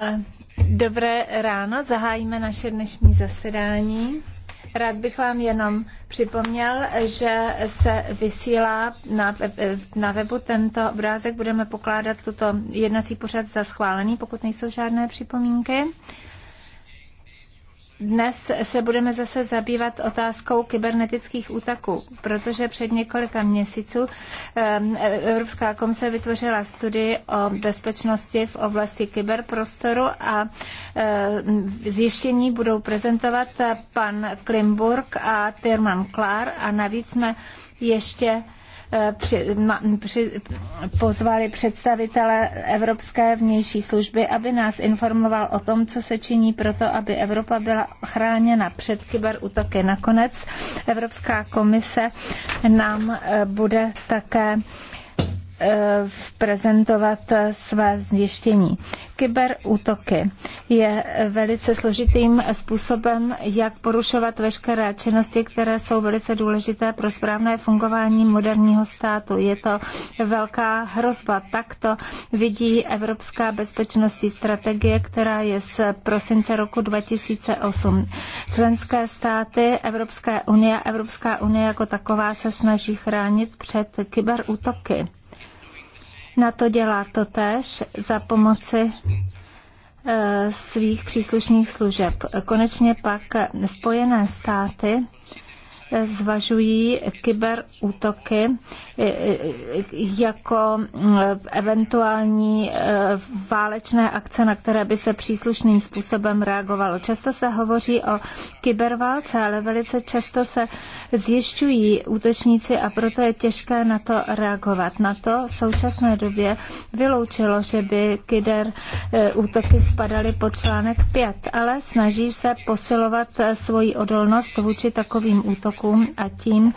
Eh, dobré ráno, zahájíme naše dnešní zasedání. Rád bych vám jenom připomněl, že se vysílá na, eh, na webu tento obrázek. Budeme pokládat tuto jednací pořad za schválený, pokud nejsou žádné připomínky. Dnes se budeme zase zabývat otázkou kybernetických útaků, protože před několika měsíců ehm, Evropská komise vytvořila studii o bezpečnosti v oblasti kyberprostoru a ehm, zjištění budou prezentovat pan Klimburg a Tyrman Klár a navíc jsme ještě Eh, při, ma, při, pozvali představitele Evropské vnější služby, aby nás informoval o tom, co se činí proto, aby Evropa byla chráněna před kyberútoky. Nakonec Evropská komise nám eh, bude také prezentovat své zjištění. Kyberútoky je velice složitým způsobem, jak porušovat veškeré činnosti, které jsou velice důležité pro správné fungování moderního státu. Je to velká hrozba. Tak to vidí Evropská bezpečnostní strategie, která je z prosince roku 2008. Členské státy Evropské unie, Evropská unie jako taková se snaží chránit před kyberútoky na to dělá to tež za pomoci e, svých příslušných služeb. Konečně pak Spojené státy zvažují kyberútoky e, e, jako eventuální e, válečné akce, na které by se příslušným způsobem reagovalo. Často se hovoří o kyberválce, ale velice často se zjišťují útočníci a proto je těžké na to reagovat. Na to v současné době vyloučilo, že by kyber útoky spadaly pod článek 5, ale snaží se posilovat svoji odolnost vůči takovým útokům trošku a tím,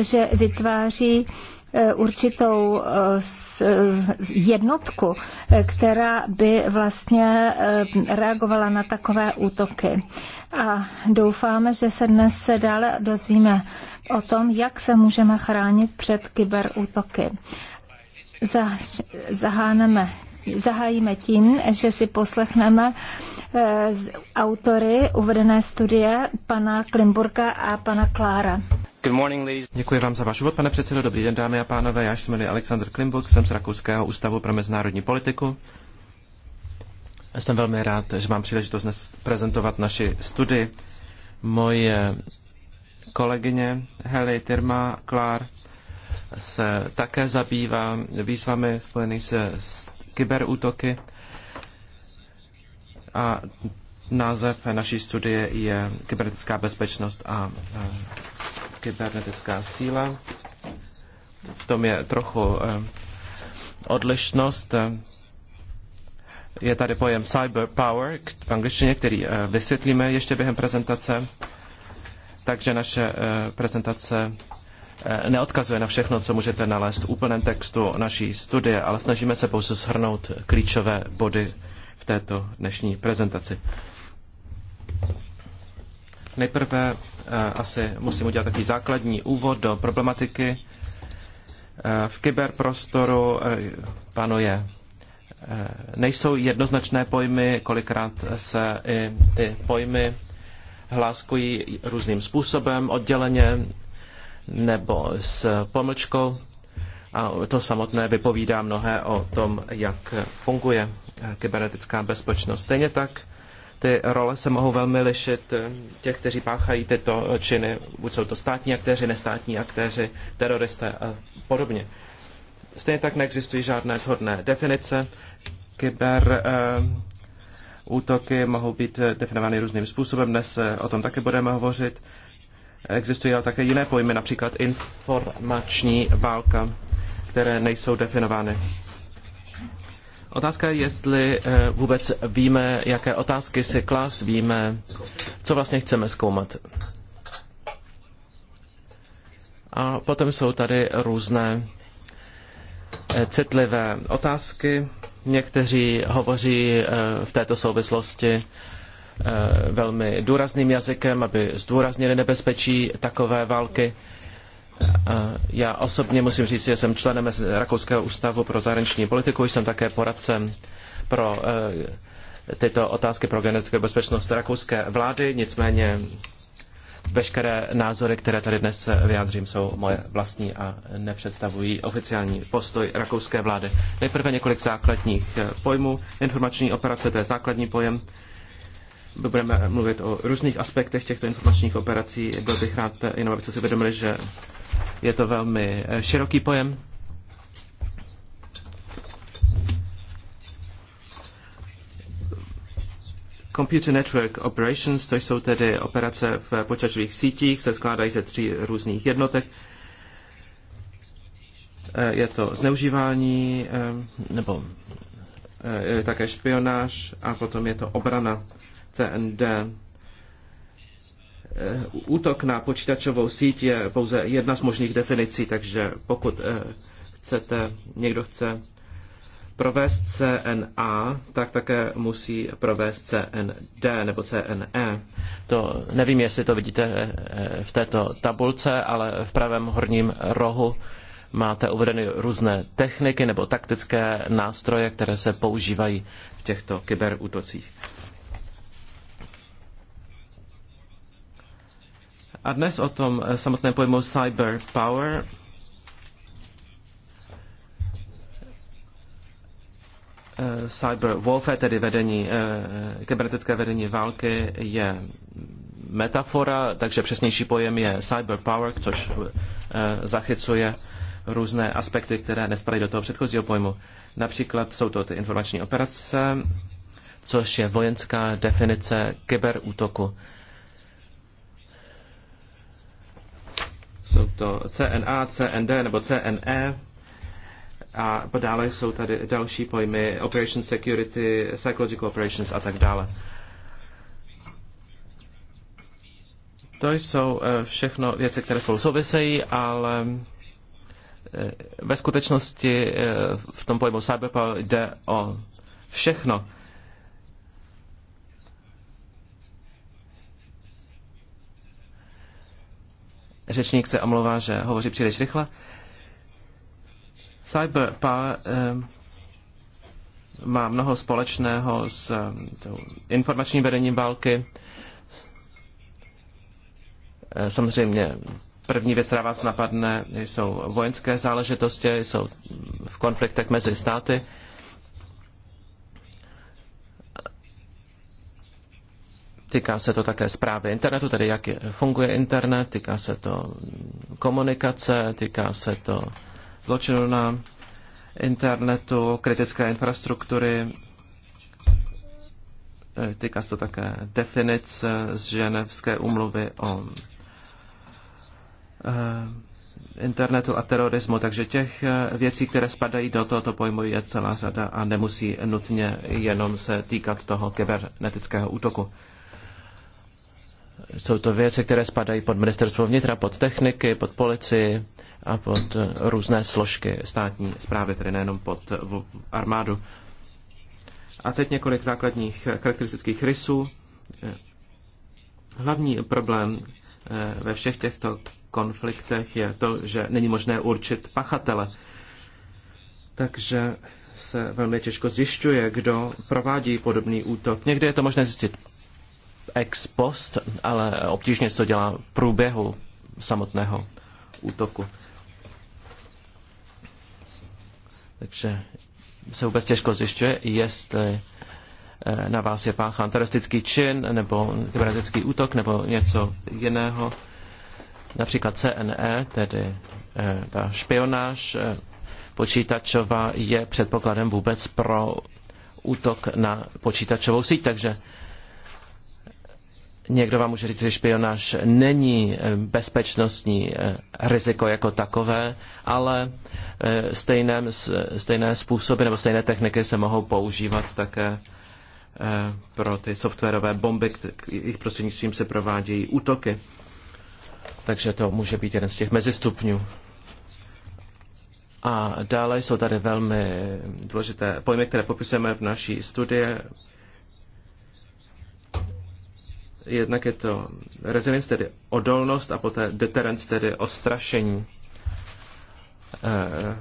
že vytváří eh, určitou eh, eh, jednotku, která by vlastně reagovala na takové útoky. A doufáme, že se dnes se dále dozvíme o tom, jak se můžeme chránit před kyberútoky. Zaháneme zahájíme tím, že si poslechneme eh, z autory uvedené studie pana Klimburka a pana Klára. Good morning, Děkuji vám za váš úvod, pane předsedo. Dobrý den, dámy a pánové. Já jsem Aleksandr Klimburg, jsem z Rakouského ústavu pro mezinárodní politiku. Jsem velmi rád, že mám příležitost dnes prezentovat naši studii. Moje kolegyně Heli Tirma Klár se také zabývá výzvami spojených se s kyberútoky. A název naší studie je kybernetická bezpečnost a e, kybernetická síla. V tom je trochu e, odlišnost. Je tady pojem cyber power v angličtině, který e, vysvětlíme ještě během prezentace. Takže naše prezentace Eh, neodkazuje na všechno, co můžete nalézt v úplném textu naší studie, ale snažíme se pouze shrnout klíčové body v této dnešní prezentaci. Nejprve eh, asi musím udělat takový základní úvod do problematiky. Eh, v kyberprostoru panuje nejsou jednoznačné pojmy, kolikrát se i ty pojmy hláskují různým způsobem, odděleně nebo s pomlčkou. A to samotné vypovídá mnohé o tom, jak funguje kybernetická bezpečnost. Stejně tak ty role se mohou velmi lišit těch, kteří páchají tyto činy, buď jsou to státní aktéři, nestátní aktéři, teroristé a podobně. Stejně tak neexistují žádné shodné definice. Kyber eh, útoky mohou být definovány různým způsobem. Dnes eh, o tom také budeme hovořit. Existují ale také jiné pojmy, například informační válka, které nejsou definovány. Otázka je, jestli eh, vůbec víme, jaké otázky si klást, víme, co vlastně chceme zkoumat. A potom jsou tady různé eh, citlivé otázky. Někteří hovoří eh, v této souvislosti Eh, velmi důrazným jazykem, aby zdůraznili nebezpečí takové války. Já osobně musím říct, že jsem členem Rakouského ústavu pro zahraniční politiku, jsem také poradcem pro eh, tyto otázky pro genetickou bezpečnost rakouské vlády, nicméně veškeré názory, které tady dnes vyjádřím, jsou moje vlastní a nepředstavují oficiální postoj rakouské vlády. Nejprve několik základních eh, pojmů. Informační operace, to je základní pojem budeme mluvit o různých aspektech těchto informačních operací. Byl bych rád, jenom abyste si uvědomili, že je to velmi eh, široký pojem. Computer Network Operations, to jsou tedy operace v počítačových sítích, se skládají ze tří různých jednotek. Eh, je to zneužívání eh, nebo také špionáž a potom je to obrana CND. Eh, útok na počítačovou síť je pouze jedna z možných definicí, takže pokud eh, chcete, někdo chce provést CNA, tak také musí provést CND nebo CNE. To nevím, jestli to vidíte eh, v této tabulce, ale v pravém horním rohu máte uvedeny různé techniky nebo taktické nástroje, které se používají v těchto kyberútocích. A dnes o tom eh, samotném pojmu cyber power. Eh, cyber warfare, tedy vedení, eh, kybernetické vedení války, je metafora, takže přesnější pojem je cyber power, což zachycuje různé aspekty, které nespadají do toho předchozího pojmu. Například jsou to ty informační operace, což je vojenská definice kyberútoku. Jsou to CNA, CND nebo CNE. A dále jsou tady další pojmy Operation Security, Psychological Operations a tak dále. To jsou eh, všechno věci, které spolu souvisejí, ale eh, ve skutečnosti eh, v tom pojmu cyberpower jde o všechno. Řečník se omlouvá, že hovoří příliš rychle. Cyberpower eh, má mnoho společného s eh, informačním vedením války. Eh, samozřejmě první věc, která vás napadne, jsou vojenské záležitosti, jsou v konfliktech mezi státy. Týká se to také zprávy internetu, tedy jak funguje internet, týká se to komunikace, týká se to zločinu na internetu, kritické infrastruktury, e, týká se to také definic z ženevské úmluvy o e, internetu a terorismu, takže těch e, věcí, které spadají do tohoto pojmu, je celá řada a nemusí nutně jenom se týkat toho kybernetického útoku jsou to věci, které spadají pod ministerstvo vnitra, pod techniky, pod policii a pod eh, různé složky státní zprávy, tedy nejenom pod eh, armádu. A teď několik základních eh, charakteristických rysů. Hlavní problém ve všech těchto konfliktech je to, že není možné určit pachatele. Takže se velmi těžko zjišťuje, kdo provádí podobný útok. Někdy je to možné zjistit ex post, ale obtížně se to dělá v průběhu samotného útoku. Takže se vůbec těžko zjišťuje, jestli eh, na vás je páchán teroristický čin nebo kybernetický útok nebo něco jiného. Například CNE, tedy eh, ta špionáž eh, počítačová, je předpokladem vůbec pro útok na počítačovou síť, takže Někdo vám může říct, že špionáž není eh, bezpečnostní eh, riziko jako takové, ale eh, stejné, stejné způsoby nebo stejné techniky se mohou používat také pro ty softwarové bomby, jejich prostřednictvím se provádějí útoky. Takže to může být jeden z těch mezistupňů. A dále jsou tady velmi důležité pojmy, které popisujeme v naší studii. Jednak je to resilience, tedy odolnost, a poté deterrence, tedy ostrašení. Eh,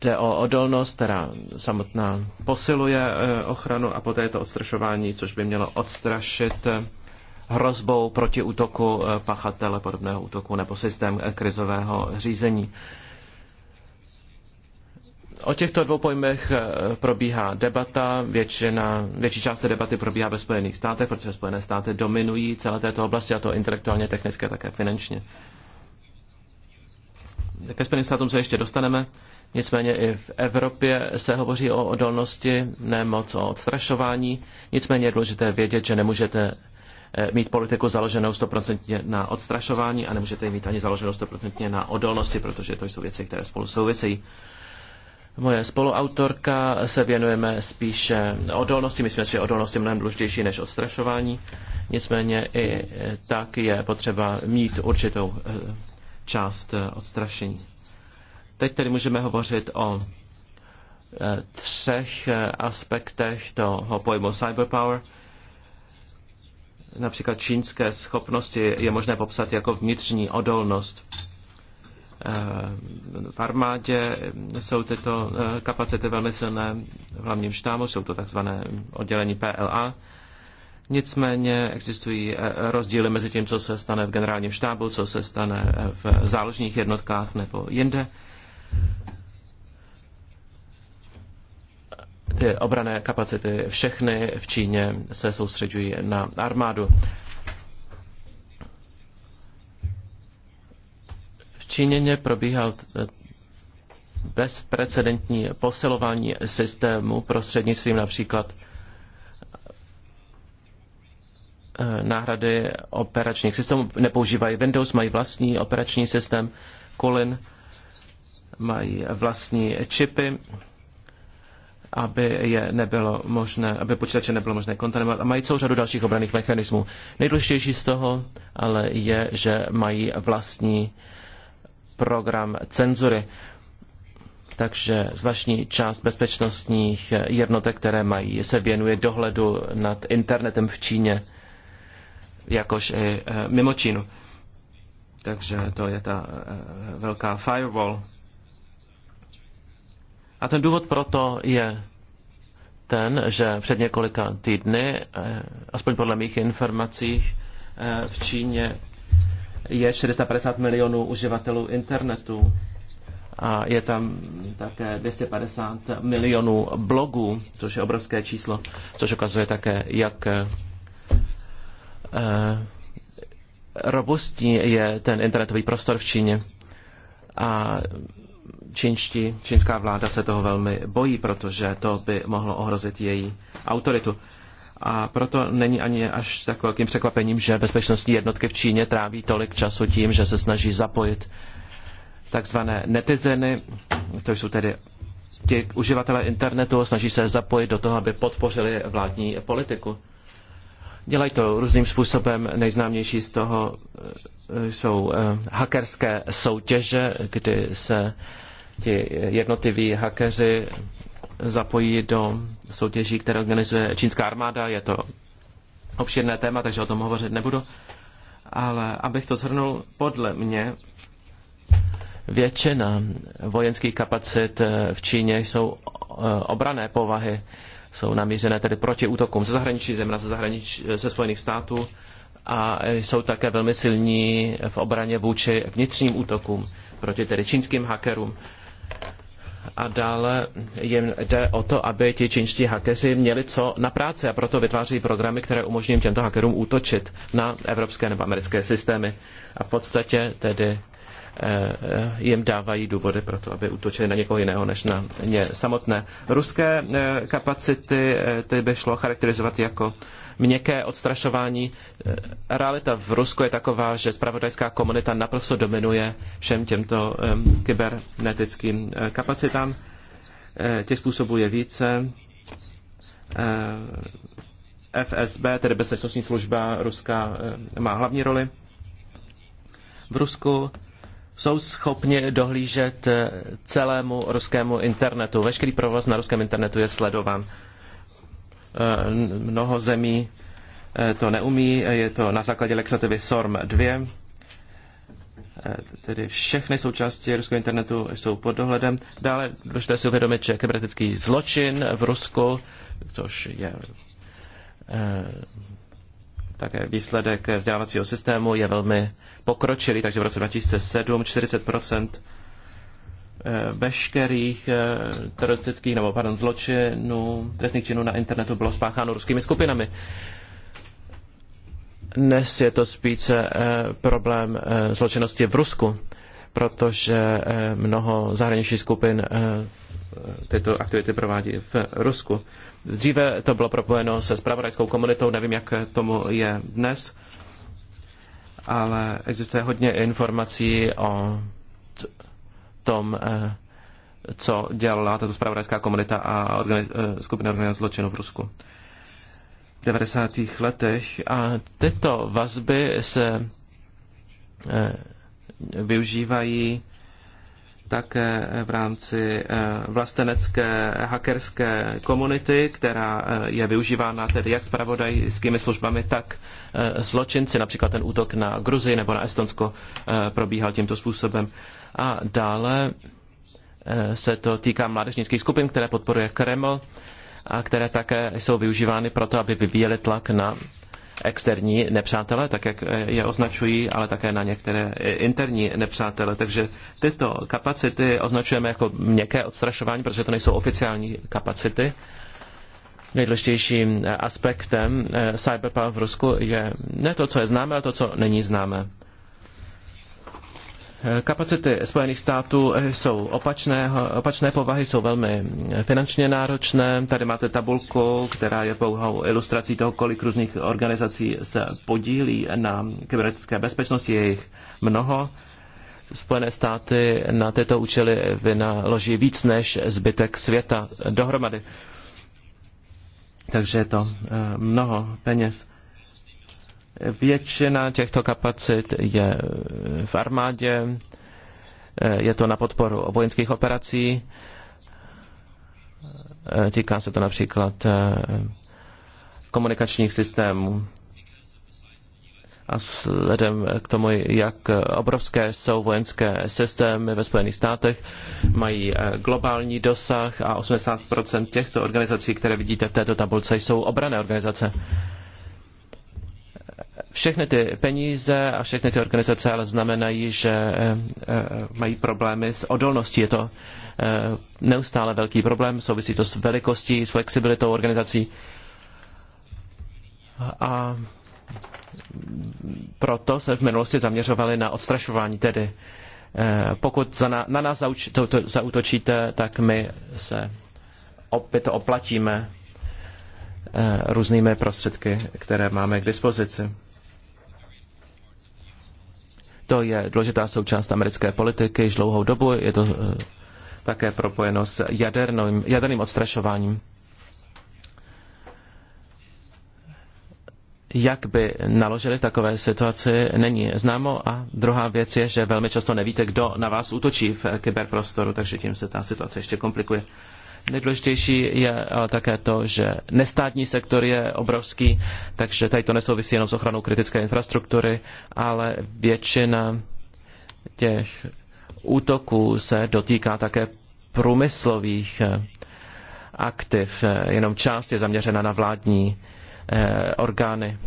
jde o odolnost, která samotná posiluje eh, ochranu a poté je to odstrašování, což by mělo odstrašit eh, hrozbou proti útoku pachatele podobného útoku nebo systém krizového řízení. O těchto dvou pojmech eh, probíhá debata. Většina, větší část té debaty probíhá ve Spojených státech, protože Spojené státy dominují celé této oblasti, a to intelektuálně, technicky a také finančně. Ke Spojeným státům se ještě dostaneme. Nicméně i v Evropě se hovoří o odolnosti, ne moc o odstrašování. Nicméně je důležité vědět, že nemůžete eh, mít politiku založenou 100% na odstrašování a nemůžete ji mít ani založenou 100% na odolnosti, protože to jsou věci, které spolu souvisejí moje spoluautorka, se věnujeme spíše odolnosti. Myslím si, že odolnost je mnohem důležitější než odstrašování. Nicméně i eh, tak je potřeba mít určitou eh, část eh, odstrašení. Teď tedy můžeme hovořit o třech aspektech toho pojmu cyberpower. Například čínské schopnosti je možné popsat jako vnitřní odolnost Eh, v armádě jsou tyto eh, kapacity velmi silné v hlavním štábu, jsou to takzvané oddělení PLA. Nicméně existují eh, rozdíly mezi tím, co se stane v generálním štábu, co se stane v záložních jednotkách nebo jinde. Ty obrané kapacity všechny v Číně se soustředují na armádu. Číněně probíhal eh, bezprecedentní posilování systému prostřednictvím například eh, náhrady operačních systémů. Nepoužívají Windows, mají vlastní operační systém Colin, mají vlastní čipy, aby je nebylo možné, aby počítače nebylo možné kontaminovat a mají celou řadu dalších obraných mechanismů. Nejdůležitější z toho ale je, že mají vlastní program cenzury. Takže zvláštní část bezpečnostních jednotek, které mají, se věnuje dohledu nad internetem v Číně, jakož i e, mimo Čínu. Takže to je ta e, velká firewall. A ten důvod proto je ten, že před několika týdny, e, aspoň podle mých informací, v Číně je 450 milionů uživatelů internetu a je tam také 250 milionů blogů, což je obrovské číslo, což ukazuje také, jak eh, robustní je ten internetový prostor v Číně. A čínští, čínská vláda se toho velmi bojí, protože to by mohlo ohrozit její autoritu. A proto není ani až tak velkým překvapením, že bezpečnostní jednotky v Číně tráví tolik času tím, že se snaží zapojit takzvané netizeny, to jsou tedy ti uživatelé internetu, snaží se zapojit do toho, aby podpořili vládní politiku. Dělají to různým způsobem. Nejznámější z toho eh, jsou eh, hackerské soutěže, kdy se ti jednotliví hackeři zapojí do soutěží, které organizuje čínská armáda. Je to obširné téma, takže o tom hovořit nebudu. Ale abych to shrnul, podle mě většina vojenských kapacit eh, v Číně jsou eh, obrané povahy, jsou namířené tedy proti útokům ze zahraničí, zejména ze, zahraničí, ze Spojených států a jsou také velmi silní v obraně vůči vnitřním útokům proti tedy čínským hackerům a dále jim jde o to, aby ti čínští hakeři měli co na práci a proto vytváří programy, které umožní těmto hackerům útočit na evropské nebo americké systémy a v podstatě tedy eh, jim dávají důvody pro to, aby útočili na někoho jiného než na ně samotné. Ruské eh, kapacity eh, ty by šlo charakterizovat jako měkké odstrašování. Eh, realita v Rusku je taková, že spravodajská komunita naprosto dominuje všem těmto kybernetickým eh, kapacitám. Eh, těch způsobů je více. FSB, tedy Bezpečnostní služba Ruska, má hlavní roli. V Rusku jsou schopni dohlížet celému ruskému internetu. Veškerý provoz na ruském internetu je sledován. Eh, mnoho zemí eh, to neumí, eh, je to na základě legislativy SORM 2. Tedy všechny součásti ruského internetu jsou pod dohledem. Dále důležité si uvědomit, že kybernetický zločin v Rusku, což je také výsledek vzdělávacího systému, je velmi pokročilý, takže v roce 2007 40 Eh, veškerých eh, teroristických nebo pardon, zločinů, trestných činů na internetu bylo spácháno ruskými skupinami. Dnes je to spíše eh, problém zločinnosti v Rusku, protože mnoho zahraničních skupin tyto aktivity provádí v Rusku. Dříve to bylo propojeno se spravodajskou komunitou, nevím, jak tomu je dnes, ale existuje hodně informací o tom, eh, co dělala tato spravodajská komunita a organiz, eh, skupina organizace zločinu v Rusku v 90. letech. A tyto vazby se eh, využívají také v rámci eh, vlastenecké hackerské komunity, která eh, je využívána tedy jak spravodajskými službami, tak eh, zločinci. Například ten útok na Gruzii nebo na Estonsko probíhal tímto způsobem. A dále se to týká mládežnických skupin, které podporuje Kreml a které také jsou využívány proto, aby vyvíjely tlak na externí nepřátelé, tak jak je označují, ale také na některé interní nepřátelé. Takže tyto kapacity označujeme jako měkké odstrašování, protože to nejsou oficiální kapacity. Nejdůležitějším aspektem eh, cyberpunk v Rusku je ne to, co je známe, ale to, co není známe. Kapacity Spojených států jsou opačné, opačné povahy, jsou velmi finančně náročné. Tady máte tabulku, která je pouhou ilustrací toho, kolik různých organizací se podílí na kybernetické bezpečnosti. Je jich mnoho. Spojené státy na tyto účely vynaloží víc než zbytek světa dohromady. Takže je to eh, mnoho peněz. Většina těchto kapacit je eh, v armádě, eh, je to na podporu vojenských operací, eh, týká se to například komunikačních systémů. A vzhledem k tomu, jak obrovské jsou vojenské systémy ve Spojených státech, mají globální dosah a 80% těchto organizací, které vidíte v této tabulce, jsou obrané organizace. Všechny ty peníze a všechny ty organizace ale znamenají, že eh, eh, mají problémy s odolností. Je to eh, neustále velký problém, souvisí to s velikostí, s flexibilitou organizací. A proto se v minulosti zaměřovali na odstrašování, tedy pokud na, na nás zauč, to, to, zautočíte, tak my se opět oplatíme různými prostředky, které máme k dispozici. To je důležitá součást americké politiky již dlouhou dobu. Je to eh, také propojeno s jaderným, jaderným odstrašováním. Jak by naložili v takové situaci, není známo. A druhá věc je, že velmi často nevíte, kdo na vás útočí v kyberprostoru, takže tím se ta situace ještě komplikuje. Nejdůležitější je ale také to, že nestátní sektor je obrovský, takže tady to nesouvisí jenom s ochranou kritické infrastruktury, ale většina těch útoků se dotýká také průmyslových eh, aktiv. Eh, jenom část je zaměřena na vládní eh, orgány.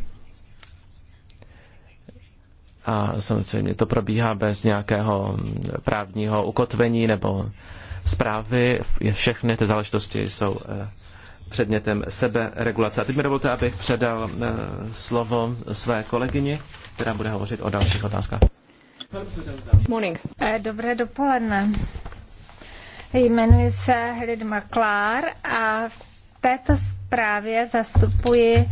A samozřejmě to probíhá bez nějakého právního ukotvení nebo zprávy, všechny ty záležitosti jsou eh, předmětem seberegulace. A teď mi dovolte, abych předal eh, slovo své kolegyni, která bude hovořit o dalších otázkách. Morning. Eh, dobré dopoledne. Jmenuji se Hrid Maklár a v této zprávě zastupuji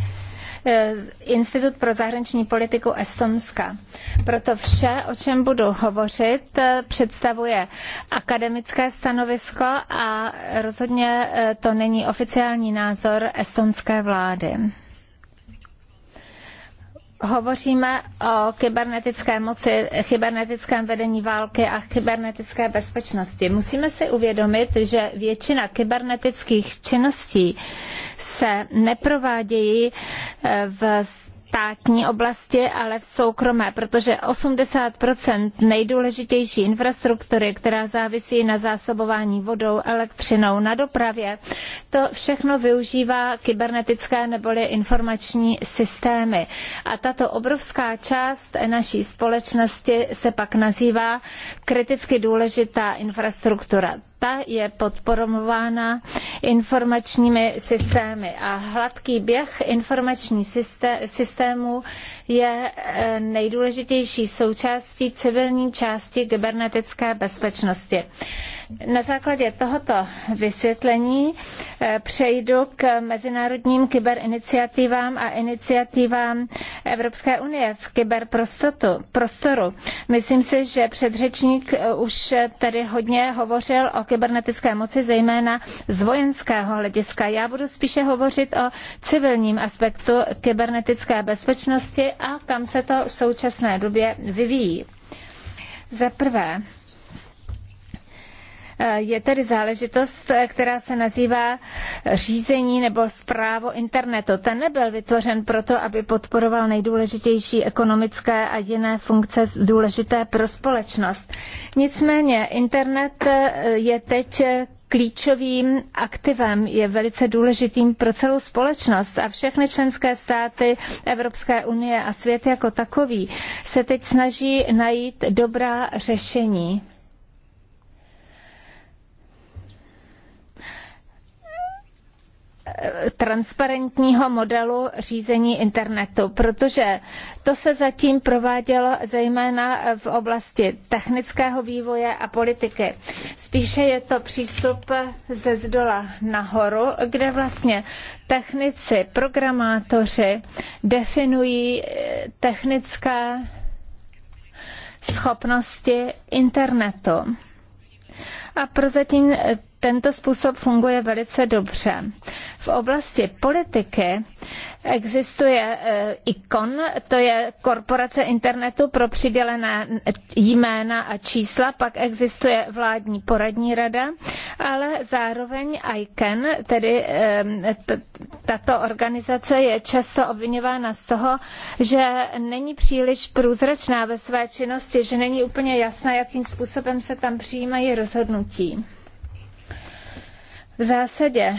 Eh, Institut pro zahraniční politiku Estonska. Proto vše, o čem budu hovořit, eh, představuje akademické stanovisko a rozhodně eh, to není oficiální názor estonské vlády hovoříme o kybernetické moci, kybernetickém vedení války a kybernetické bezpečnosti. Musíme si uvědomit, že většina kybernetických činností se neprovádějí eh, v státní oblasti, ale v soukromé, protože 80 nejdůležitější infrastruktury, která závisí na zásobování vodou, elektřinou, na dopravě, to všechno využívá kybernetické neboli informační systémy. A tato obrovská část naší společnosti se pak nazývá kriticky důležitá infrastruktura ta je podporována informačními systémy a hladký běh informačních systémů je eh, nejdůležitější součástí civilní části kybernetické bezpečnosti. Na základě tohoto vysvětlení eh, přejdu k mezinárodním kyberiniciativám a iniciativám Evropské unie v kyberprostoru. Myslím si, že předřečník eh, už tady hodně hovořil o kybernetické moci, zejména z vojenského hlediska. Já budu spíše hovořit o civilním aspektu kybernetické bezpečnosti a kam se to v současné době vyvíjí. Za prvé, eh, je tedy záležitost, eh, která se nazývá řízení nebo zprávo internetu. Ten nebyl vytvořen proto, aby podporoval nejdůležitější ekonomické a jiné funkce důležité pro společnost. Nicméně internet eh, je teď klíčovým aktivem, je velice důležitým pro celou společnost a všechny členské státy Evropské unie a svět jako takový se teď snaží najít dobrá řešení transparentního modelu řízení internetu, protože to se zatím provádělo zejména v oblasti technického vývoje a politiky. Spíše je to přístup ze zdola nahoru, kde vlastně technici, programátoři definují eh, technické schopnosti internetu. A prozatím tento způsob funguje velice dobře. V oblasti politiky existuje eh, ikon, to je korporace internetu pro přidělené jména a čísla, pak existuje vládní poradní rada, ale zároveň ICAN, tedy eh, tato organizace je často obvinována z toho, že není příliš průzračná ve své činnosti, že není úplně jasná, jakým způsobem se tam přijímají rozhodnutí. V zásadě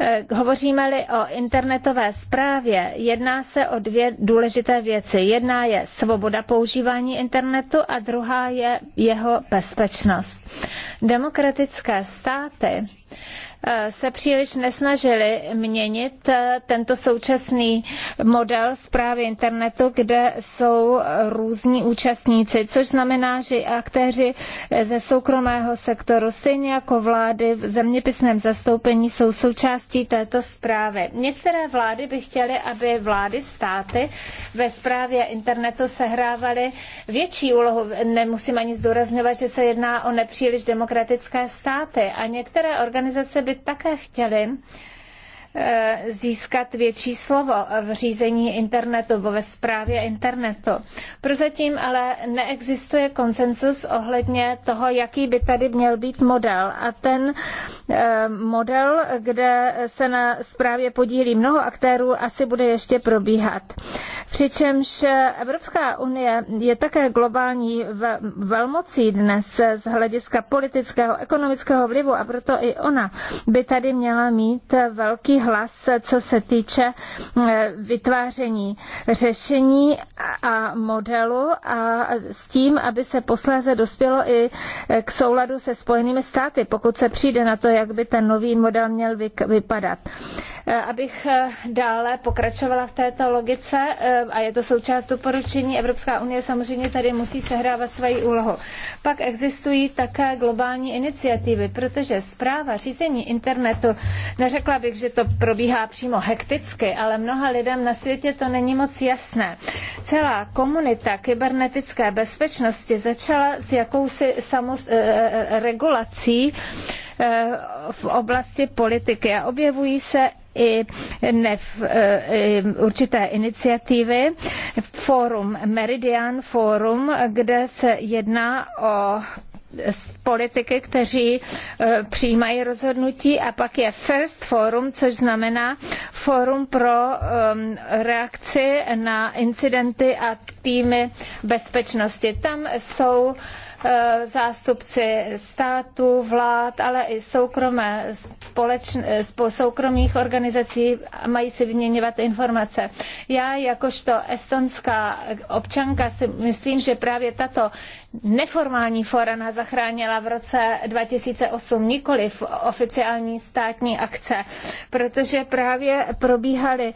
eh, Hovoříme-li o internetové správě, jedná se o dvě důležité věci. Jedna je svoboda používání internetu a druhá je jeho bezpečnost. Demokratické státy Eh, se příliš nesnažili měnit eh, tento současný model zprávy internetu, kde jsou různí účastníci, což znamená, že aktéři ze soukromého sektoru, stejně jako vlády v zeměpisném zastoupení, jsou součástí této zprávy. Některé vlády by chtěly, aby vlády státy ve zprávě internetu sehrávaly větší úlohu. Nemusím ani zdůrazňovat, že se jedná o nepříliš demokratické státy a některé organizace by také chtěli, Eh, získat větší slovo v řízení internetu nebo ve správě internetu. Prozatím ale neexistuje konsensus ohledně toho, jaký by tady měl být model. A ten eh, model, kde se na správě podílí mnoho aktérů, asi bude ještě probíhat. Přičemž Evropská unie je také globální velmocí dnes z hlediska politického, ekonomického vlivu a proto i ona by tady měla mít velký hlas, co se týče eh, vytváření řešení a modelu a s tím, aby se posléze dospělo i eh, k souladu se Spojenými státy, pokud se přijde na to, jak by ten nový model měl vypadat. Eh, abych dále pokračovala v této logice, a je to součást doporučení, Evropská unie samozřejmě tady musí sehrávat svoji úlohu. Pak existují také globální iniciativy, protože zpráva řízení internetu, neřekla bych, že to probíhá přímo hekticky, ale mnoha lidem na světě to není moc jasné. Celá komunita kybernetické bezpečnosti začala s jakousi e, e, e, regulací v oblasti politiky a objevují se i určité iniciativy. Fórum Meridian Fórum, kde se jedná o z politiky, kteří e, přijímají rozhodnutí a pak je First Forum, což znamená Forum pro reakci na incidenty a týmy bezpečnosti. Tam jsou e, zástupci států, vlád, ale i soukromé společn... soukromých organizací mají si vyměňovat informace. Já jakožto estonská občanka si myslím, že právě tato neformální fora nás zachránila v roce 2008, nikoli v oficiální státní akce, protože právě probíhaly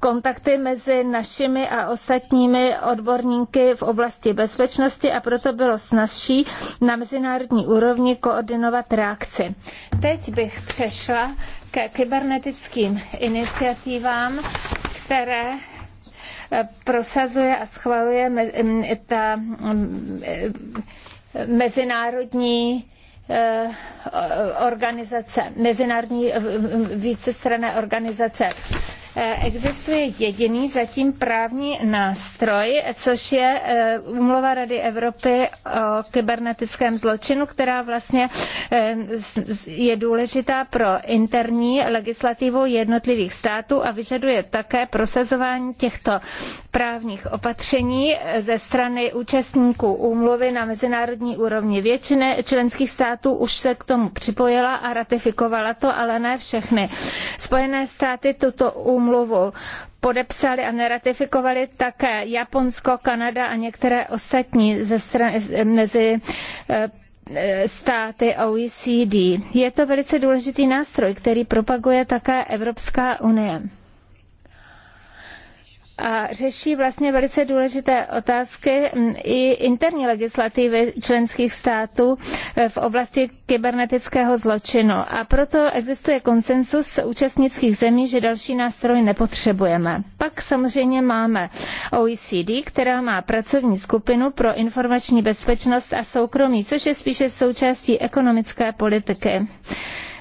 kontakty mezi našimi a ostatními odborníky v oblasti bezpečnosti a proto bylo snazší na mezinárodní úrovni koordinovat reakci. Teď bych přešla ke kybernetickým iniciativám, které prosazuje a schvaluje ta mezinárodní eh, organizace, mezinárodní vícestranné organizace Eh, existuje jediný zatím právní nástroj, což je umluva eh, Rady Evropy o kybernetickém zločinu, která vlastně eh, je důležitá pro interní legislativu jednotlivých států a vyžaduje také prosazování těchto právních opatření ze strany účastníků úmluvy na mezinárodní úrovni. Většina členských států už se k tomu připojila a ratifikovala to, ale ne všechny. Spojené státy tuto úmluvu úmluvu podepsali a neratifikovali také Japonsko, Kanada a některé ostatní ze mezi eh, státy OECD. Je to velice důležitý nástroj, který propaguje také Evropská unie a řeší vlastně velice důležité otázky mm, i interní legislativy členských států eh, v oblasti kybernetického zločinu. A proto existuje konsensus účastnických zemí, že další nástroj nepotřebujeme. Pak samozřejmě máme OECD, která má pracovní skupinu pro informační bezpečnost a soukromí, což je spíše součástí ekonomické politiky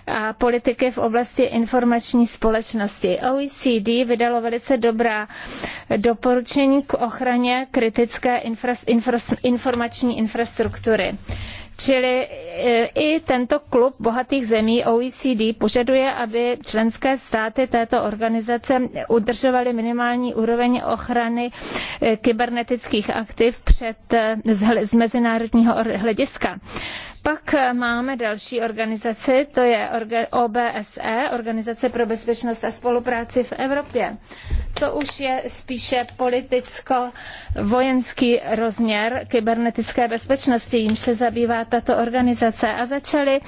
a politiky v oblasti informační společnosti. OECD vydalo velice dobrá doporučení k ochraně kritické informační infrastruktury. Čili eh, i tento klub bohatých zemí OECD požaduje, aby členské státy této organizace udržovaly minimální úroveň ochrany eh, kybernetických aktiv před, eh, z, z mezinárodního hlediska. Pak máme další organizaci, to je OBSE, Organizace pro bezpečnost a spolupráci v Evropě. To už je spíše politicko-vojenský rozměr kybernetické bezpečnosti, jim se zabývá tato organizace a začaly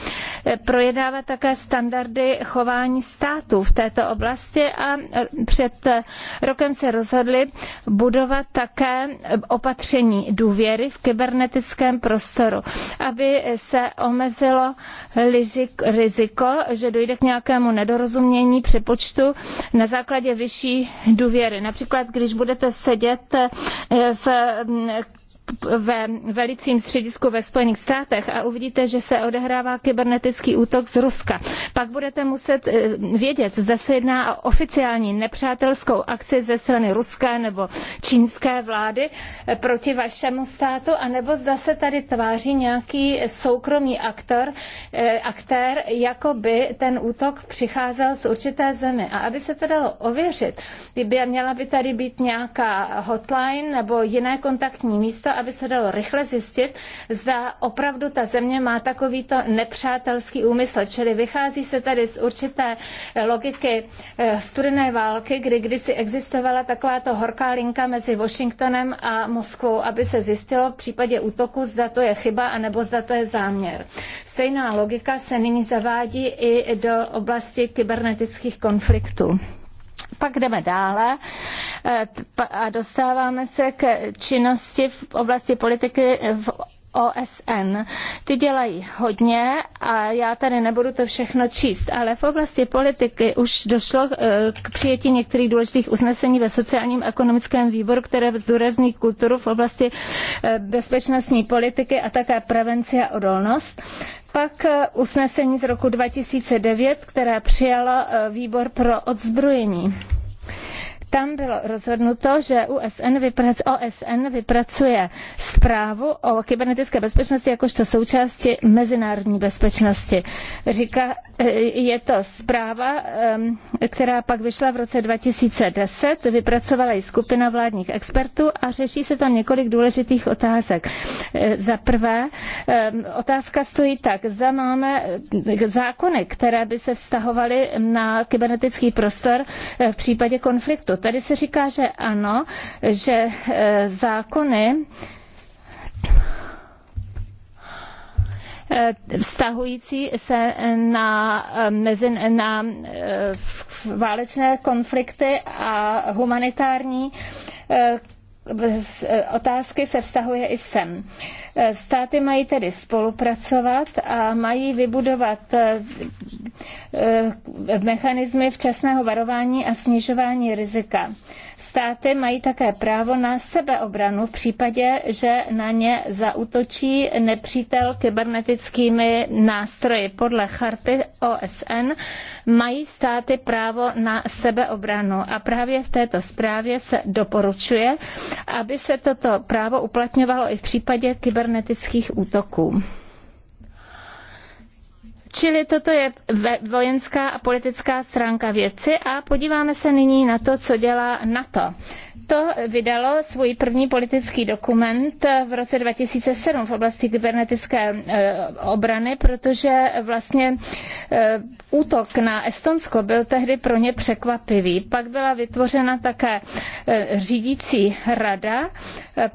eh, projednávat také standardy chování států v této oblasti a eh, před eh, rokem se rozhodli budovat také opatření důvěry v kybernetickém prostoru, aby se omezilo riziko, že dojde k nějakému nedorozumění přepočtu na základě vyšší důvěry. Například, když budete sedět eh, v mm, ve velicím středisku ve Spojených státech a uvidíte, že se odehrává kybernetický útok z Ruska. Pak budete muset eh, vědět, zda se jedná o oficiální nepřátelskou akci ze strany ruské nebo čínské vlády eh, proti vašemu státu, anebo zda se tady tváří nějaký soukromý aktor, eh, aktér, jako by ten útok přicházel z určité zemi. A aby se to dalo ověřit, by měla by tady být nějaká hotline nebo jiné kontaktní místo, aby se dalo rychle zjistit, zda opravdu ta země má takovýto nepřátelský úmysl. Čili vychází se tady z určité eh, logiky eh, studené války, kdy kdysi existovala takováto horká linka mezi Washingtonem a Moskvou, aby se zjistilo v případě útoku, zda to je chyba, anebo zda to je záměr. Stejná logika se nyní zavádí i do oblasti kybernetických konfliktů. Pak jdeme dále eh, a dostáváme se k činnosti v oblasti politiky v OSN. Ty dělají hodně a já tady nebudu to všechno číst, ale v oblasti politiky už došlo eh, k přijetí některých důležitých usnesení ve sociálním ekonomickém výboru, které zdůrazní kulturu v oblasti eh, bezpečnostní politiky a také prevenci a odolnost. Pak eh, usnesení z roku 2009, které přijal výbor pro odzbrojení. Tam bylo rozhodnuto, že USN vyprac, OSN vypracuje zprávu o kybernetické bezpečnosti jakožto součásti mezinárodní bezpečnosti. Říká, eh, je to zpráva, ehm, která pak vyšla v roce 2010, vypracovala ji skupina vládních expertů a řeší se tam několik důležitých otázek. Eh, za prvé, ehm, otázka stojí tak, zda máme eh, zákony, které by se vztahovaly na kybernetický prostor v případě konfliktu. Tady se říká, že ano, že eh, zákony eh, vztahující se na, eh, mezi, na válečné konflikty a humanitární otázky se vztahuje i sem. Státy mají tedy spolupracovat a mají vybudovat eh, eh, mechanismy včasného varování a snižování rizika. Státy mají také právo na sebeobranu v případě, že na ně zaútočí nepřítel kybernetickými nástroji. Podle charty OSN mají státy právo na sebeobranu a právě v této zprávě se doporučuje, aby se toto právo uplatňovalo i v případě kybernetických útoků. Čili toto je vojenská a politická stránka věci a podíváme se nyní na to, co dělá NATO. To vydalo svůj první politický dokument v roce 2007 v oblasti kybernetické eh, obrany, protože vlastně eh, útok na Estonsko byl tehdy pro ně překvapivý. Pak byla vytvořena také eh, řídící rada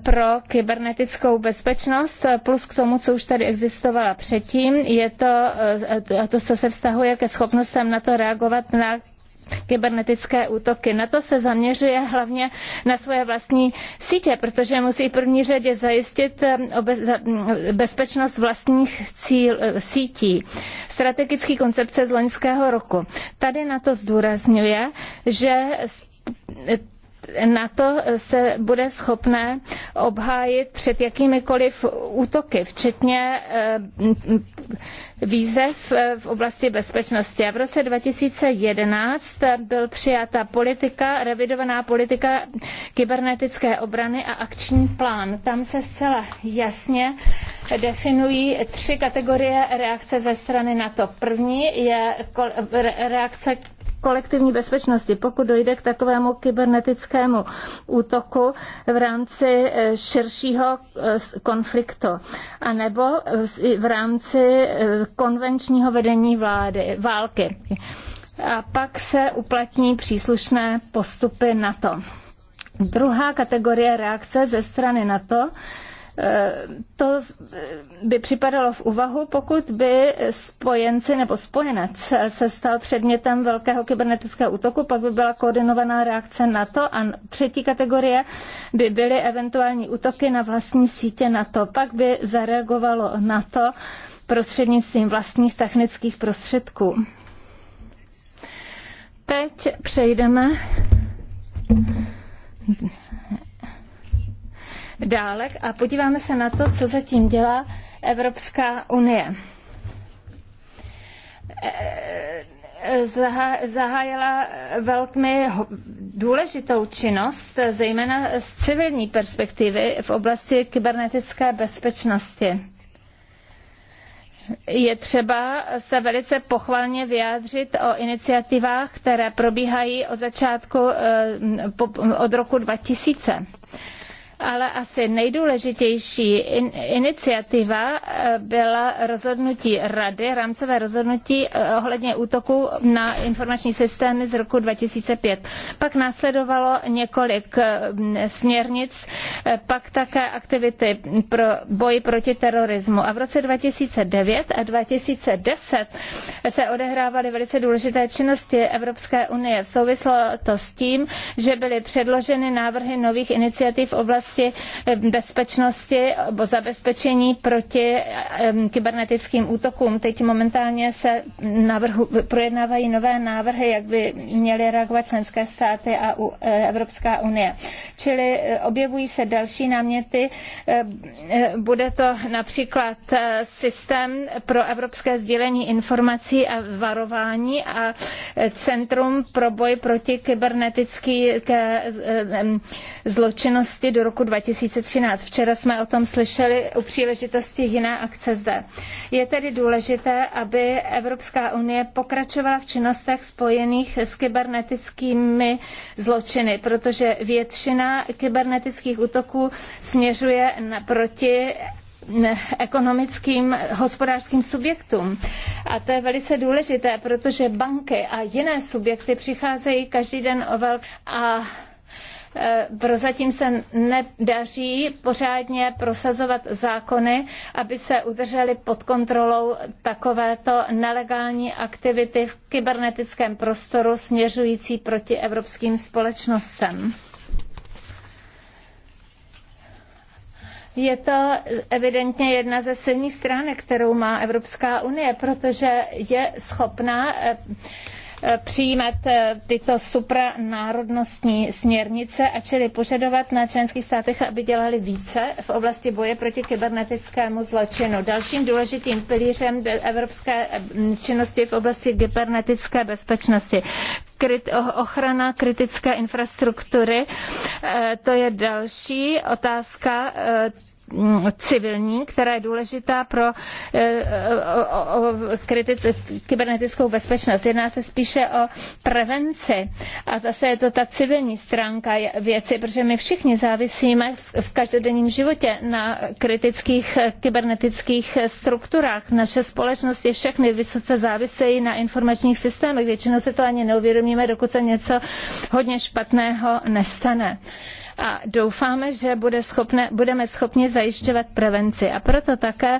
pro kybernetickou bezpečnost, plus k tomu, co už tady existovala předtím, je to a to, co se vztahuje ke schopnostem na to reagovat na kybernetické útoky. Na to se zaměřuje hlavně na svoje vlastní sítě, protože musí v první řadě zajistit eh, mm, bezpečnost vlastních cíl, eh, sítí. Strategický koncepce z loňského roku. Tady na to zdůrazňuje, že na to se bude schopné obhájit před jakýmikoliv útoky, včetně eh, výzev eh, v oblasti bezpečnosti. A v roce 2011 byl přijata politika, revidovaná politika kybernetické obrany a akční plán. Tam se zcela jasně definují tři kategorie reakce ze strany NATO. První je reakce kolektivní bezpečnosti. Pokud dojde k takovému kybernetickému útoku v rámci eh, širšího eh, konfliktu, anebo v rámci eh, konvenčního vedení vlády, války. A pak se uplatní příslušné postupy na to. Druhá kategorie reakce ze strany NATO Eh, to by připadalo v úvahu, pokud by spojenci nebo spojenec se stal předmětem velkého kybernetického útoku, pak by byla koordinovaná reakce na to a třetí kategorie by byly eventuální útoky na vlastní sítě na to, Pak by zareagovalo na to prostřednictvím vlastních technických prostředků. Teď přejdeme dálek a podíváme se na to, co zatím dělá Evropská unie. E, zahájila velmi důležitou činnost, zejména z civilní perspektivy v oblasti kybernetické bezpečnosti je třeba se velice pochvalně vyjádřit o iniciativách, které probíhají od začátku e, od roku 2000 ale asi nejdůležitější in, iniciativa eh, byla rozhodnutí rady, rámcové rozhodnutí eh, ohledně útoku na informační systémy z roku 2005. Pak následovalo několik eh, směrnic, pak také aktivity pro boj proti terorismu. A v roce 2009 a 2010 se odehrávaly velice důležité činnosti Evropské unie. Souvislo to s tím, že byly předloženy návrhy nových iniciativ v oblasti oblasti bezpečnosti eh, nebo zabezpečení proti eh, kybernetickým útokům. Teď momentálně se navrhu, projednávají nové návrhy, jak by měly reagovat členské státy a eh, Evropská unie. Čili objevují se další náměty. Bude to například systém pro evropské sdílení informací a varování a Centrum pro boj proti kybernetické zločinnosti do roku roku 2013. Včera jsme o tom slyšeli u příležitosti jiné akce zde. Je tedy důležité, aby Evropská unie pokračovala v činnostech spojených s kybernetickými zločiny, protože většina kybernetických útoků směřuje proti ekonomickým hospodářským subjektům. A to je velice důležité, protože banky a jiné subjekty přicházejí každý den o velké a Eh, prozatím se nedaří pořádně prosazovat zákony, aby se udržely pod kontrolou takovéto nelegální aktivity v kybernetickém prostoru směřující proti evropským společnostem. Je to evidentně jedna ze silných stránek, kterou má Evropská unie, protože je schopná eh, Eh, přijímat eh, tyto supranárodnostní směrnice a čili požadovat na členských státech, aby dělali více v oblasti boje proti kybernetickému zločinu. Dalším důležitým pilířem evropské eh, činnosti v oblasti kybernetické bezpečnosti ochrana kritické infrastruktury. To je další otázka Mm, civilní, která je důležitá pro eh, eh, kybernetickou bezpečnost. Jedná se spíše o prevenci a zase je to ta civilní stránka věci, protože my všichni závisíme v každodenním životě na kritických eh, kybernetických strukturách. Naše společnosti všechny vysoce závisejí na informačních systémech. Většinou se to ani neuvědomíme, dokud se něco hodně špatného nestane a doufáme, že bude schopne, budeme schopni zajišťovat prevenci. A proto také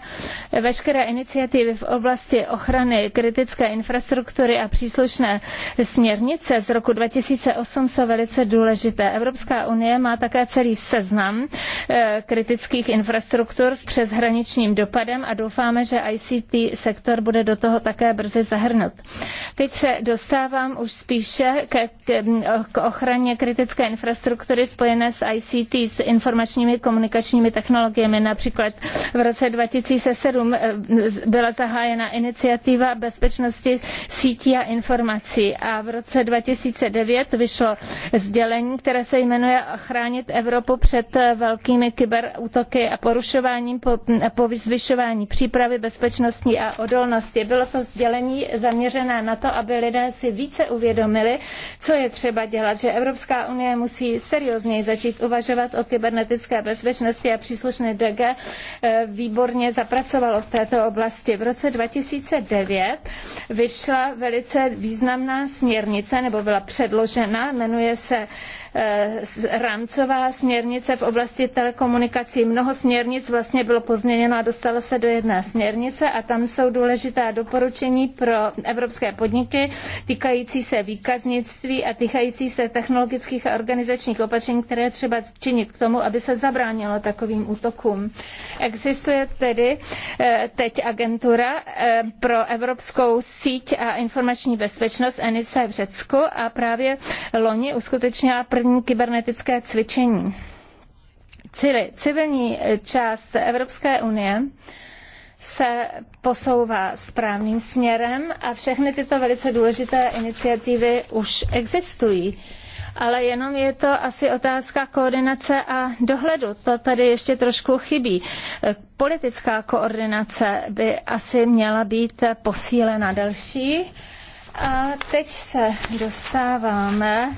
veškeré iniciativy v oblasti ochrany kritické infrastruktury a příslušné směrnice z roku 2008 jsou velice důležité. Evropská unie má také celý seznam eh, kritických infrastruktur s přeshraničním dopadem a doufáme, že ICT sektor bude do toho také brzy zahrnut. Teď se dostávám už spíše k, ochraně kritické infrastruktury spojené spojené s ICT, s informačními komunikačními technologiemi. Například v roce 2007 eh, byla zahájena iniciativa bezpečnosti sítí a informací a v roce 2009 vyšlo sdělení, které se jmenuje Chránit Evropu před eh, velkými kyberútoky a porušováním po, hm, po zvyšování přípravy bezpečnosti a odolnosti. Bylo to sdělení zaměřené na to, aby lidé si více uvědomili, co je třeba dělat, že Evropská unie musí seriózněji začít začít uvažovat o kybernetické bezpečnosti a příslušné DG eh, výborně zapracovalo v této oblasti. V roce 2009 vyšla velice významná směrnice, nebo byla předložena, jmenuje se Eh, rámcová směrnice v oblasti telekomunikací. Mnoho směrnic vlastně bylo pozměněno a dostalo se do jedné směrnice a tam jsou důležitá doporučení pro evropské podniky týkající se výkaznictví a týkající se technologických a organizačních opatření, které třeba činit k tomu, aby se zabránilo takovým útokům. Existuje tedy eh, teď agentura eh, pro evropskou síť a informační bezpečnost ENISA v Řecku a právě loni uskutečnila první interní kybernetické cvičení. Cili, civilní část Evropské unie se posouvá správným směrem a všechny tyto velice důležité iniciativy už existují. Ale jenom je to asi otázka koordinace a dohledu. To tady ještě trošku chybí. Politická koordinace by asi měla být posílena další. A teď se dostáváme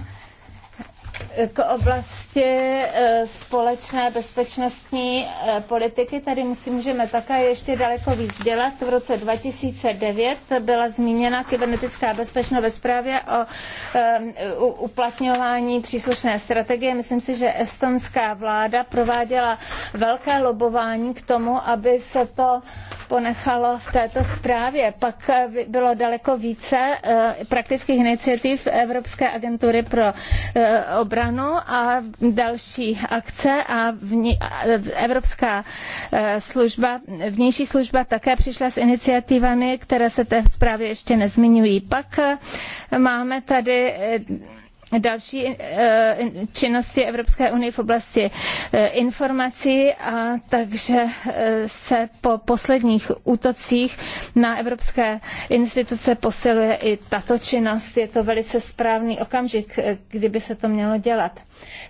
k oblasti e, společné bezpečnostní e, politiky tady musím, můžeme také ještě daleko víc dělat. V roce 2009 byla zmíněna kybernetická bezpečnost ve zprávě o e, uplatňování příslušné strategie. Myslím si, že estonská vláda prováděla velké lobování k tomu, aby se to ponechalo v této zprávě. Pak eh, bylo daleko více eh, praktických iniciativ Evropské agentury pro eh, obranu a další akce a Evropská služba, vnější služba také přišla s iniciativami, které se té zprávě ještě nezmiňují. Pak máme tady další eh, činnosti Evropské unie v oblasti eh, informací a takže eh, se po posledních útocích na evropské instituce posiluje i tato činnost. Je to velice správný okamžik, kdyby se to mělo dělat.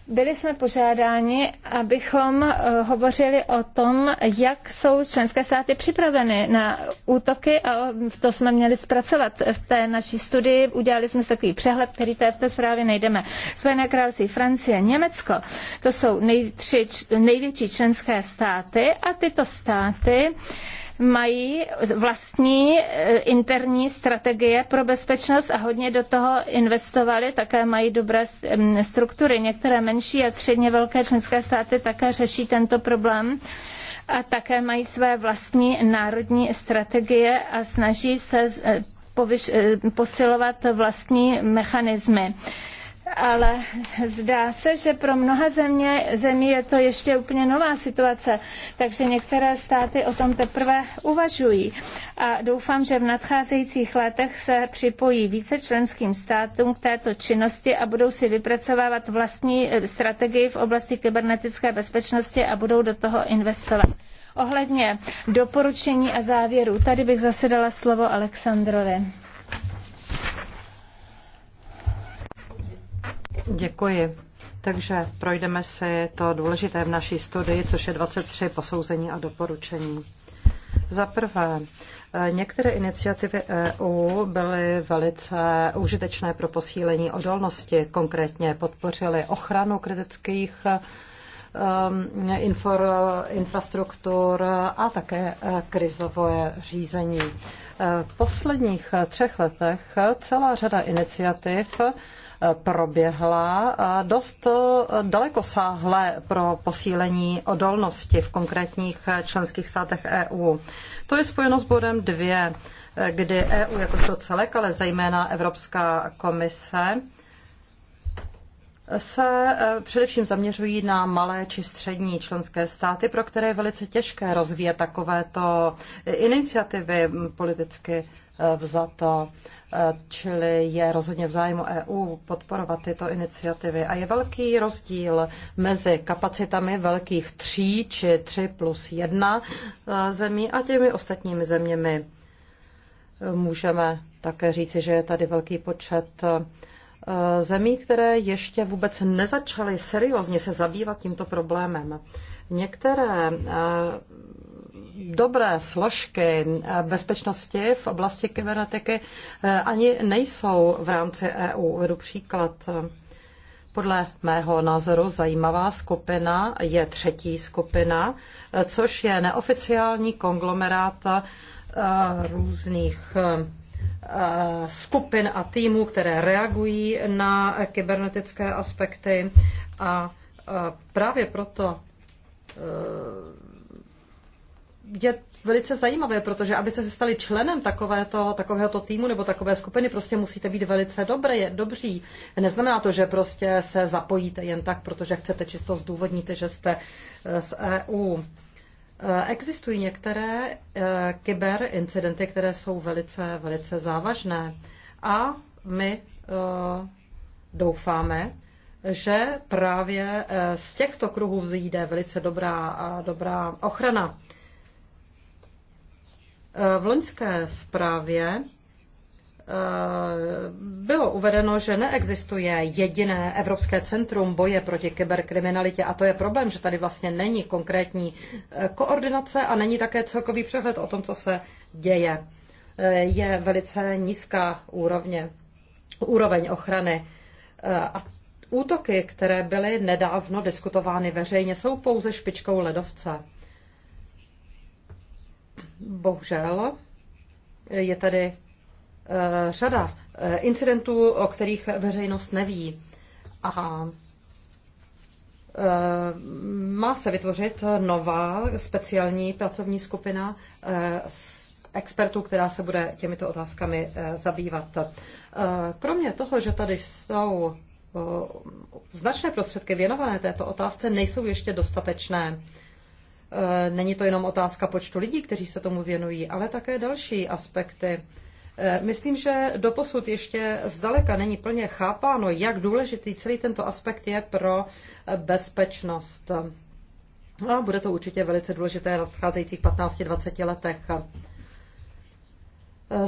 Byli jsme požádáni, abychom hovořili o tom, jak jsou členské státy připraveny na útoky a to jsme měli zpracovat v té naší studii. Udělali jsme takový přehled, který to je v té zprávě nejdeme. Spojené království, Francie, Německo, to jsou nej, tři, největší členské státy a tyto státy mají vlastní eh, interní strategie pro bezpečnost a hodně do toho investovali, také mají dobré mm, struktury. Některé menší a středně velké členské státy také řeší tento problém a také mají své vlastní národní strategie a snaží se eh, eh, posilovat vlastní mechanismy ale zdá se, že pro mnoha země, zemí je to ještě úplně nová situace, takže některé státy o tom teprve uvažují. A doufám, že v nadcházejících letech se připojí více členským státům k této činnosti a budou si vypracovávat vlastní eh, strategii v oblasti kybernetické bezpečnosti a budou do toho investovat. Ohledně doporučení a závěrů, tady bych zase dala slovo Alexandrovi. Děkuji. Takže projdeme si to důležité v naší studii, což je 23 posouzení a doporučení. Za prvé, eh, některé iniciativy EU byly velice užitečné pro posílení odolnosti, konkrétně podpořily ochranu kritických eh, infor, infrastruktur a také eh, krizové řízení. V posledních třech letech celá řada iniciativ proběhla dost eh, sáhle pro posílení odolnosti v konkrétních eh, členských státech EU. To je spojeno s bodem dvě, eh, kdy EU jakožto celek, ale zejména Evropská komise, se především zaměřují na malé či střední členské státy, pro které je velice těžké rozvíjet takovéto iniciativy politicky vzato čili je rozhodně v zájmu EU podporovat tyto iniciativy. A je velký rozdíl mezi kapacitami velkých tří či tři plus jedna eh, zemí a těmi ostatními zeměmi. Můžeme také říci, že je tady velký počet eh, zemí, které ještě vůbec nezačaly seriózně se zabývat tímto problémem. Některé eh, dobré složky bezpečnosti v oblasti kybernetiky eh, ani nejsou v rámci EU. Uvedu příklad. Podle mého názoru zajímavá skupina je třetí skupina, eh, což je neoficiální konglomerát eh, různých skupin a týmů, které reagují na kybernetické aspekty a právě proto je velice zajímavé, protože abyste se stali členem takovéto, takového týmu nebo takové skupiny, prostě musíte být velice dobré, dobří. Neznamená to, že prostě se zapojíte jen tak, protože chcete čisto zdůvodnit, že jste eh, z EU. Eh, existují některé eh, kyberincidenty, které jsou velice, velice závažné a my doufáme, že právě z těchto kruhů vzjde velice dobrá, dobrá ochrana. V loňské zprávě eh, bylo uvedeno, že neexistuje jediné Evropské centrum boje proti kyberkriminalitě a to je problém, že tady vlastně není konkrétní eh, koordinace a není také celkový přehled o tom, co se děje. Eh, je velice nízká úrovně, úroveň ochrany a útoky, které byly nedávno diskutovány veřejně, jsou pouze špičkou ledovce. Bohužel je tady eh, řada eh, incidentů, o kterých veřejnost neví. A eh, má se vytvořit nová speciální pracovní skupina expertů, která se bude těmito otázkami zabývat. Kromě toho, že tady jsou značné prostředky věnované této otázce, nejsou ještě dostatečné. Eh, není to jenom otázka počtu lidí, kteří se tomu věnují, ale také další aspekty. Eh, myslím, že doposud ještě zdaleka není plně chápáno, jak důležitý celý tento aspekt je pro bezpečnost. A bude to určitě velice důležité v nadcházejících 15-20 letech. Eh,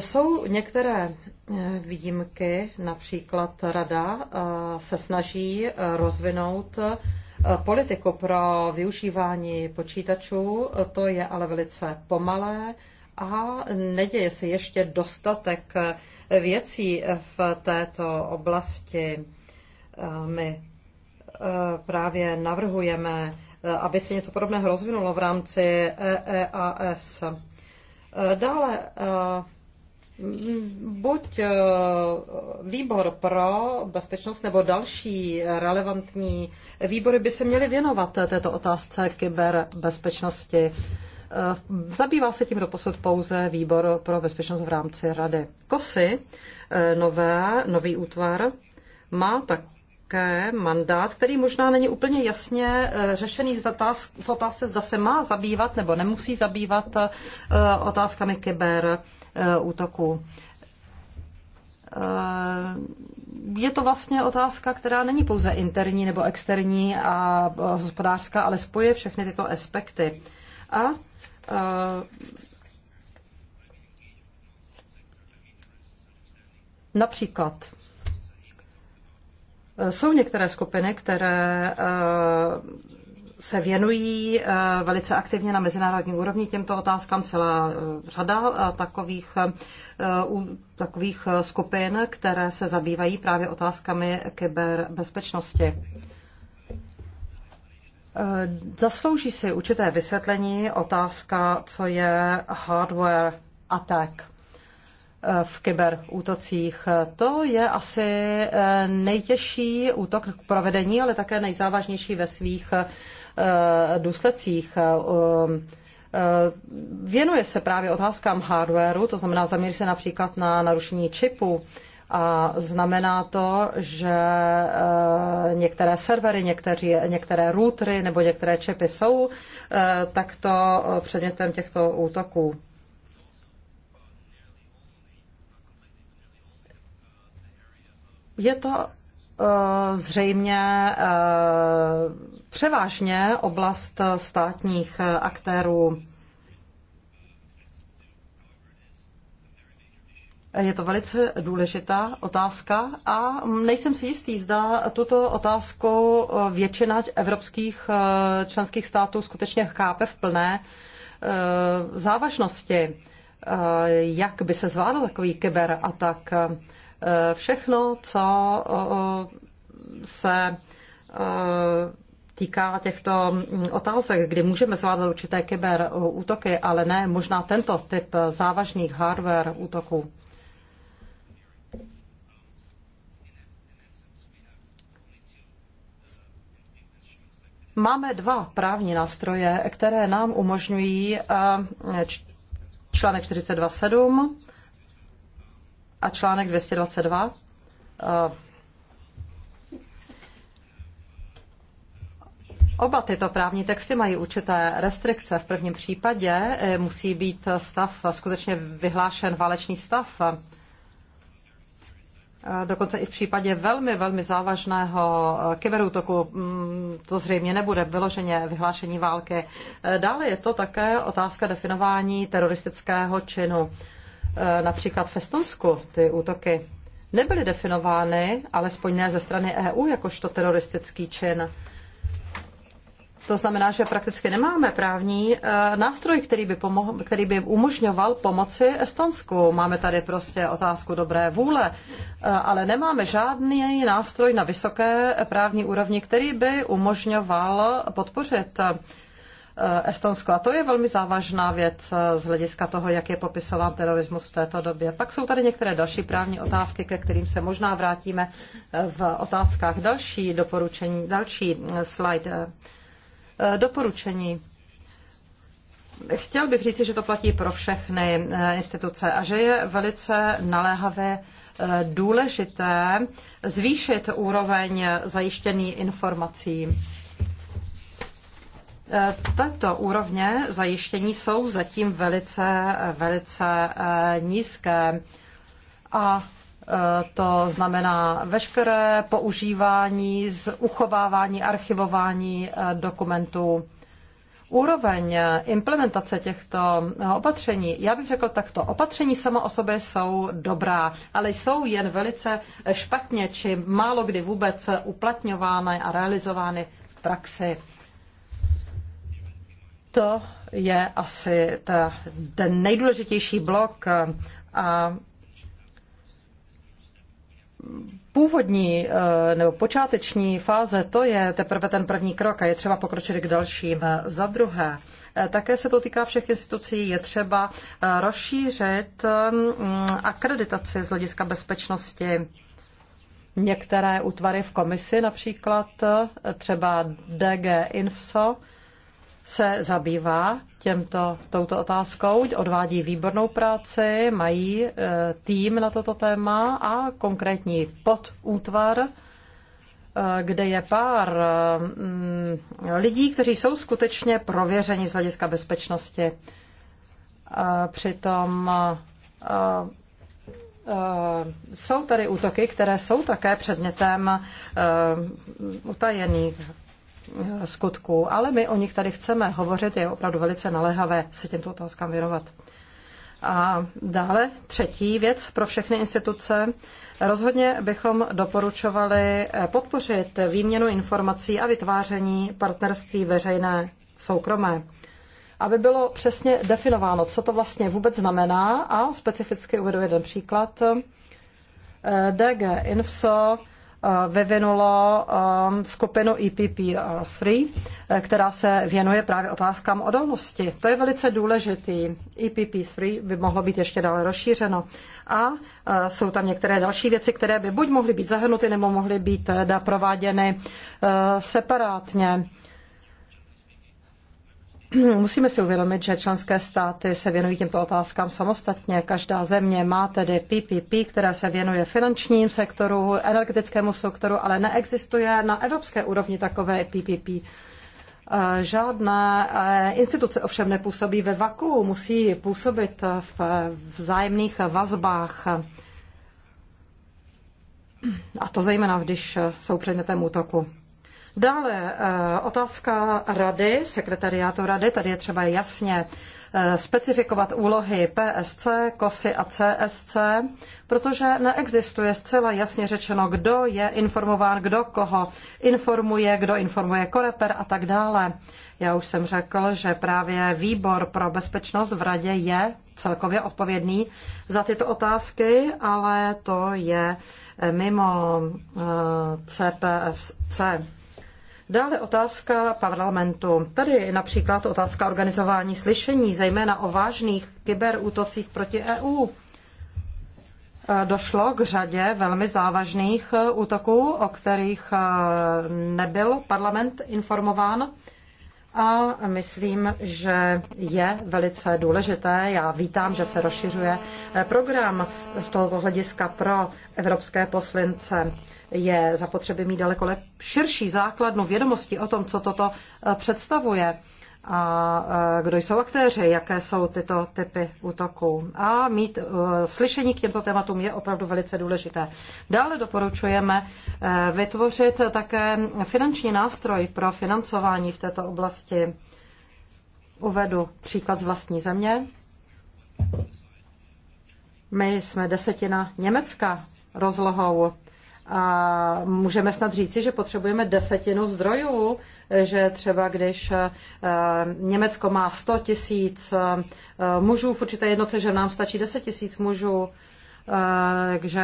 jsou některé výjimky, například rada se snaží rozvinout Eh, politiku pro využívání počítačů, eh, to je ale velice pomalé a neděje se ještě dostatek eh, věcí v této oblasti. My právě navrhujeme, aby se něco podobného rozvinulo v rámci EEAS. Dále buď eh, výbor pro bezpečnost nebo další relevantní výbory by se měly věnovat této otázce kyberbezpečnosti. Eh, zabývá se tím doposud pouze výbor pro bezpečnost v rámci rady. KOSY, eh, nové, nový útvar, má tak také mandát, který možná není úplně jasně řešený v otázce, zda se má zabývat nebo nemusí zabývat otázkami kyber Eh, útoků. Eh, je to vlastně otázka, která není pouze interní nebo externí a eh, hospodářská, ale spoje všechny tyto aspekty. A například jsou některé skupiny, které se věnují eh, velice aktivně na mezinárodní úrovni těmto otázkám celá eh, řada eh, takových, takových skupin, které se zabývají právě otázkami kyberbezpečnosti. Zaslouží si určité vysvětlení otázka, co je hardware attack v kyberútocích. To je asi nejtěžší útok k provedení, ale také nejzávažnější ve svých Eh, důsledcích eh, eh, věnuje se právě otázkám hardwareu, to znamená zaměří se například na narušení čipu a znamená to, že některé servery, někteří, některé routery nebo některé čipy jsou takto předmětem těchto útoků. Je to zřejmě převážně oblast státních aktérů. Je to velice důležitá otázka a nejsem si jistý, zda tuto otázku většina evropských eh, členských států skutečně chápe v plné eh, závažnosti. Eh, jak by se zvládl takový a tak Všechno, co se týká těchto mm, otázek, kdy můžeme zvládat určité uh, útoky, ale ne možná tento typ závažných hardware útoků. Máme dva právní nástroje, které nám umožňují eh, článek 42.7 a článek 222 Oba tyto právní texty mají určité restrikce. V prvním případě eh, musí být stav skutečně vyhlášen válečný stav. Eh, dokonce i v případě velmi, velmi závažného eh, kyberútoku mm, to zřejmě nebude vyloženě vyhlášení války. Dále je to také otázka definování teroristického činu. Například v Estonsku ty útoky nebyly definovány, alespoň ne ze strany EU, jakožto teroristický čin. To znamená, že prakticky nemáme právní eh, nástroj, který by, pomohl, který by umožňoval pomoci Estonsku. Máme tady prostě otázku dobré vůle, eh, ale nemáme žádný nástroj na vysoké právní úrovni, který by umožňoval podpořit eh, Estonsko. A to je velmi závažná věc z hlediska toho, jak je popisován terorismus v této době. Pak jsou tady některé další právní otázky, ke kterým se možná vrátíme v otázkách další doporučení, další slide. Eh, doporučení. Chtěl bych říci, že to platí pro všechny eh, instituce a že je velice naléhavé eh, důležité zvýšit úroveň zajištění informací. Tato úrovně zajištění jsou zatím velice, velice nízké a Eh, to znamená veškeré používání, uchovávání, archivování eh, dokumentů. Úroveň eh, implementace těchto opatření, já bych řekl takto, opatření sama o sobě jsou dobrá, ale jsou jen velice špatně či málo kdy vůbec uplatňovány a realizovány v praxi. To je asi ten nejdůležitější blok a původní eh, nebo počáteční fáze, to je teprve ten první krok a je třeba pokročit k dalším. Za druhé, eh, také se to týká všech institucí, je třeba eh, rozšířit mm, akreditaci z hlediska bezpečnosti. Některé útvary v komisi, například třeba DG Info, se zabývá těmto, touto otázkou, odvádí výbornou práci, mají e, tým na toto téma a konkrétní podútvar, e, kde je pár e, lidí, kteří jsou skutečně prověřeni z hlediska bezpečnosti. Přitom jsou tady útoky, které jsou také předmětem utajených Eh, skutků, ale my o nich tady chceme hovořit, je opravdu velice naléhavé se těmto otázkám věnovat. A dále třetí věc pro všechny instituce. Rozhodně bychom doporučovali eh, podpořit výměnu informací a vytváření partnerství veřejné soukromé aby bylo přesně definováno, co to vlastně vůbec znamená a specificky uvedu jeden příklad. Eh, DG Info Eh, vyvinulo eh, skupinu EPPR3, eh, která se věnuje právě otázkám odolnosti. To je velice důležitý. EPP3 by mohlo být ještě dále rozšířeno. A jsou tam některé další věci, které by buď mohly být zahrnuty, nebo mohly být prováděny separátně. Musíme si uvědomit, že členské státy se věnují těmto otázkám samostatně. Každá země má tedy PPP, které se věnuje finančním sektoru, energetickému sektoru, ale neexistuje na evropské úrovni takové PPP. Eh, Žádná eh, instituce ovšem nepůsobí ve vaku, musí působit v vzájemných vazbách. A to zejména, když jsou předmětem útoku. Dále eh, otázka rady, sekretariátu rady, tady je třeba jasně eh, specifikovat úlohy PSC, KOSY a CSC, protože neexistuje zcela jasně řečeno, kdo je informován, kdo koho informuje, kdo informuje koreper a tak dále. Já už jsem řekl, že právě výbor pro bezpečnost v radě je celkově odpovědný za tyto otázky, ale to je eh, mimo CPFC. Dále otázka parlamentu. Tady například otázka organizování slyšení, zejména o vážných kyberútocích proti EU. E, došlo k řadě velmi závažných e, útoků, o kterých e, nebyl parlament informován a myslím, že je velice důležité. Já vítám, že se rozšiřuje eh, program V tohoto hlediska pro evropské poslince. Je zapotřebí mít daleko širší základnu vědomosti o tom, co toto eh, představuje a e, kdo jsou aktéři, jaké jsou tyto typy útoků. A mít e, slyšení k těmto tématům je opravdu velice důležité. Dále doporučujeme e, vytvořit také finanční nástroj pro financování v této oblasti. Uvedu příklad z vlastní země. My jsme desetina Německa rozlohou a můžeme snad říci, že potřebujeme desetinu zdrojů, že třeba když eh, Německo má 100 tisíc eh, mužů v určité jednoce, že nám stačí 10 tisíc mužů, eh, takže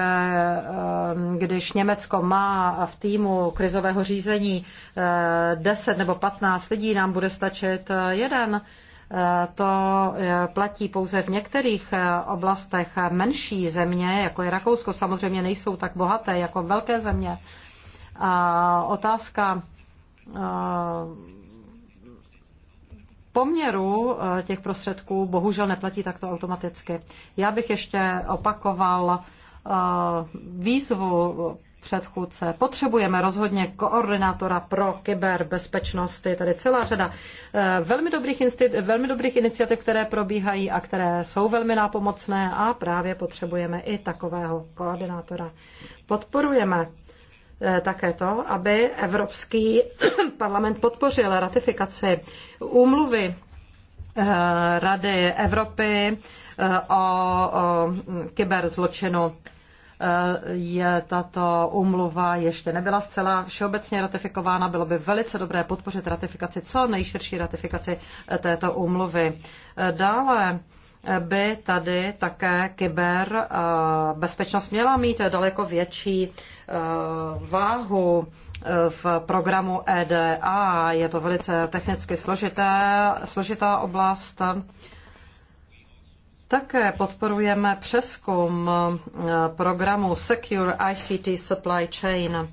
když Německo má v týmu krizového řízení 10 nebo 15 lidí, nám bude stačit jeden. To eh, platí pouze v některých eh, oblastech. Menší země, jako je Rakousko, samozřejmě nejsou tak bohaté jako velké země. A otázka eh, poměru těch prostředků bohužel neplatí takto automaticky. Já bych ještě opakoval výzvu předchůdce. Potřebujeme rozhodně koordinátora pro kyberbezpečnost. Je tady celá řada eh, velmi dobrých, instit- velmi dobrých iniciativ, které probíhají a které jsou velmi nápomocné a právě potřebujeme i takového koordinátora. Podporujeme eh, také to, aby Evropský parlament podpořil ratifikaci úmluvy eh, Rady Evropy o, o mm, kyberzločinu. Eh, je tato umluva ještě nebyla zcela všeobecně ratifikována. Bylo by velice dobré podpořit ratifikaci, co nejširší ratifikaci eh, této umluvy. Eh, dále by tady také kyber bezpečnost měla mít daleko větší váhu v programu EDA. Je to velice technicky složité, složitá oblast také podporujeme přeskum eh, programu Secure ICT Supply Chain. Eh,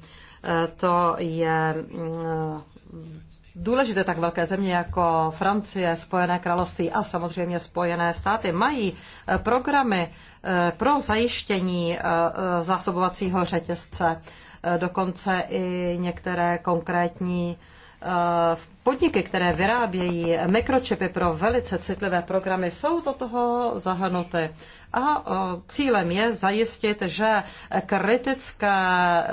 to je mm, důležité tak velké země jako Francie, Spojené království a samozřejmě Spojené státy mají eh, programy pro zajištění zásobovacího řetězce. Dokonce i některé konkrétní Eh, podniky, které vyrábějí mikročipy pro velice citlivé programy, jsou do toho zahrnuty. A eh, cílem je zajistit, že kritické eh,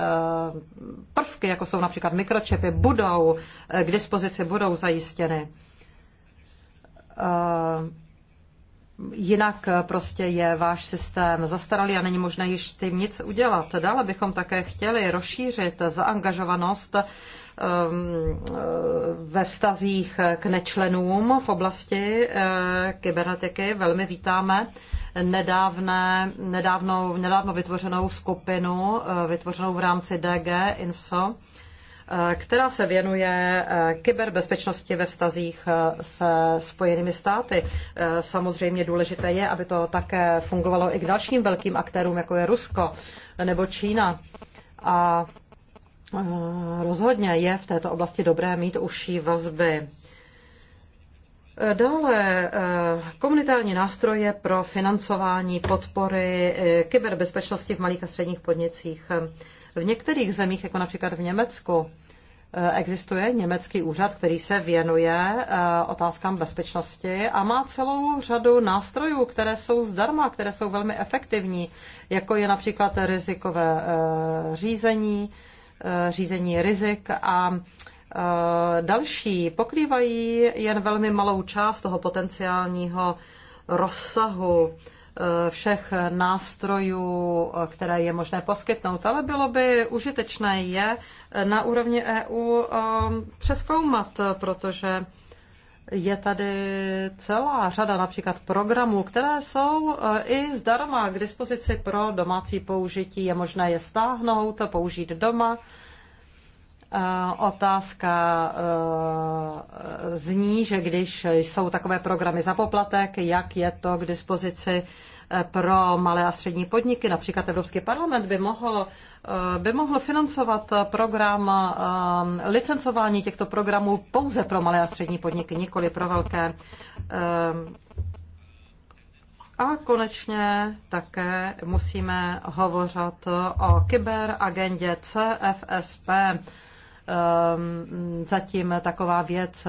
prvky, jako jsou například mikročipy, budou k dispozici, budou zajištěny jinak prostě je váš systém zastaralý a není možné již s tím nic udělat. Dále bychom také chtěli rozšířit zaangažovanost Ehm, ve vztazích k nečlenům v oblasti eh, kybernetiky. Velmi vítáme nedávné, nedávnou, nedávno vytvořenou skupinu, eh, vytvořenou v rámci DG Info, eh, která se věnuje kyberbezpečnosti ve vztazích se spojenými státy. Samozřejmě důležité je, aby to také fungovalo i k dalším velkým aktérům, jako je Rusko nebo Čína. A Eh, rozhodně je v této oblasti dobré mít užší vazby. Eh, dále eh, komunitární nástroje pro financování podpory kyberbezpečnosti v malých a středních podnicích. V některých zemích, jako například v Německu, existuje německý úřad, který se věnuje otázkám bezpečnosti a má celou řadu nástrojů, které jsou zdarma, které jsou velmi efektivní, jako je například rizikové řízení, Eh, řízení rizik a eh, další pokrývají jen velmi malou část toho potenciálního rozsahu eh, všech nástrojů, které je možné poskytnout, ale bylo by užitečné je na úrovni EU přeskoumat, protože je tady celá řada například programů, které jsou eh, i zdarma k dispozici pro domácí použití. Je možné je stáhnout, použít doma. Eh, otázka eh, zní, že když jsou takové programy za poplatek, jak je to k dispozici pro malé a střední podniky. Například Evropský parlament by mohl, eh, by mohl financovat program eh, licencování těchto programů pouze pro malé a střední podniky, nikoli pro velké. Eh, a konečně také musíme hovořit o kyberagendě CFSP. Zatím taková věc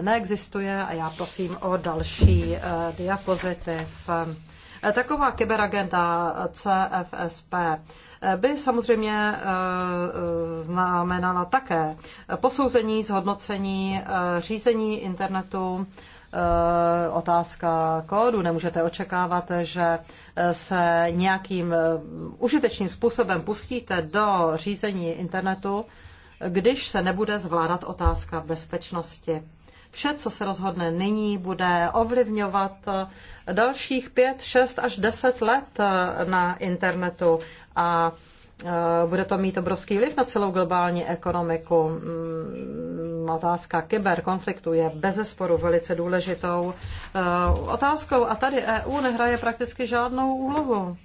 neexistuje a já prosím o další diapozitiv. Taková kyberagenda CFSP by samozřejmě eh, znamenala také posouzení, zhodnocení, eh, řízení internetu, eh, otázka kódu. Nemůžete očekávat, že se nějakým užitečným způsobem pustíte do řízení internetu, když se nebude zvládat otázka bezpečnosti. Vše, co se rozhodne nyní, bude ovlivňovat dalších pět, šest až deset let na internetu a e, bude to mít obrovský vliv na celou globální ekonomiku. Mm, otázka kyberkonfliktu je bezesporu velice důležitou e, otázkou a tady EU nehraje prakticky žádnou úlohu.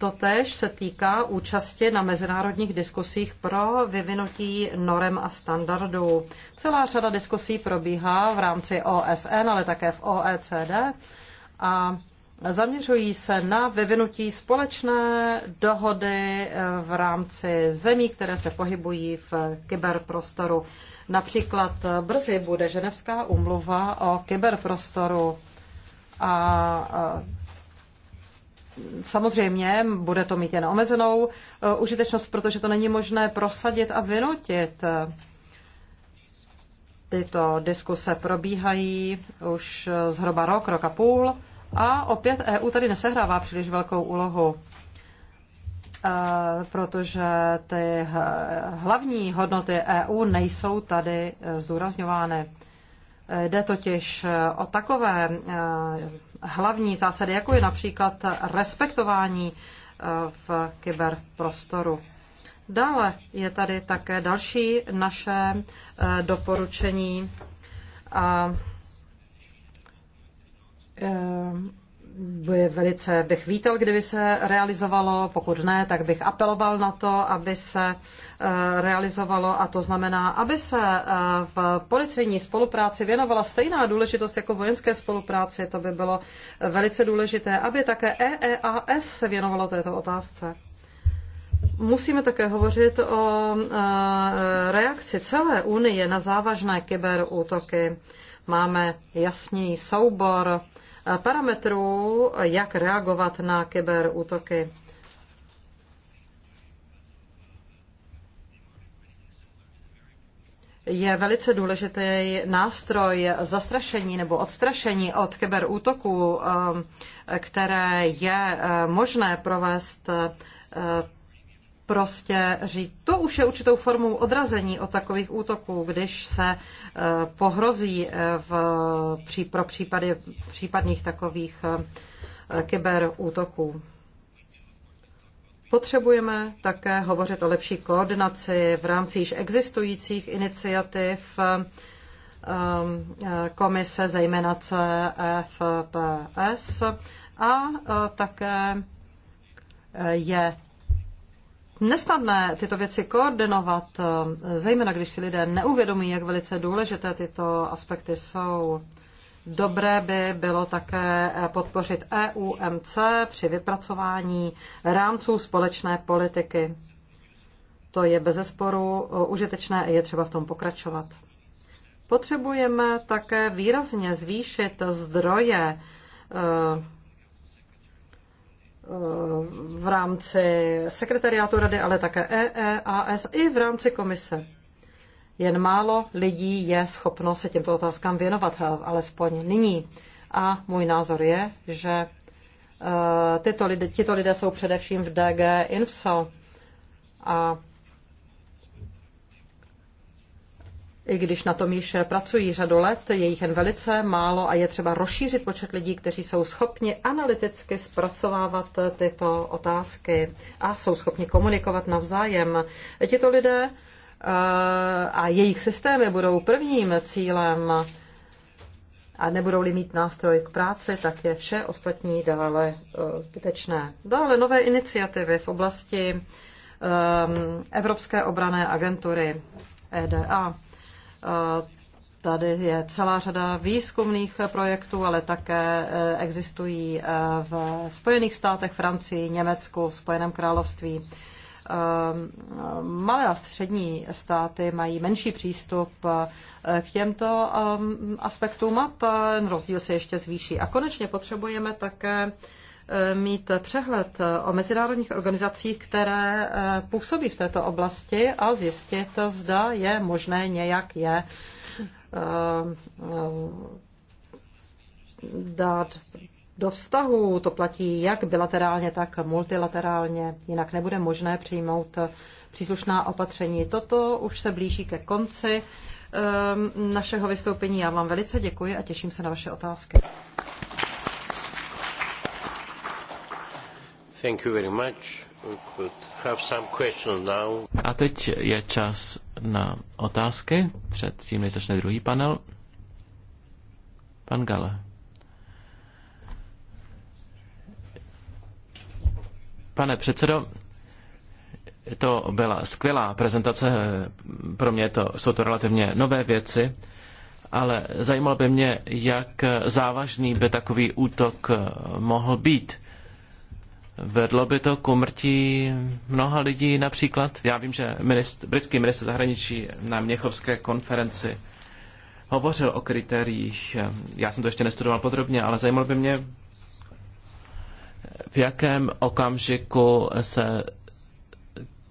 Totež se týká účasti na mezinárodních diskusích pro vyvinutí norem a standardů. Celá řada diskusí probíhá v rámci OSN, ale také v OECD a zaměřují se na vyvinutí společné dohody eh, v rámci zemí, které se pohybují v kyberprostoru. Například eh, brzy bude Ženevská umluva o kyberprostoru a eh, samozřejmě bude to mít jen omezenou eh, užitečnost, protože to není možné prosadit a vynutit. Tyto diskuse probíhají už zhruba rok, rok a půl a opět EU tady nesehrává příliš velkou úlohu, eh, protože ty hlavní hodnoty EU nejsou tady eh, zdůrazňovány. Jde totiž o takové hlavní zásady, jako je například respektování eh, v kyberprostoru. Dále je tady také další naše eh, doporučení. A eh, by velice bych vítal, kdyby se realizovalo, pokud ne, tak bych apeloval na to, aby se eh, realizovalo a to znamená, aby se eh, v policejní spolupráci věnovala stejná důležitost jako vojenské spolupráci, to by bylo velice důležité, aby také EEAS se věnovalo této otázce. Musíme také hovořit o eh, reakci celé Unie na závažné kyberútoky. Máme jasný soubor parametrů, jak reagovat na kyberútoky. je velice důležitý nástroj zastrašení nebo odstrašení od kyberútoků, eh, které je eh, možné provést eh, prostě říct, to už je určitou formou odrazení od takových útoků, když se e, pohrozí e, v, pří, pro případy případných takových e, kyberútoků. Potřebujeme také hovořit o lepší koordinaci v rámci již existujících iniciativ komise, zejména CFPS, a také je nesnadné tyto věci koordinovat, zejména když si lidé neuvědomí, jak velice důležité tyto aspekty jsou. Dobré by bylo také podpořit EUMC při vypracování rámců společné politiky. To je bezesporu užitečné a je třeba v tom pokračovat. Potřebujeme také výrazně zvýšit zdroje eh, v rámci sekretariátu rady, ale také EEAS i v rámci komise. Jen málo lidí je schopno se těmto otázkám věnovat, alespoň nyní. A můj názor je, že e, tyto lidé, tyto lidé jsou především v DG Info a i když na tom již pracují řadu let, je jich jen velice málo a je třeba rozšířit počet lidí, kteří jsou schopni analyticky zpracovávat tyto otázky a jsou schopni komunikovat navzájem. Tito lidé eh, a jejich systémy budou prvním cílem a nebudou-li mít nástroj k práci, tak je vše ostatní dále eh, zbytečné. Dále nové iniciativy v oblasti ehm, Evropské obrané agentury EDA. Tady je celá řada výzkumných projektů, ale také eh, existují eh, v Spojených státech, Francii, Německu, v Spojeném království. Ehm, malé a střední státy mají menší přístup eh, k těmto ehm, aspektům a ten rozdíl se ještě zvýší. A konečně potřebujeme také mít přehled o mezinárodních organizacích, které eh, působí v této oblasti a zjistit, zda je možné nějak je eh, dát do vztahu. To platí jak bilaterálně, tak multilaterálně. Jinak nebude možné přijmout příslušná opatření. Toto už se blíží ke konci eh, našeho vystoupení. Já vám velice děkuji a těším se na vaše otázky. Thank you very much. We could have some questions now. A teď je čas na otázky. Předtím než začne druhý panel. Pan Gale. Pane předsedo, to byla skvělá prezentace. Pro mě to, jsou to relativně nové věci, ale zajímalo by mě, jak závažný by takový útok mohl být. Vedlo by to k umrtí mnoha lidí například. Já vím, že ministr, britský ministr zahraničí na Měchovské konferenci hovořil o kritériích. Já jsem to ještě nestudoval podrobně, ale zajímalo by mě, v jakém okamžiku se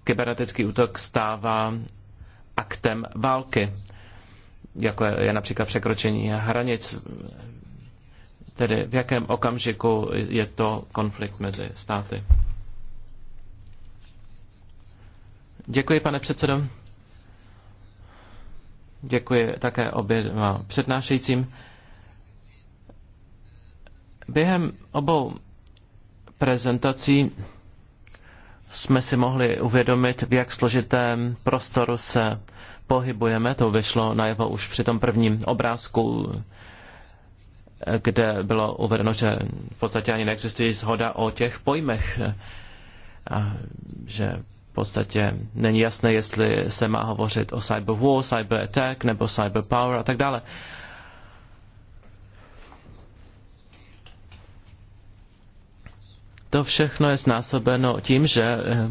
kybernetický útok stává aktem války, jako je, je například překročení hranic tedy v jakém okamžiku je to konflikt mezi státy. Děkuji, pane předsedo. Děkuji také oběma přednášejícím. Během obou prezentací jsme si mohli uvědomit, v jak složitém prostoru se pohybujeme. To vyšlo najevo už při tom prvním obrázku kde bylo uvedeno, že v podstatě ani neexistuje shoda o těch pojmech, a že v podstatě není jasné, jestli se má hovořit o cyber war, cyber attack nebo cyber power a tak dále. To všechno je znásobeno tím, že eh,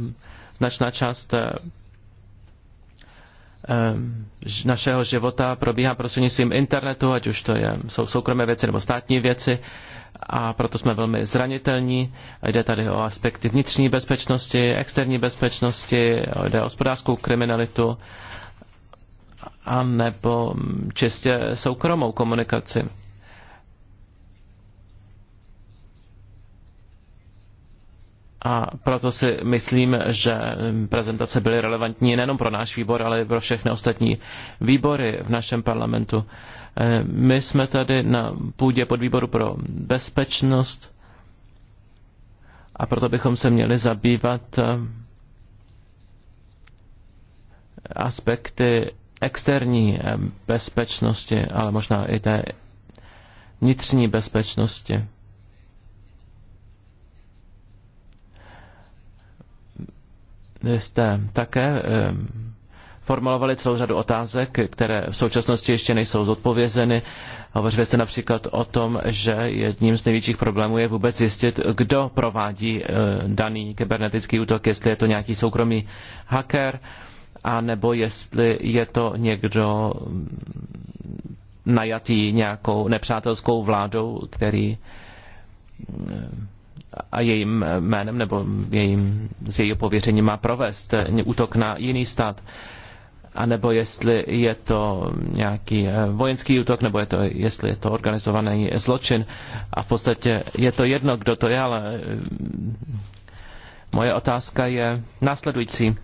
značná část eh, Ehm, našeho života probíhá prostřednictvím internetu, ať už to je, jsou soukromé věci nebo státní věci a proto jsme velmi zranitelní. Jde tady o aspekty vnitřní bezpečnosti, externí bezpečnosti, jde o hospodářskou kriminalitu a nebo čistě soukromou komunikaci. A proto si myslím, že prezentace byly relevantní nejenom pro náš výbor, ale i pro všechny ostatní výbory v našem parlamentu. Eh, my jsme tady na půdě podvýboru pro bezpečnost a proto bychom se měli zabývat eh, aspekty externí eh, bezpečnosti, ale možná i té vnitřní bezpečnosti. Vy jste také eh, formulovali celou řadu otázek, které v současnosti ještě nejsou zodpovězeny. Hovořili jste například o tom, že jedním z největších problémů je vůbec zjistit, kdo provádí eh, daný kybernetický útok, jestli je to nějaký soukromý hacker, a nebo jestli je to někdo mm, najatý nějakou nepřátelskou vládou, který mm, a jejím jménem nebo jejím, z jejího pověření má provést útok na jiný stát. A nebo jestli je to nějaký eh, vojenský útok, nebo je to, jestli je to organizovaný zločin. A v podstatě je to jedno, kdo to je, ale eh, moje otázka je následující.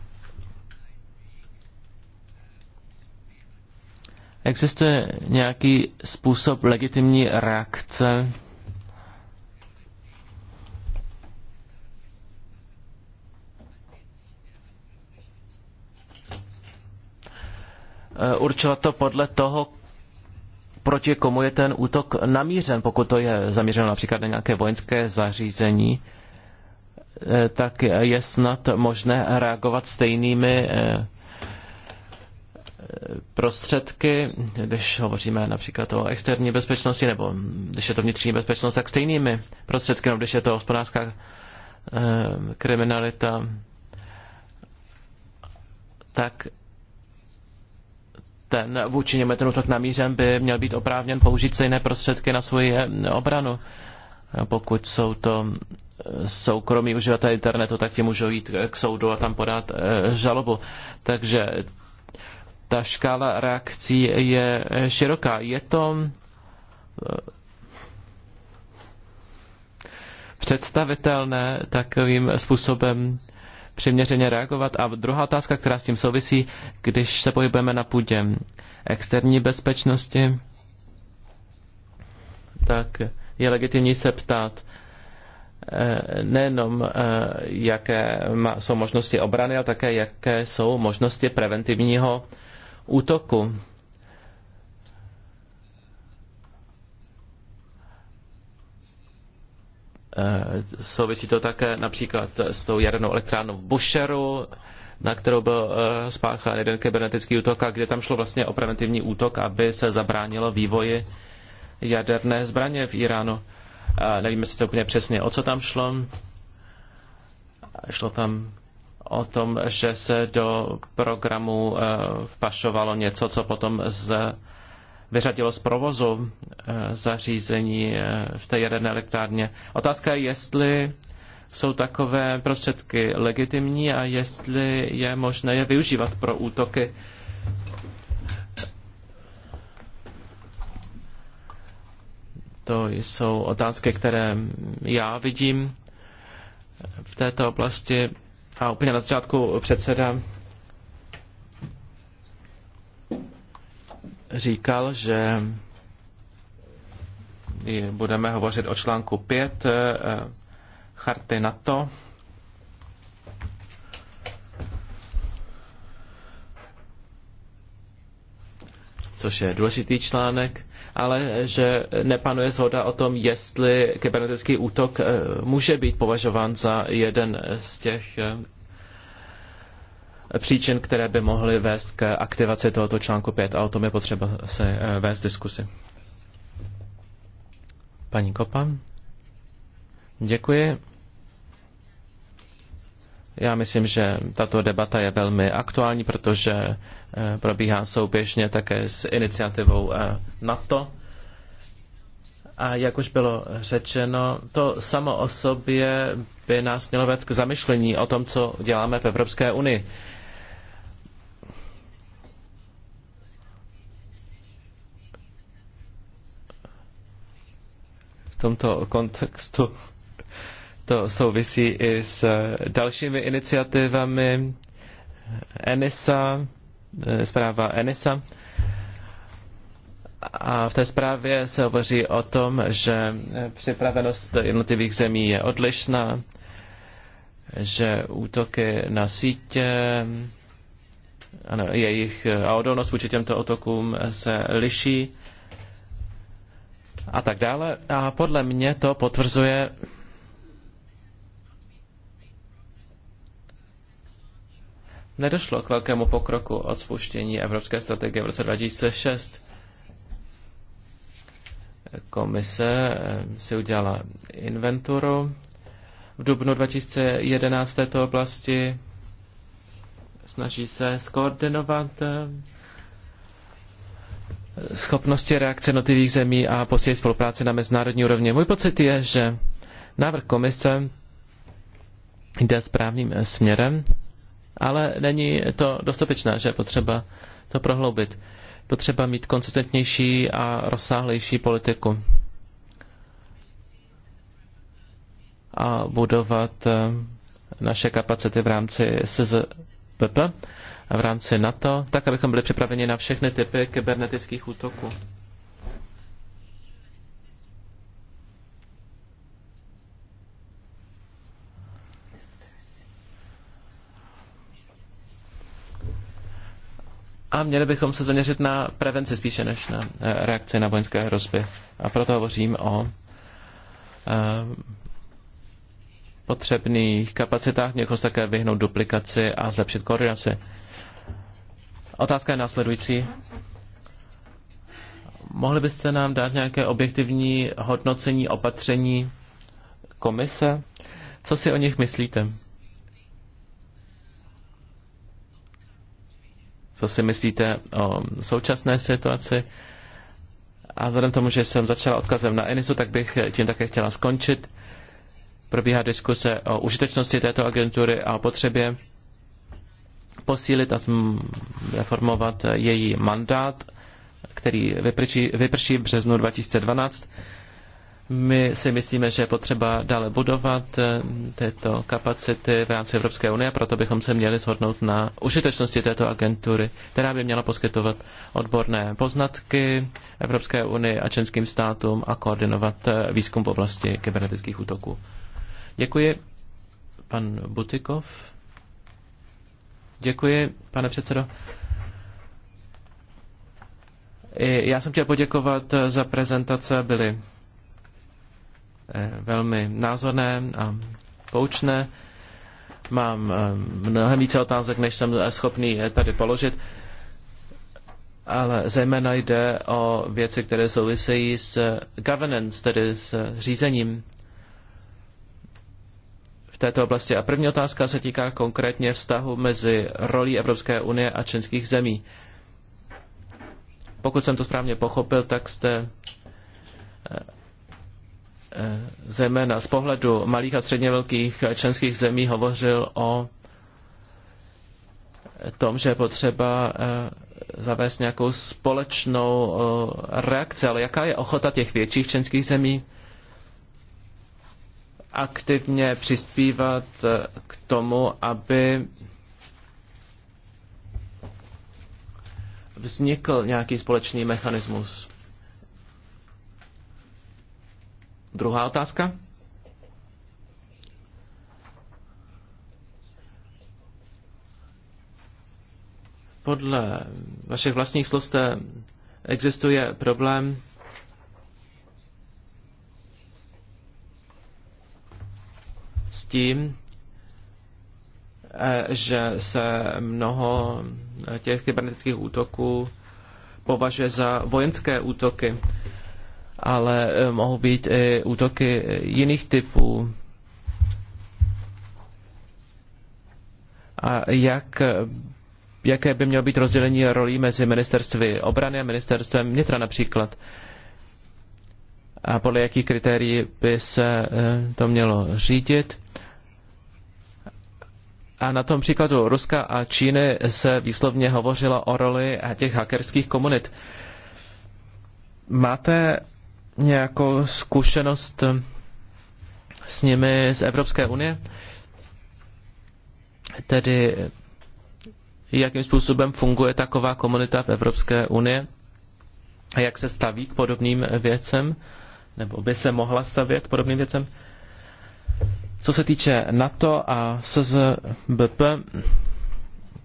Existuje nějaký způsob legitimní reakce Eh, určovat to podle toho, proti komu je ten útok namířen. Pokud to je zamířeno například na nějaké vojenské zařízení, eh, tak je snad možné reagovat stejnými eh, prostředky, když hovoříme například o externí bezpečnosti, nebo když je to vnitřní bezpečnost, tak stejnými prostředky, nebo když je to hospodářská kriminalita, tak ten vůči ten útok namířen by měl být oprávněn použít stejné prostředky na svoji eh, obranu. Pokud jsou to eh, soukromí uživatelé internetu, tak ti můžou jít k soudu a tam podat eh, žalobu. Takže ta škála reakcí je široká. Je to představitelné takovým způsobem přiměřeně reagovat. A druhá otázka, která s tím souvisí, když se pohybujeme na půdě externí bezpečnosti, tak je legitimní se ptát eh, nejenom, eh, jaké jsou možnosti obrany, ale také, jaké jsou možnosti preventivního útoku. Eh, souvisí to také například s tou jadernou elektrárnou v Busheru, na kterou byl eh, spáchán jeden kybernetický útok a kde tam šlo vlastně o preventivní útok, aby se zabránilo vývoji jaderné zbraně v Iránu. A nevíme sice úplně přesně, o co tam šlo. Šlo tam o tom, že se do programu eh, vpašovalo něco, co potom z vyřadilo z provozu eh, zařízení eh, v té jaderné elektrárně. Otázka je, jestli jsou takové prostředky legitimní a jestli je možné je využívat pro útoky. To jsou otázky, které já vidím v této oblasti. A úplně na začátku předseda říkal, že budeme hovořit o článku 5 eh, eh, charty NATO. což je důležitý článek, ale že nepanuje zhoda o tom, jestli kybernetický útok eh, může být považován za jeden z těch příčin, které by mohly vést k aktivaci tohoto článku 5 a o tom je potřeba se eh, vést diskusy. Paní Kopan? Děkuji. Já myslím, že tato debata je velmi aktuální, protože eh, probíhá souběžně také s iniciativou eh, NATO. A jak už bylo řečeno, to samo o sobě by nás mělo vést k zamyšlení o tom, co děláme v Evropské unii. v tomto kontextu to souvisí i s dalšími iniciativami ENISA, eh, zpráva ENISA. A v té zprávě se hovoří o tom, že připravenost jednotlivých zemí je odlišná, že útoky na sítě ano, jejich eh, a odolnost vůči těmto otokům se liší a tak dále. A podle mě to potvrzuje Nedošlo k velkému pokroku od spuštění Evropské strategie v roce 2006. Komise eh, si udělala inventuru v dubnu 2011 v této oblasti. Snaží se skoordinovat eh, schopnosti reakce jednotlivých zemí a posílit spolupráci na mezinárodní úrovni. Můj pocit je, že návrh komise jde správným směrem, ale není to dostatečné, že je potřeba to prohloubit. Potřeba mít konsistentnější a rozsáhlejší politiku a budovat eh, naše kapacity v rámci SZPP v rámci NATO, tak abychom byli připraveni na všechny typy kybernetických útoků. A měli bychom se zaměřit na prevenci spíše než na eh, reakci na vojenské hrozby. A proto hovořím o eh, potřebných kapacitách, měl se také vyhnout duplikaci a zlepšit koordinaci. Otázka je následující. Mohli byste nám dát nějaké objektivní hodnocení opatření komise? Co si o nich myslíte? Co si myslíte o současné situaci? A vzhledem tomu, že jsem začala odkazem na Enisu, tak bych tím také chtěla skončit probíhá diskuse o užitečnosti této agentury a o potřebě posílit a reformovat její mandát, který vyprší, vyprší v březnu 2012. My si myslíme, že je potřeba dále budovat eh, tyto kapacity v rámci Evropské unie, proto bychom se měli shodnout na užitečnosti této agentury, která by měla poskytovat odborné poznatky Evropské unii a členským státům a koordinovat eh, výzkum v oblasti kybernetických útoků. Děkuji, pan Butikov. Děkuji, pane předsedo. Já jsem chtěl poděkovat za prezentace, byly eh, velmi názorné a poučné. Mám eh, mnohem více otázek, než jsem eh, schopný tady položit, ale zejména jde o věci, které souvisejí s governance, tedy s řízením této oblasti. A první otázka se týká konkrétně vztahu mezi rolí Evropské unie a členských zemí. Pokud jsem to správně pochopil, tak jste eh, eh, zejména z pohledu malých a středně velkých členských zemí hovořil o tom, že je potřeba eh, zavést nějakou společnou reakci, ale jaká je ochota těch větších členských zemí aktivně přispívat eh, k tomu, aby vznikl nějaký společný mechanismus. Druhá otázka. Podle vašich vlastních slov existuje problém s tím, eh, že se mnoho těch kybernetických útoků považuje za vojenské útoky, ale eh, mohou být i útoky jiných typů. A jak, jaké by mělo být rozdělení rolí mezi ministerstvy obrany a ministerstvem vnitra například? a podle jakých kritérií by se eh, to mělo řídit. A na tom příkladu Ruska a Číny se výslovně hovořilo o roli těch hackerských komunit. Máte nějakou zkušenost s nimi z Evropské unie? Tedy jakým způsobem funguje taková komunita v Evropské unie a jak se staví k podobným věcem? nebo by se mohla stavět podobným věcem. Co se týče NATO a SZBP,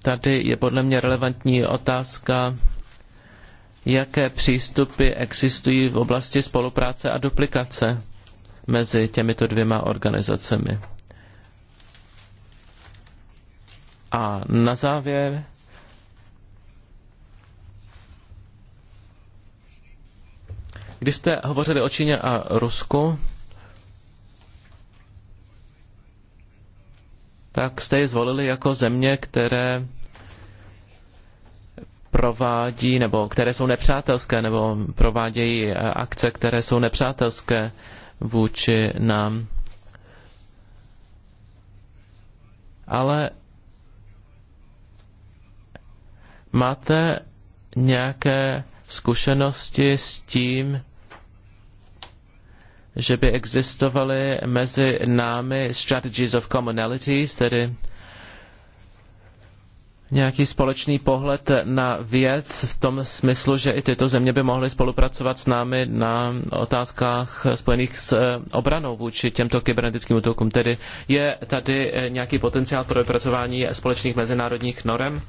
tady je podle mě relevantní otázka, jaké přístupy existují v oblasti spolupráce a duplikace mezi těmito dvěma organizacemi. A na závěr Když jste hovořili o Číně a Rusku, tak jste ji zvolili jako země, které provádí, nebo které jsou nepřátelské, nebo provádějí eh, akce, které jsou nepřátelské vůči nám. Ale máte nějaké zkušenosti s tím, že by existovaly mezi námi strategies of commonalities, tedy nějaký společný pohled na věc v tom smyslu, že i tyto země by mohly spolupracovat s námi na otázkách spojených s eh, obranou vůči těmto kybernetickým útokům. Tedy je tady eh, nějaký potenciál pro vypracování společných mezinárodních norem?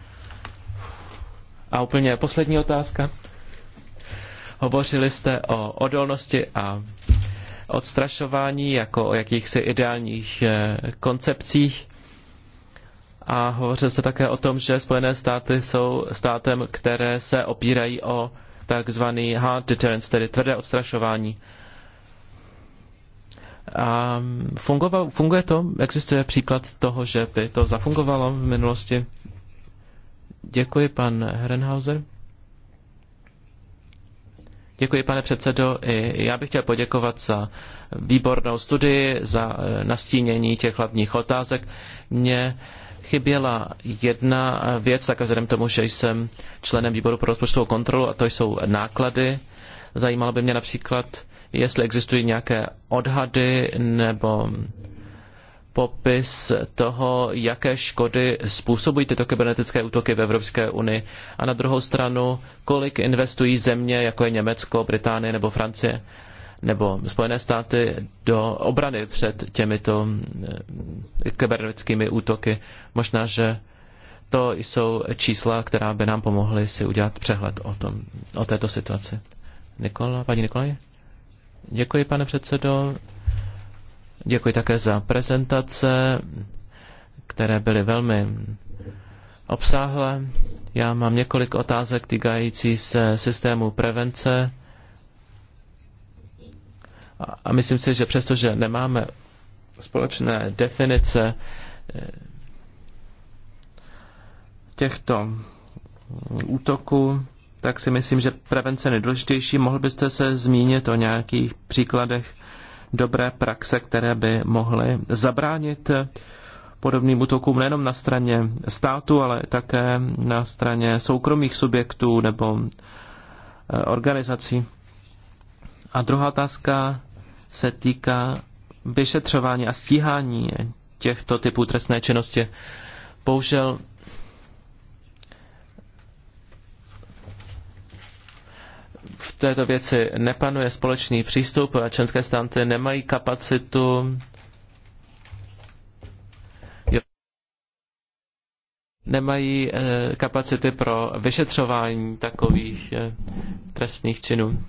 A úplně poslední otázka. Hovořili jste o odolnosti a odstrašování, jako o jakýchsi ideálních eh, koncepcích. A hovořil jste také o tom, že Spojené státy jsou státem, které se opírají o takzvaný hard deterrence, tedy tvrdé odstrašování. A fungovalo, funguje to? Existuje příklad toho, že by to zafungovalo v minulosti? Děkuji, pan Herrenhauser. Děkuji, pane předsedo. I já bych chtěl poděkovat za výbornou studii, za eh, nastínění těch hlavních otázek. Mě chyběla jedna věc, tak vzhledem tomu, že jsem členem výboru pro rozpočtovou kontrolu, a to jsou náklady. Zajímalo by mě například, jestli existují nějaké odhady nebo popis toho, jaké škody způsobují tyto kybernetické útoky v Evropské unii a na druhou stranu, kolik investují země, jako je Německo, Británie nebo Francie nebo Spojené státy do obrany před těmito eh, kybernetickými útoky. Možná, že to jsou čísla, která by nám pomohly si udělat přehled o, tom, o této situaci. Nikola, paní Nikolaj? Děkuji, pane předsedo. Děkuji také za prezentace, které byly velmi obsáhlé. Já mám několik otázek týkající se systému prevence. A myslím si, že přestože nemáme společné definice eh, těchto útoků, tak si myslím, že prevence je nejdůležitější. Mohl byste se zmínit o nějakých příkladech dobré praxe, které by mohly zabránit podobným útokům nejenom na straně státu, ale také na straně soukromých subjektů nebo eh, organizací. A druhá otázka se týká vyšetřování a stíhání těchto typů trestné činnosti. Bohužel V této věci nepanuje společný přístup a členské státy nemají kapacitu nemají eh, kapacity pro vyšetřování takových eh, trestných činů.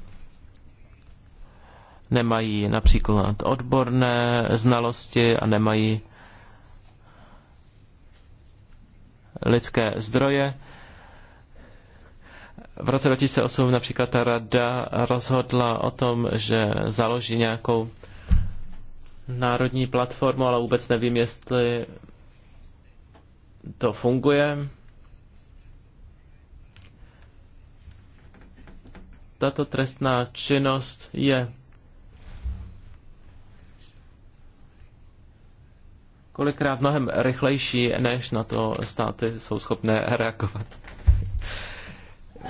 Nemají například odborné znalosti a nemají lidské zdroje. V roce 2008 například ta rada rozhodla o tom, že založí nějakou národní platformu, ale vůbec nevím, jestli to funguje. Tato trestná činnost je kolikrát mnohem rychlejší, než na to státy jsou schopné reagovat.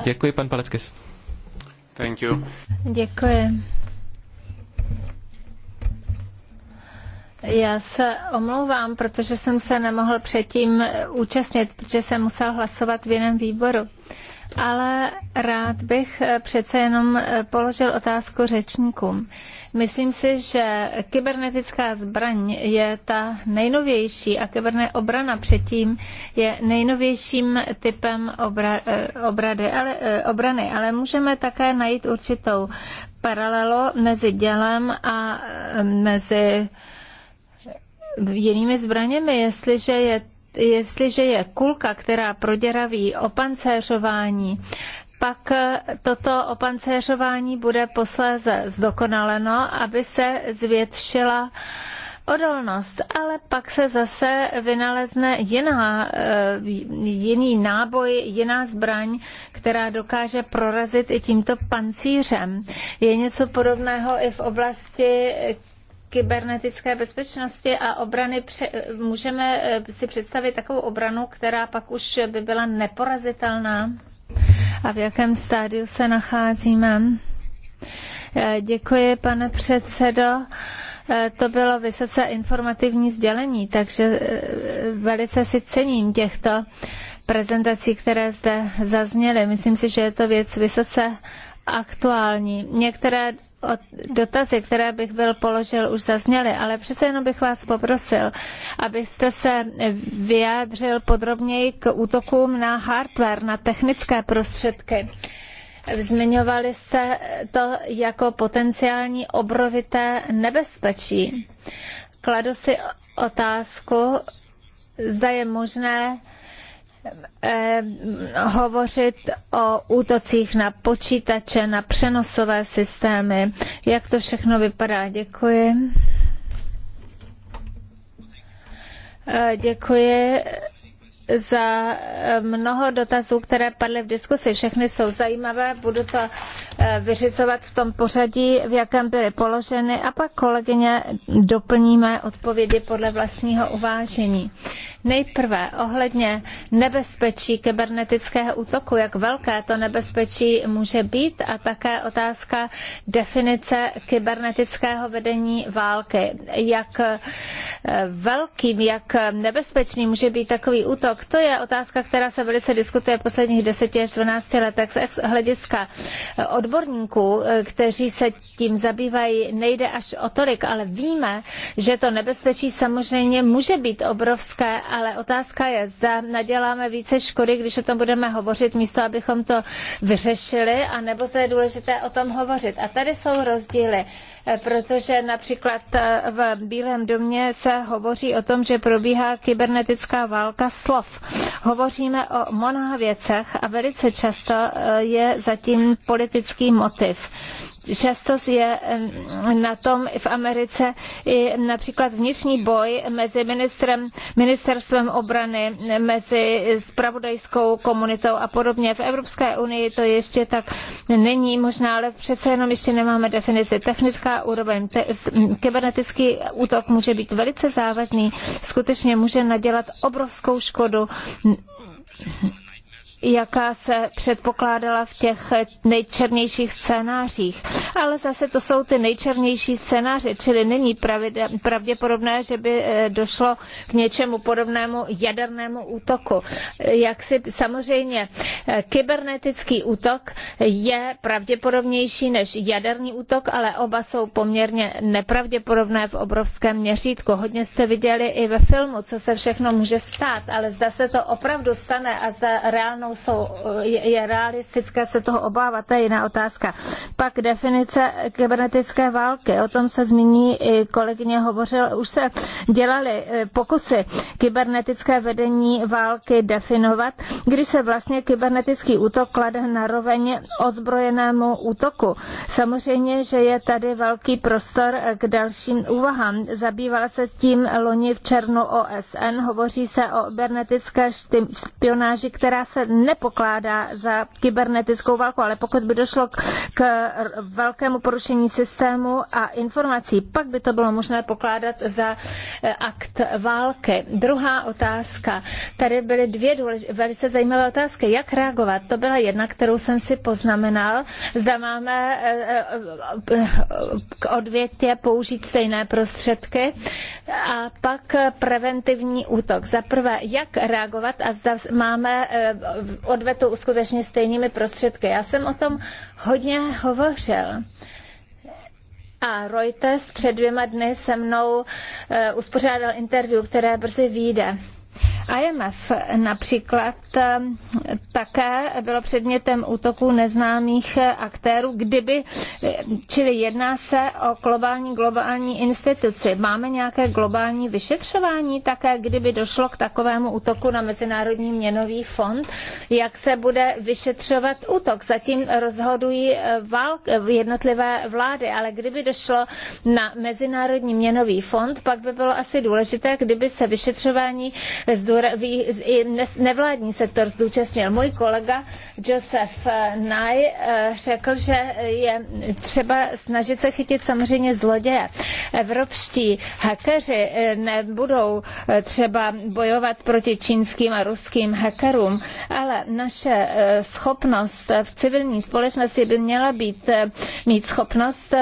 Děkuji, pan Paleckis. Thank you. Děkuji. Já se omlouvám, protože jsem se nemohl předtím účastnit, protože jsem musel hlasovat v jiném výboru ale rád bych eh, přece jenom eh, položil otázku řečníkům. Myslím si, že kybernetická zbraň je ta nejnovější a kyberné obrana předtím je nejnovějším typem obra, eh, obrady, ale, obrany, ale můžeme také najít určitou paralelu mezi dělem a mezi jinými zbraněmi, jestliže je jestliže je kulka, která proděraví opancéřování, pak toto opancéřování bude posléze zdokonaleno, aby se zvětšila odolnost, ale pak se zase vynalezne jiná, eh, jiný náboj, jiná zbraň, která dokáže prorazit i tímto pancířem. Je něco podobného i v oblasti kybernetické bezpečnosti a obrany pře- můžeme eh, si představit takovou obranu, která pak už by byla neporazitelná? A v jakém stádiu se nacházíme? Eh, děkuji, pane předsedo. Eh, to bylo vysoce informativní sdělení, takže velice si cením těchto prezentací, které zde zazněly. Myslím si, že je to věc vysoce aktuální. Některé dotazy, které bych byl položil, už zazněly, ale přece jenom bych vás poprosil, abyste se vyjádřil podrobněji k útokům na hardware, na technické prostředky. Zmiňovali jste to jako potenciální obrovité nebezpečí. Kladu si otázku, zda je možné Eh, hovořit o útocích na počítače, na přenosové systémy. Jak to všechno vypadá? Děkuji. Eh, děkuji za eh, mnoho dotazů, které padly v diskusi. Všechny jsou zajímavé, budu to eh, vyřizovat v tom pořadí, v jakém byly položeny a pak kolegyně doplníme odpovědi podle vlastního uvážení. Nejprve ohledně nebezpečí kybernetického útoku, jak velké to nebezpečí může být a také otázka definice kybernetického vedení války. Jak eh, velkým, jak nebezpečný může být takový útok, to je otázka, která se velice diskutuje v posledních 10 až 12 letech z hlediska eh, odborníků, eh, kteří se tím zabývají, nejde až o tolik, ale víme, že to nebezpečí samozřejmě může být obrovské, ale otázka je, zda naděláme více škody, když o tom budeme hovořit, místo abychom to vyřešili, anebo zda je důležité o tom hovořit. A tady jsou rozdíly, eh, protože například v Bílém domě se hovoří o tom, že probíhá kybernetická válka slov slov. Hovoříme o mnoha věcech a velice často eh, je zatím politický motiv často je na tom v Americe i například vnitřní boj mezi ministrem, ministerstvem obrany, mezi spravodajskou komunitou a podobně. V Evropské unii to ještě tak není možná, ale přece jenom ještě nemáme definici. Technická úroveň, te, kybernetický útok může být velice závažný, skutečně může nadělat obrovskou škodu jaká se předpokládala v těch nejčernějších scénářích. Ale zase to jsou ty nejčernější scénáře, čili není pravděpodobné, že by eh, došlo k něčemu podobnému jadernému útoku. Jak si samozřejmě eh, kybernetický útok je pravděpodobnější než jaderný útok, ale oba jsou poměrně nepravděpodobné v obrovském měřítku. Hodně jste viděli i ve filmu, co se všechno může stát, ale zda se to opravdu stane a zda reálnou jsou, je, je realistické se toho obávat, to je jiná otázka. Pak definice kybernetické války, o tom se zmíní i kolegyně hovořila, už se dělali eh, pokusy kybernetické vedení války definovat, když se vlastně kybernetický útok klade na roveň ozbrojenému útoku. Samozřejmě, že je tady velký prostor eh, k dalším úvahám. Zabývala se s tím loni v černu OSN, hovoří se o kybernetické špionáži, která se nepokládá za kybernetickou válku, ale pokud by došlo k, k velkému porušení systému a informací, pak by to bylo možné pokládat za eh, akt války. Druhá otázka. Tady byly dvě důlež- velice zajímavé otázky. Jak reagovat? To byla jedna, kterou jsem si poznamenal. Zda máme eh, eh, k odvětě použít stejné prostředky. A pak preventivní útok. Za prvé, jak reagovat a zda máme odvetu uskutečnit stejnými prostředky. Já jsem o tom hodně hovořil. A Reuters před dvěma dny se mnou eh, uspořádal interview, které brzy vyjde. IMF například ehm, také bylo předmětem útoků neznámých aktérů, kdyby, ehm, čili jedná se o globální, globální instituci. Máme nějaké globální vyšetřování také, kdyby došlo k takovému útoku na Mezinárodní měnový fond, jak se bude vyšetřovat útok. Zatím rozhodují eh, válk, eh, jednotlivé vlády, ale kdyby došlo na Mezinárodní měnový fond, pak by bylo asi důležité, kdyby se vyšetřování z i nevládní sektor zúčastnil. Můj kolega Josef Nye eh, řekl, že je třeba snažit se chytit samozřejmě zloděje. Evropští hackeři eh, nebudou eh, třeba bojovat proti čínským a ruským hackerům, ale naše schopnost v civilní společnosti by měla být, mít schopnost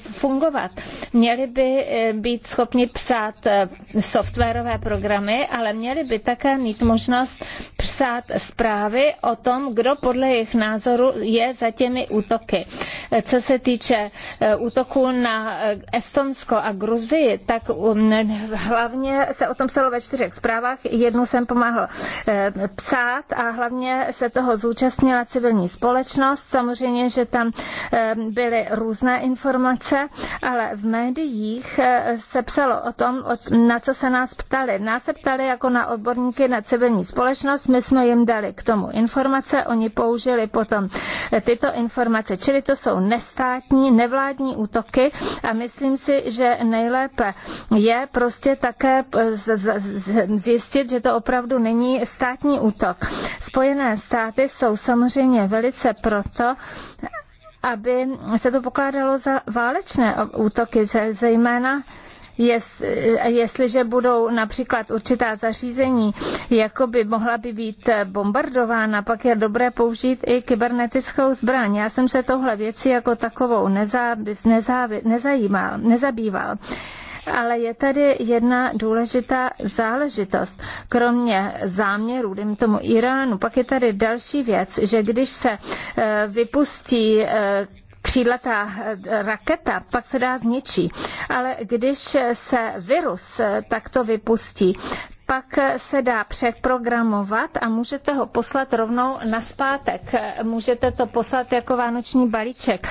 fungovat. Měli by být schopni psát softwarové programy, ale měli by také mít možnost psát zprávy o tom, kdo podle jejich názoru je za těmi útoky. Co se týče eh, útoků na eh, Estonsko a Gruzii, tak um, hlavně se o tom psalo ve čtyřech zprávách. Jednu jsem pomáhal eh, psát a hlavně se toho zúčastnila civilní společnost. Samozřejmě, že tam byly různé informace, ale v médiích se psalo o tom, na co se nás ptali. Nás se ptali jako na odborníky na civilní společnost, my jsme jim dali k tomu informace, oni použili potom tyto informace, čili to jsou nestátní, nevládní útoky a myslím si, že nejlépe je prostě také zjistit, že to opravdu není státní útok. Spojené státy jsou samozřejmě velice proto, aby se to pokládalo za válečné útoky, že zejména Jest, eh, jestliže budou například určitá zařízení, jako by mohla by být eh, bombardována, pak je dobré použít i kybernetickou zbraň. Já jsem se tohle věci jako takovou nezá, nezá, nezajímal, nezabýval. Ale je tady jedna důležitá záležitost. Kromě záměrů, dejme tomu Iránu, pak je tady další věc, že když se eh, vypustí křídlatá eh, raketa, pak se dá zničí. Ale když se virus eh, takto vypustí, pak se dá přeprogramovat a můžete ho poslat rovnou na zpátek. Můžete to poslat jako vánoční balíček.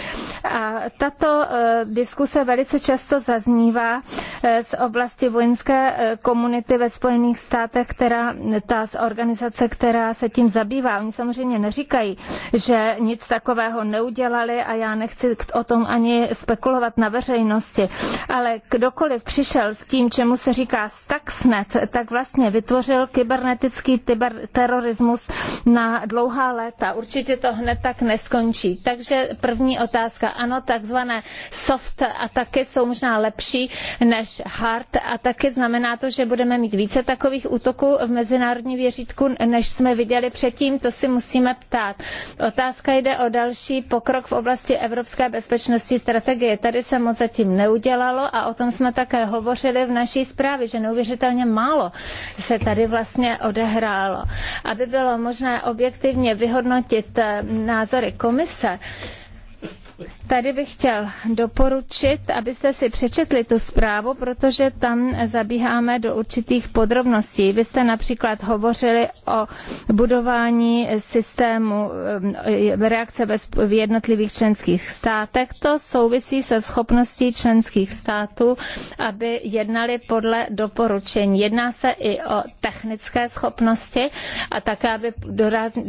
A tato eh, diskuse velice často zaznívá eh, z oblasti vojenské eh, komunity ve Spojených státech, která ta organizace, která se tím zabývá. Oni samozřejmě neříkají, že nic takového neudělali a já nechci o tom ani spekulovat na veřejnosti. Ale kdokoliv přišel s tím, čemu se říká stuxnet, tak vlastně vlastně vytvořil kybernetický terorismus na dlouhá léta. Určitě to hned tak neskončí. Takže první otázka. Ano, takzvané soft ataky jsou možná lepší než hard ataky. Znamená to, že budeme mít více takových útoků v mezinárodní věřítku, než jsme viděli předtím. To si musíme ptát. Otázka jde o další pokrok v oblasti evropské bezpečnosti strategie. Tady se moc zatím neudělalo a o tom jsme také hovořili v naší zprávě, že neuvěřitelně málo se tady vlastně odehrálo. Aby bylo možné objektivně vyhodnotit eh, názory komise, Tady bych chtěl doporučit, abyste si přečetli tu zprávu, protože tam zabíháme do určitých podrobností. Vy jste například hovořili o budování systému eh, reakce v jednotlivých členských státech. To souvisí se schopností členských států, aby jednali podle doporučení. Jedná se i o technické schopnosti a také, aby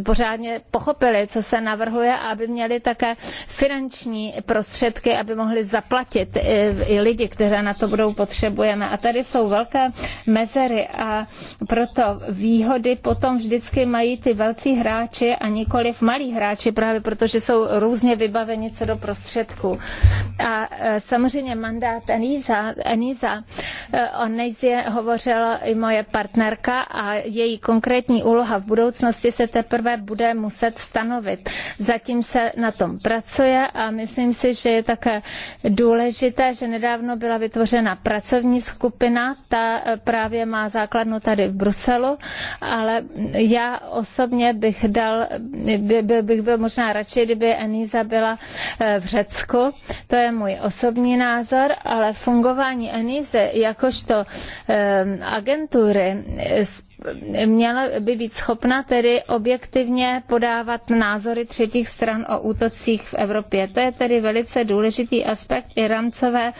pořádně pochopili, co se navrhuje a aby měli také finanční finanční prostředky, aby mohli zaplatit eh, i lidi, které na to budou potřebujeme. A tady jsou velké mezery a proto výhody potom vždycky mají ty velcí hráči a nikoliv malí hráči, právě protože jsou různě vybaveni co do prostředků. A eh, samozřejmě mandát Eniza, Eniza eh, o Nejzie hovořila i moje partnerka a její konkrétní úloha v budoucnosti se teprve bude muset stanovit. Zatím se na tom pracuje a myslím si, že je také důležité, že nedávno byla vytvořena pracovní skupina, ta eh, právě má základnu tady v Bruselu, ale já osobně bych dal, by, bych byl možná radši, kdyby Enisa byla eh, v Řecku. To je můj osobní názor, ale fungování Enise jakožto eh, agentury měla by být schopna tedy objektivně podávat názory třetích stran o útocích v Evropě. To je tedy velice důležitý aspekt i rámcové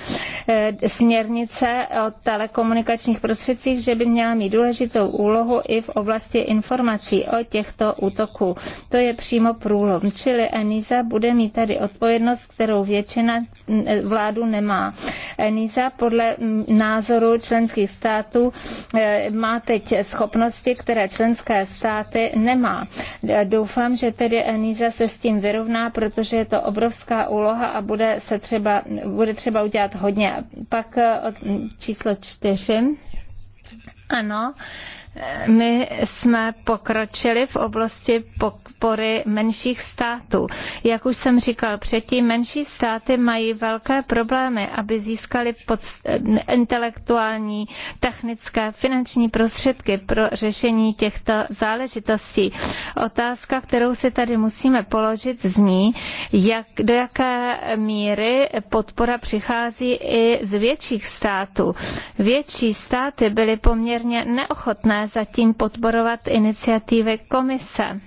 eh, směrnice o telekomunikačních prostředcích, že by měla mít důležitou úlohu i v oblasti informací o těchto útoků. To je přímo průlom. Čili ENISA bude mít tady odpovědnost, kterou většina eh, vládu nemá. ENISA podle mm, názoru členských států eh, má teď schopnost schopnosti, které členské státy nemá. Doufám, že tedy Enisa se s tím vyrovná, protože je to obrovská úloha a bude se třeba, bude třeba udělat hodně. Pak eh, číslo čtyři. Ano, my jsme pokročili v oblasti podpory menších států. Jak už jsem říkal předtím, menší státy mají velké problémy, aby získali pod, intelektuální, technické, finanční prostředky pro řešení těchto záležitostí. Otázka, kterou si tady musíme položit, zní, jak, do jaké míry podpora přichází i z větších států. Větší státy byly poměrně neochotné zatím podporovat iniciativy komise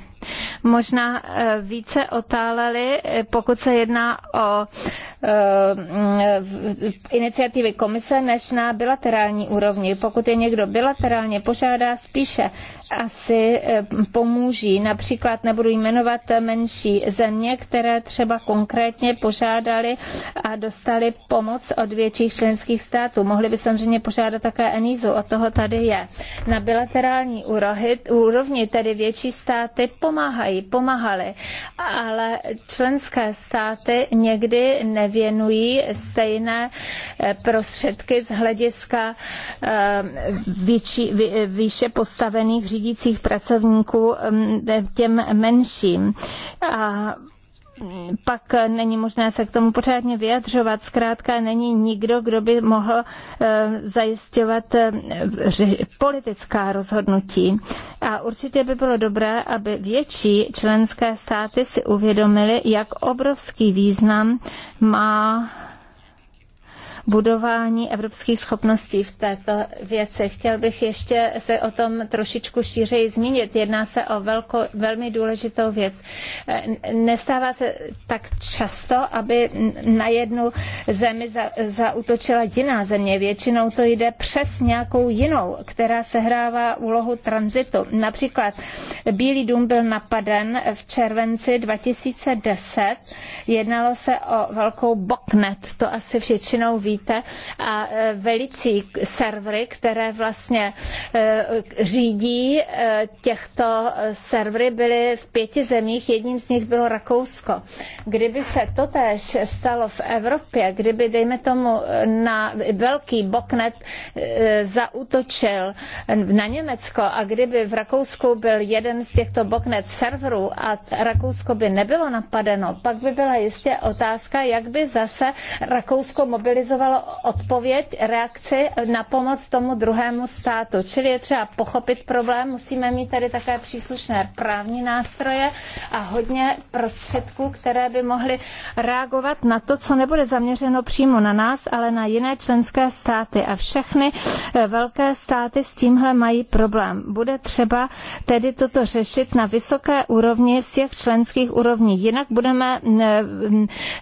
možná eh, více otáleli, eh, pokud se jedná o eh, iniciativy komise, než na bilaterální úrovni. Pokud je někdo bilaterálně požádá, spíše asi pomůží. Například nebudu jmenovat menší země, které třeba konkrétně požádali a dostali pomoc od větších členských států. Mohli by samozřejmě požádat také Enízu, o toho tady je. Na bilaterální úrovni tedy větší státy pomáhají pomáhají, pomáhali, ale členské státy někdy nevěnují stejné eh, prostředky z hlediska eh, výše postavených řídících pracovníků mm, těm menším. A pak není možné se k tomu pořádně vyjadřovat. Zkrátka není nikdo, kdo by mohl eh, zajistovat eh, politická rozhodnutí. A určitě by bylo dobré, aby větší členské státy si uvědomily, jak obrovský význam má budování evropských schopností v této věci. Chtěl bych ještě se o tom trošičku šířeji zmínit. Jedná se o velko, velmi důležitou věc. Nestává se tak často, aby na jednu zemi za, zautočila jiná země. Většinou to jde přes nějakou jinou, která sehrává úlohu tranzitu. Například Bílý dům byl napaden v červenci 2010. Jednalo se o velkou boknet, to asi většinou ví víte, a e, velicí servery, které vlastně e, řídí e, těchto servery, byly v pěti zemích, jedním z nich bylo Rakousko. Kdyby se totéž stalo v Evropě, kdyby, dejme tomu, na velký boknet zaútočil na Německo a kdyby v Rakousku byl jeden z těchto boknet serverů a Rakousko by nebylo napadeno, pak by byla jistě otázka, jak by zase Rakousko mobilizovalo vyžadovalo odpověď, reakce na pomoc tomu druhému státu. Čili je třeba pochopit problém, musíme mít tady také příslušné právní nástroje a hodně prostředků, které by mohly reagovat na to, co nebude zaměřeno přímo na nás, ale na jiné členské státy. A všechny eh, velké státy s tímhle mají problém. Bude třeba tedy toto řešit na vysoké úrovni z těch členských úrovní. Jinak budeme eh,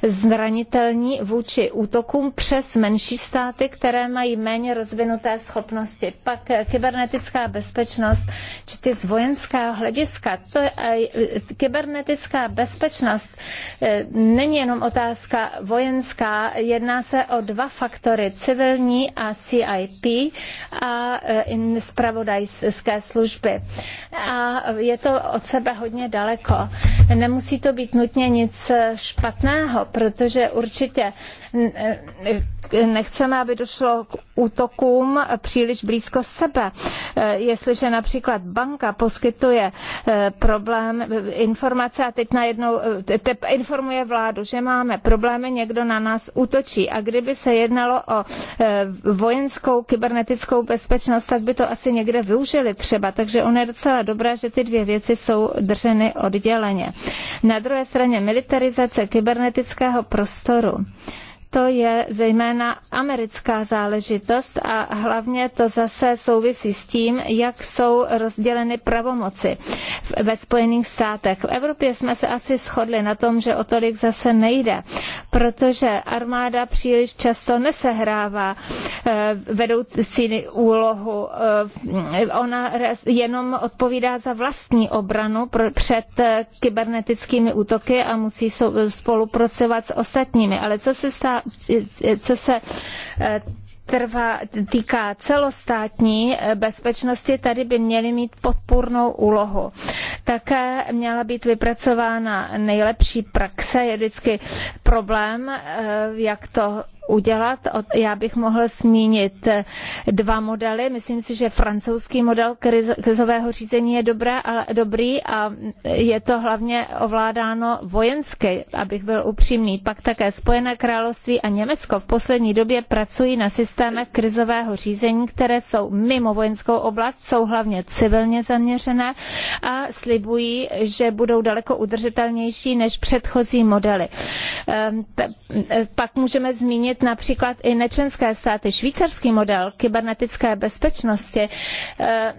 zranitelní vůči útokům přes s menší státy, které mají méně rozvinuté schopnosti. Pak eh, kybernetická bezpečnost, či ty z vojenského hlediska. To je, eh, kybernetická bezpečnost eh, není jenom otázka vojenská, jedná se o dva faktory, civilní a CIP a spravodajské služby. A je to od sebe hodně daleko. Nemusí to být nutně nic špatného, protože určitě nechceme, aby došlo k útokům příliš blízko sebe. Eh, jestliže například banka poskytuje eh, problém eh, informace a teď najednou te, informuje vládu, že máme problémy, někdo na nás útočí. A kdyby se jednalo o vojenskou kybernetickou bezpečnost, tak by to asi někde využili třeba. Takže ono je docela dobré, že ty dvě věci jsou drženy odděleně. Na druhé straně militarizace kybernetického prostoru to je zejména americká záležitost a hlavně to zase souvisí s tím, jak jsou rozděleny pravomoci ve Spojených státech. V Evropě jsme se asi shodli na tom, že o tolik zase nejde, protože armáda příliš často nesehrává eh, vedoucí úlohu. Eh, ona jenom odpovídá za vlastní obranu před eh, kybernetickými útoky a musí spolupracovat s ostatními. Ale co se stává co se eh, trvá, týká celostátní eh, bezpečnosti, tady by měly mít podpůrnou úlohu. Také měla být vypracována nejlepší praxe, je vždycky problém, eh, jak to udělat. Já bych mohl zmínit eh, dva modely. Myslím si, že francouzský model krizového řízení je dobré, ale, dobrý a je to hlavně ovládáno vojensky, abych byl upřímný. Pak také Spojené království a Německo v poslední době pracují na systémech krizového řízení, které jsou mimo vojenskou oblast, jsou hlavně civilně zaměřené a slibují, že budou daleko udržitelnější než předchozí modely. Ehm, eh, pak můžeme zmínit zmínit například i nečlenské státy. Švýcarský model kybernetické bezpečnosti eh,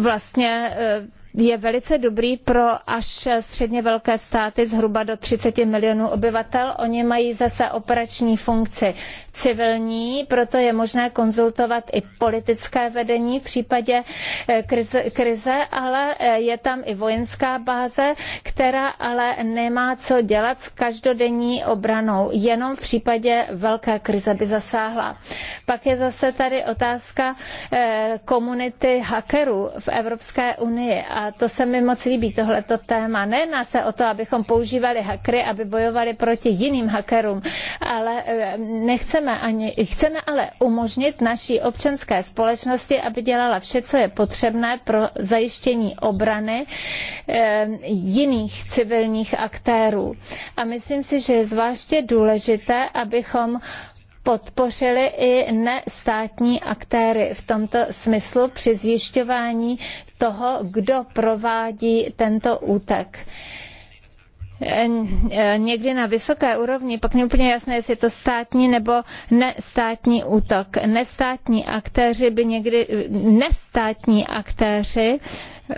vlastně eh, je velice dobrý pro až středně velké státy zhruba do 30 milionů obyvatel. Oni mají zase operační funkci civilní, proto je možné konzultovat i politické vedení v případě eh, krize, krize ale eh, je tam i vojenská báze, která ale nemá co dělat s každodenní obranou. Jenom v případě velké krize by zasáhla. Pak je zase tady otázka eh, komunity hackerů v Evropské unii a to se mi moc líbí, tohleto téma. Nejedná se o to, abychom používali hackery, aby bojovali proti jiným hackerům, ale eh, nechceme ani, chceme ale umožnit naší občanské společnosti, aby dělala vše, co je potřebné pro zajištění obrany eh, jiných civilních aktérů. A myslím si, že je zvláště důležité, abychom podpořili i nestátní aktéry v tomto smyslu při zjišťování toho, kdo provádí tento útek eh, někdy na vysoké úrovni, pak není úplně jasné, jestli je to státní nebo nestátní útok. Nestátní aktéři by někdy, nestátní aktéři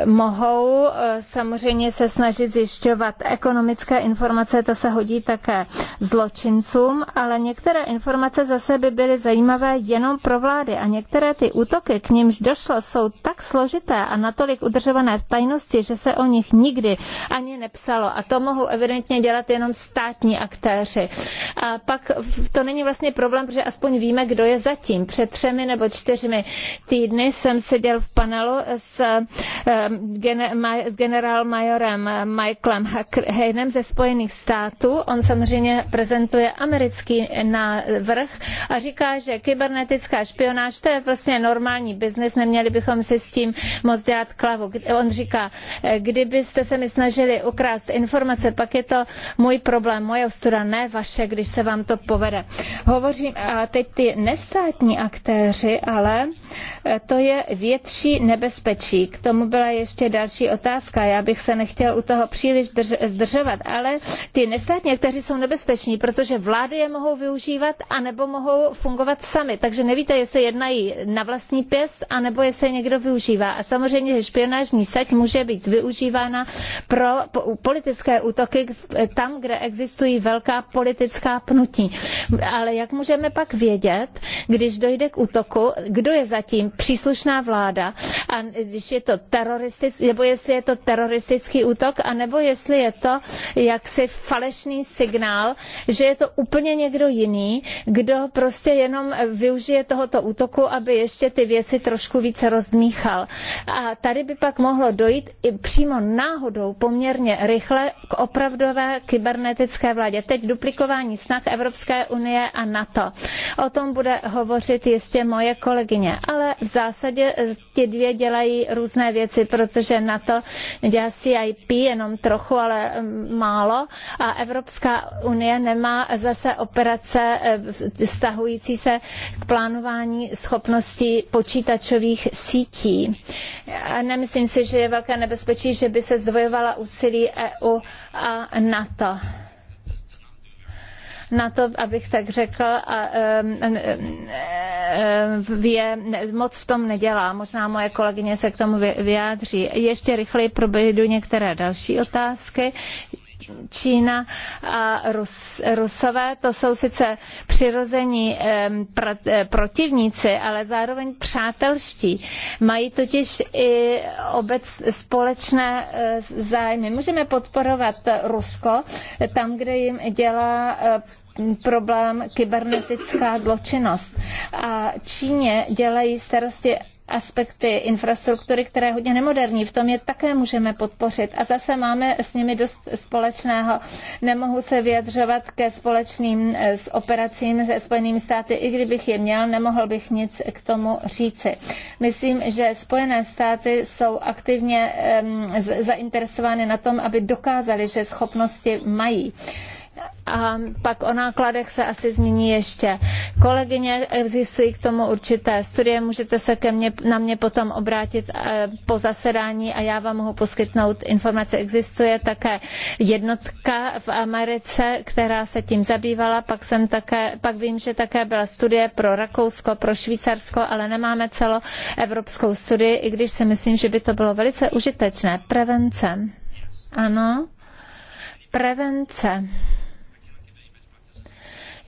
mohou eh, samozřejmě se snažit zjišťovat ekonomické informace, to se hodí také zločincům, ale některé informace zase by byly zajímavé jenom pro vlády a některé ty útoky, k nimž došlo, jsou tak složité a natolik udržované v tajnosti, že se o nich nikdy ani nepsalo a to mohou evidentně dělat jenom státní aktéři. A pak to není vlastně problém, protože aspoň víme, kdo je zatím. Před třemi nebo čtyřmi týdny jsem seděl v panelu s eh, Ehm, s generálmajorem eh, Michaelem Haynem ze Spojených států. On samozřejmě prezentuje americký návrh a říká, že kybernetická špionáž to je prostě normální biznis, neměli bychom si s tím moc dělat klavu. On říká, eh, kdybyste se mi snažili ukrást informace, pak je to můj problém, moje ostuda, ne vaše, když se vám to povede. Hovořím, a teď ty nestátní aktéři, ale eh, to je větší nebezpečí. K tomu byla ještě další otázka. Já bych se nechtěl u toho příliš zdržovat, ale ty nestátní kteří jsou nebezpeční, protože vlády je mohou využívat a nebo mohou fungovat sami. Takže nevíte, jestli jednají na vlastní pěst, anebo jestli někdo využívá. A samozřejmě, že špionážní seť může být využívána pro politické útoky tam, kde existují velká politická pnutí. Ale jak můžeme pak vědět, když dojde k útoku, kdo je zatím příslušná vláda a když je to teror, nebo jestli je to teroristický útok, anebo jestli je to jaksi falešný signál, že je to úplně někdo jiný, kdo prostě jenom využije tohoto útoku, aby ještě ty věci trošku více rozdmíchal. A tady by pak mohlo dojít i přímo náhodou poměrně rychle k opravdové kybernetické vládě. Teď duplikování snah Evropské unie a NATO. O tom bude hovořit jistě moje kolegyně, ale v zásadě eh, ti dvě dělají různé věci protože na to dělá CIP jenom trochu, ale mm, málo a Evropská unie nemá zase operace stahující eh, se k plánování schopností počítačových sítí. A nemyslím si, že je velké nebezpečí, že by se zdvojovala úsilí EU a NATO na to, abych tak řekl, a je, moc v tom nedělá. Možná moje kolegyně se k tomu vyjádří. Ještě rychleji proběhnu některé další otázky. Čína a Rus, Rusové. To jsou sice přirození e, protivníci, ale zároveň přátelští. Mají totiž i obec společné e, zájmy. Můžeme podporovat Rusko tam, kde jim dělá e, problém kybernetická zločinnost. A Číně dělají starosti aspekty infrastruktury, která je hodně nemoderní. V tom je také můžeme podpořit. A zase máme s nimi dost společného. Nemohu se vyjadřovat ke společným eh, s operacím se Spojenými státy, i kdybych je měl, nemohl bych nic k tomu říci. Myslím, že Spojené státy jsou aktivně zainteresovány na tom, aby dokázali, že schopnosti mají a pak o nákladech se asi zmíní ještě. Kolegyně, existují k tomu určité studie, můžete se ke mně, na mě potom obrátit eh, po zasedání a já vám mohu poskytnout informace. Existuje také jednotka v Americe, která se tím zabývala, pak, jsem také, pak vím, že také byla studie pro Rakousko, pro Švýcarsko, ale nemáme celo evropskou studii, i když si myslím, že by to bylo velice užitečné. Prevence. Ano. Prevence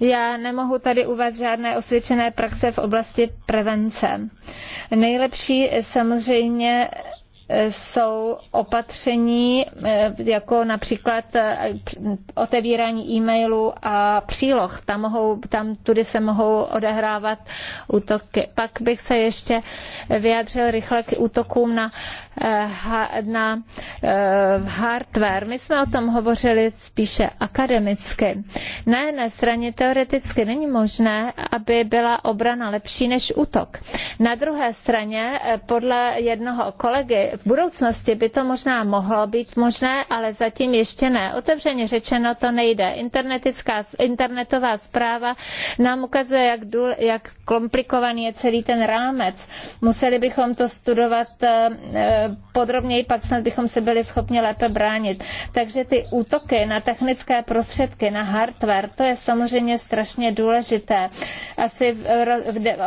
já nemohu tady uvést žádné osvědčené praxe v oblasti prevence. Nejlepší samozřejmě jsou opatření, eh, jako například eh, otevírání e-mailů a příloh. Tam, mohou, tam tudy se mohou odehrávat útoky. Pak bych se ještě vyjádřil rychle k útokům na, eh, na hardware. My jsme o tom hovořili spíše akademicky. Na jedné straně teoreticky není možné, aby byla obrana lepší než útok. Na druhé straně, podle jednoho kolegy v budoucnosti by to možná mohlo být možné, ale zatím ještě ne. Otevřeně řečeno to nejde. Internetická, internetová zpráva nám ukazuje, jak, důl, jak komplikovaný je celý ten rámec. Museli bychom to studovat eh, podrobněji, pak snad bychom se byli schopni lépe bránit. Takže ty útoky na technické prostředky, na hardware, to je samozřejmě strašně důležité. Asi v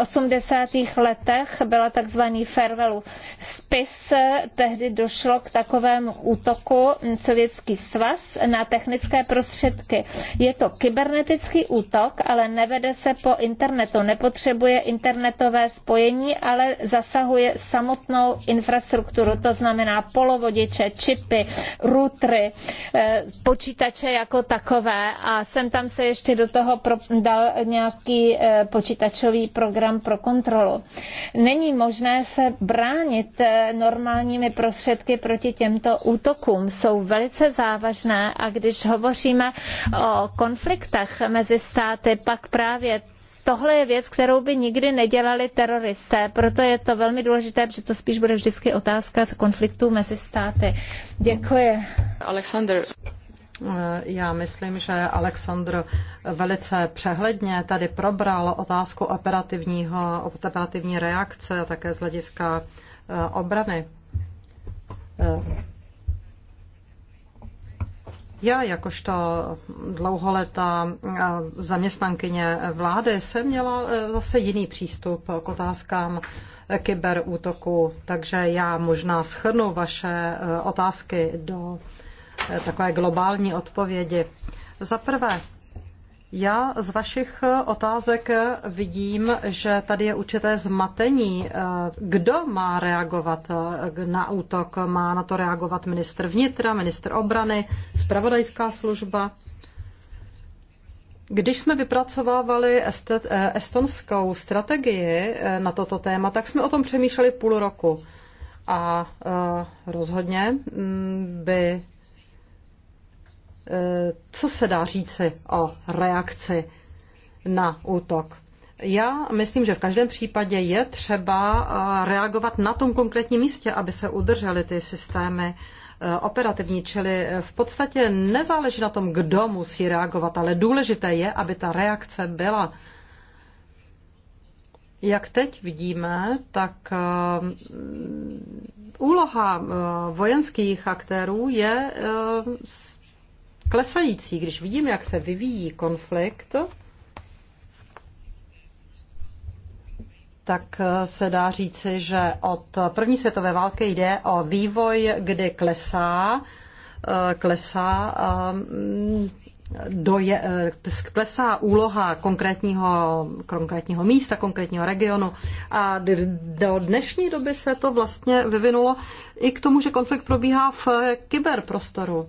80. letech byla takzvaný farewell spis, tehdy došlo k takovému útoku Sovětský svaz na technické prostředky. Je to kybernetický útok, ale nevede se po internetu. Nepotřebuje internetové spojení, ale zasahuje samotnou infrastrukturu, to znamená polovodiče, čipy, routery, eh, počítače jako takové a sem tam se ještě do toho dal nějaký eh, počítačový program pro kontrolu. Není možné se bránit eh, normálně právními prostředky proti těmto útokům jsou velice závažné a když hovoříme o konfliktech mezi státy, pak právě tohle je věc, kterou by nikdy nedělali teroristé, proto je to velmi důležité, protože to spíš bude vždycky otázka z konfliktů mezi státy. Děkuji. Alexander. Eh, já myslím, že Aleksandr velice přehledně tady probral otázku operativního, operativní reakce a také z hlediska eh, obrany. Eh, já jakožto dlouholetá eh, zaměstnankyně vlády jsem měla eh, zase jiný přístup k otázkám kyberútoku, takže já možná schrnu vaše otázky do takové globální odpovědi. Za prvé, já z vašich otázek vidím, že tady je určité zmatení. Kdo má reagovat na útok? Má na to reagovat ministr vnitra, ministr obrany, spravodajská služba? Když jsme vypracovávali estonskou strategii eh, na toto téma, tak jsme o tom přemýšleli půl roku. A eh, rozhodně mm, by co se dá říci o reakci na útok? Já myslím, že v každém případě je třeba reagovat na tom konkrétním místě, aby se udržely ty systémy e, operativní, čili v podstatě nezáleží na tom, kdo musí reagovat, ale důležité je, aby ta reakce byla. Jak teď vidíme, tak e, úloha e, vojenských aktérů je klesající. Když vidím, jak se vyvíjí konflikt, tak eh, se dá říci, že od první světové války jde o vývoj, kdy klesá, eh, klesá eh, doje, klesá úloha konkrétního, konkrétního místa, konkrétního regionu a do dnešní doby se to vlastně vyvinulo i k tomu, že konflikt probíhá v kyberprostoru.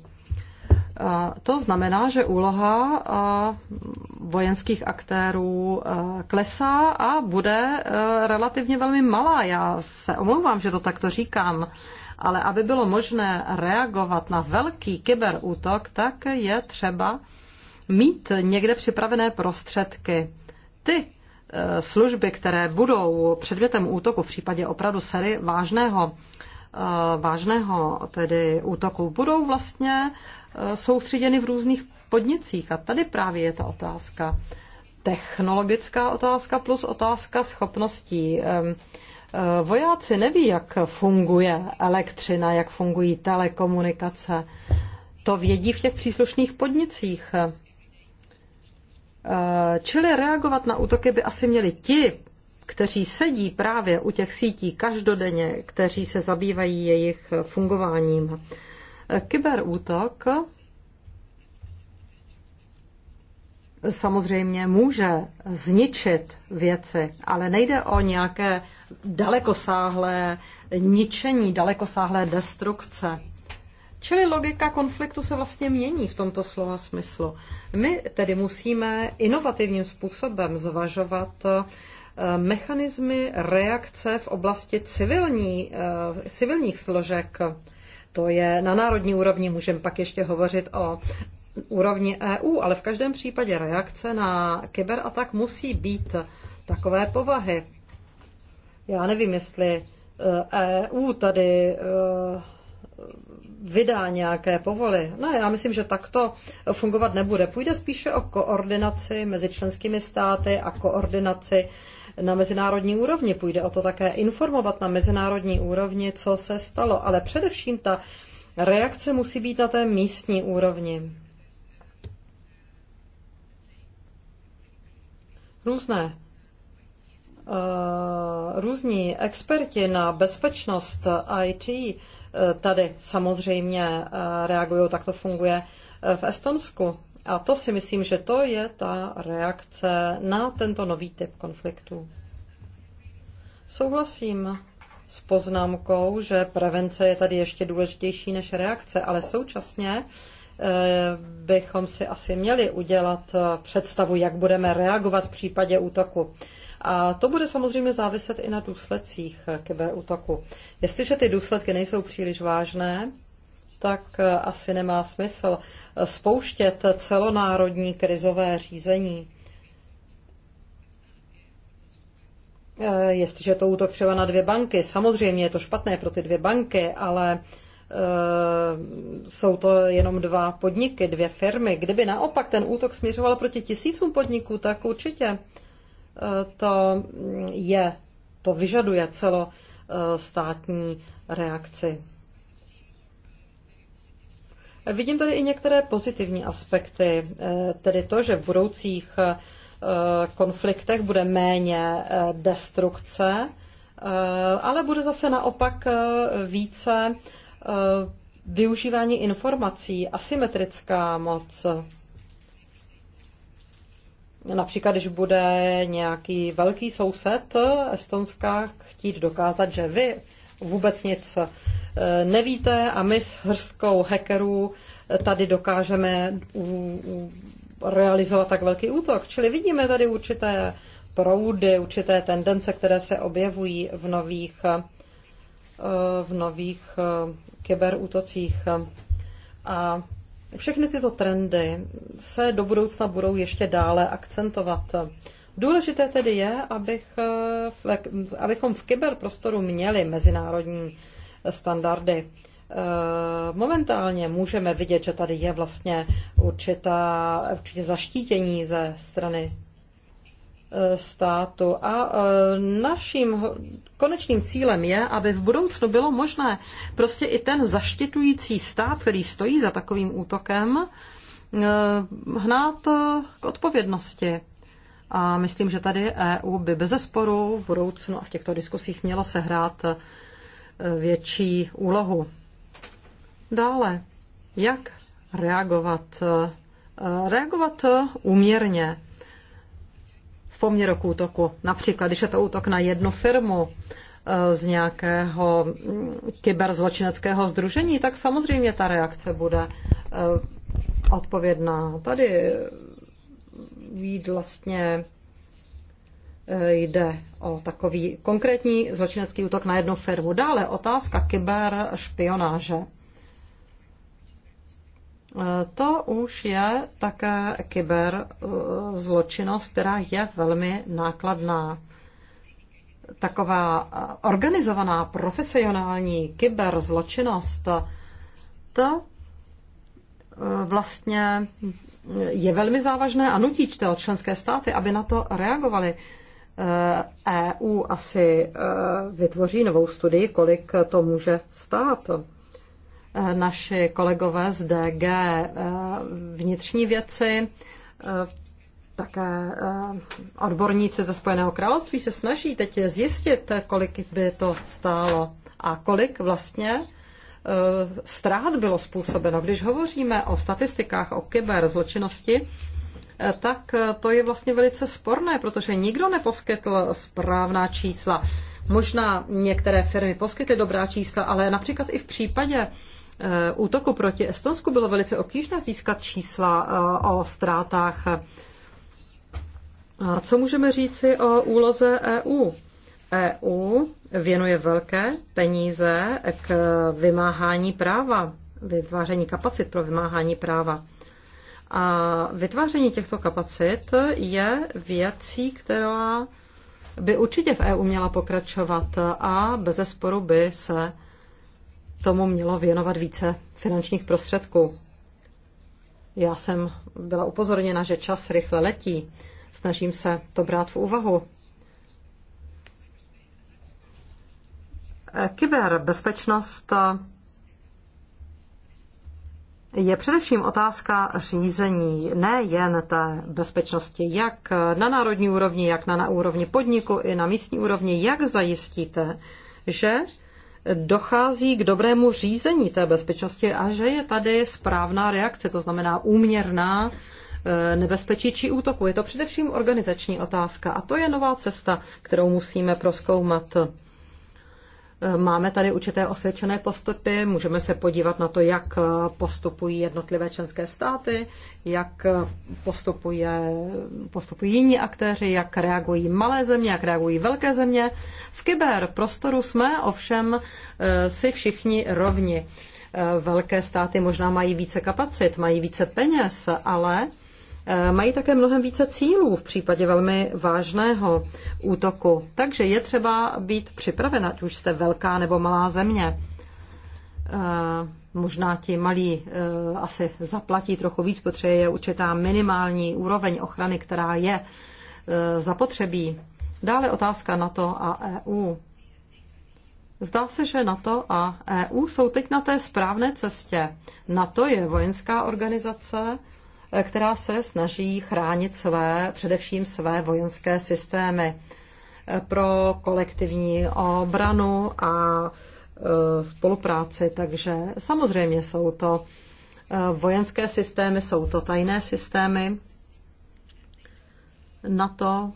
To znamená, že úloha vojenských aktérů e, klesá a bude e, relativně velmi malá. Já se omlouvám, že to takto říkám, ale aby bylo možné reagovat na velký kyberútok, tak je třeba mít někde připravené prostředky. Ty e, služby, které budou předmětem útoku v případě opravdu sery vážného vážného tedy útoku budou vlastně Eh, soustředěny v různých podnicích. A tady právě je ta otázka. Technologická otázka plus otázka schopností. Eh, vojáci neví, jak funguje elektřina, jak fungují telekomunikace. To vědí v těch příslušných podnicích. Eh, čili reagovat na útoky by asi měli ti, kteří sedí právě u těch sítí každodenně, kteří se zabývají jejich fungováním. Kyberútok samozřejmě může zničit věci, ale nejde o nějaké dalekosáhlé ničení, dalekosáhlé destrukce. Čili logika konfliktu se vlastně mění v tomto slova smyslu. My tedy musíme inovativním způsobem zvažovat eh, mechanismy reakce v oblasti civilní, eh, civilních složek to je na národní úrovni, můžeme pak ještě hovořit o úrovni EU, ale v každém případě reakce na kyberatak musí být takové povahy. Já nevím, jestli EU eh, e tady eh, vydá nějaké povoly. No, já myslím, že takto fungovat nebude. Půjde spíše o koordinaci mezi členskými státy a koordinaci na mezinárodní úrovni. Půjde o to také informovat na mezinárodní úrovni, co se stalo. Ale především ta reakce musí být na té místní úrovni. Různé eh, různí experti na bezpečnost IT eh, tady samozřejmě eh, reagují, tak to funguje v Estonsku. A to si myslím, že to je ta reakce na tento nový typ konfliktu. Souhlasím s poznámkou, že prevence je tady ještě důležitější než reakce, ale současně eh, bychom si asi měli udělat eh, představu, jak budeme reagovat v případě útoku. A to bude samozřejmě záviset i na důsledcích eh, kyberútoku. Jestliže ty důsledky nejsou příliš vážné, tak eh, asi nemá smysl spouštět celonárodní krizové řízení. Eh, jestliže to útok třeba na dvě banky, samozřejmě je to špatné pro ty dvě banky, ale eh, jsou to jenom dva podniky, dvě firmy. Kdyby naopak ten útok směřoval proti tisícům podniků, tak určitě to mm, je, to vyžaduje celostátní reakci. Vidím tady i některé pozitivní aspekty, eh, tedy to, že v budoucích eh, konfliktech bude méně eh, destrukce, ale bude zase naopak více využívání informací, asymetrická moc. Například, když bude nějaký velký soused Estonská chtít dokázat, že vy vůbec nic eh, nevíte a my s hrstkou hackerů eh, tady dokážeme realizovat tak velký útok. Čili vidíme tady určité proudy, určité tendence, které se objevují v nových, eh, v nových kyberútocích. A všechny tyto trendy se do budoucna budou ještě dále akcentovat. Důležité tedy je, abych, eh, abychom v kyberprostoru měli mezinárodní standardy. Eh, momentálně můžeme vidět, že tady je vlastně určitá, určitě zaštítění ze strany eh, státu. A naším konečným cílem je, aby v budoucnu bylo možné prostě i ten zaštitující stát, který stojí za takovým útokem, hnát k odpovědnosti. A myslím, že tady EU by bez zesporu v budoucnu a v těchto diskusích mělo sehrát e, větší úlohu. Dále, jak reagovat? E, reagovat úměrně v poměru k útoku. Například, když je to útok na jednu firmu, e, z nějakého mm, kyberzločineckého združení, tak samozřejmě ta reakce bude odpovědná. Tady jít vlastně e, jde o takový konkrétní zločinecký útok na jednu firmu. Dále otázka kyberšpionáže. E, to už je také e, zločinnost, která je velmi nákladná. Taková organizovaná profesionální zločinnost. to vlastně je velmi závažné a nutí členské státy, aby na to reagovaly. EU eh, e asi eh, vytvoří novou studii, kolik to může stát. Eh, naši kolegové z DG vnitřní věci, také odborníci ze Spojeného království se snaží teď zjistit, kolik by to stálo a kolik vlastně Eh, ztrát bylo způsobeno. Když hovoříme o statistikách o kyberzločinnosti, eh, tak eh, to je vlastně velice sporné, protože nikdo neposkytl správná čísla. Možná některé firmy poskytly dobrá čísla, ale například i v případě útoku proti Estonsku bylo velice obtížné získat čísla o ztrátách. A co můžeme říci o úloze EU? EU věnuje velké peníze k vymáhání práva, vytváření kapacit pro vymáhání práva. A vytváření těchto kapacit je věcí, která by určitě v EU měla pokračovat a bez zesporu by se tomu mělo věnovat více finančních prostředků. Já jsem byla upozorněna, že čas rychle letí. Snažím se to brát v úvahu Kyberbezpečnost je především otázka řízení, ne jen té bezpečnosti, jak na národní úrovni, jak na, na úrovni podniku i na místní úrovni, jak zajistíte, že dochází k dobrému řízení té bezpečnosti a že je tady správná reakce, to znamená úměrná eh, nebezpečí či útoku. Je to především organizační otázka a to je nová cesta, kterou musíme proskoumat. Máme tady určité osvědčené postupy, můžeme se podívat na to, jak postupují jednotlivé členské státy, jak postupuje, postupují jiní aktéři, jak reagují malé země, jak reagují velké země. V kyberprostoru jsme ovšem eh, si všichni rovni. Eh, velké státy možná mají více kapacit, mají více peněz, ale Eh, mají také mnohem více cílů v případě velmi vážného útoku. Takže je třeba být připraven, ať už jste velká nebo malá země. Eh, možná ti malí eh, asi zaplatí trochu víc, protože je určitá minimální úroveň ochrany, která je zapotřebí. Dále otázka NATO a EU. Zdá se, že NATO a EU jsou teď na té správné cestě. NATO je vojenská organizace, která se snaží chránit své, především své vojenské systémy pro kolektivní obranu a e, spolupráci. Takže samozřejmě jsou to e, vojenské systémy, jsou to tajné systémy. Na to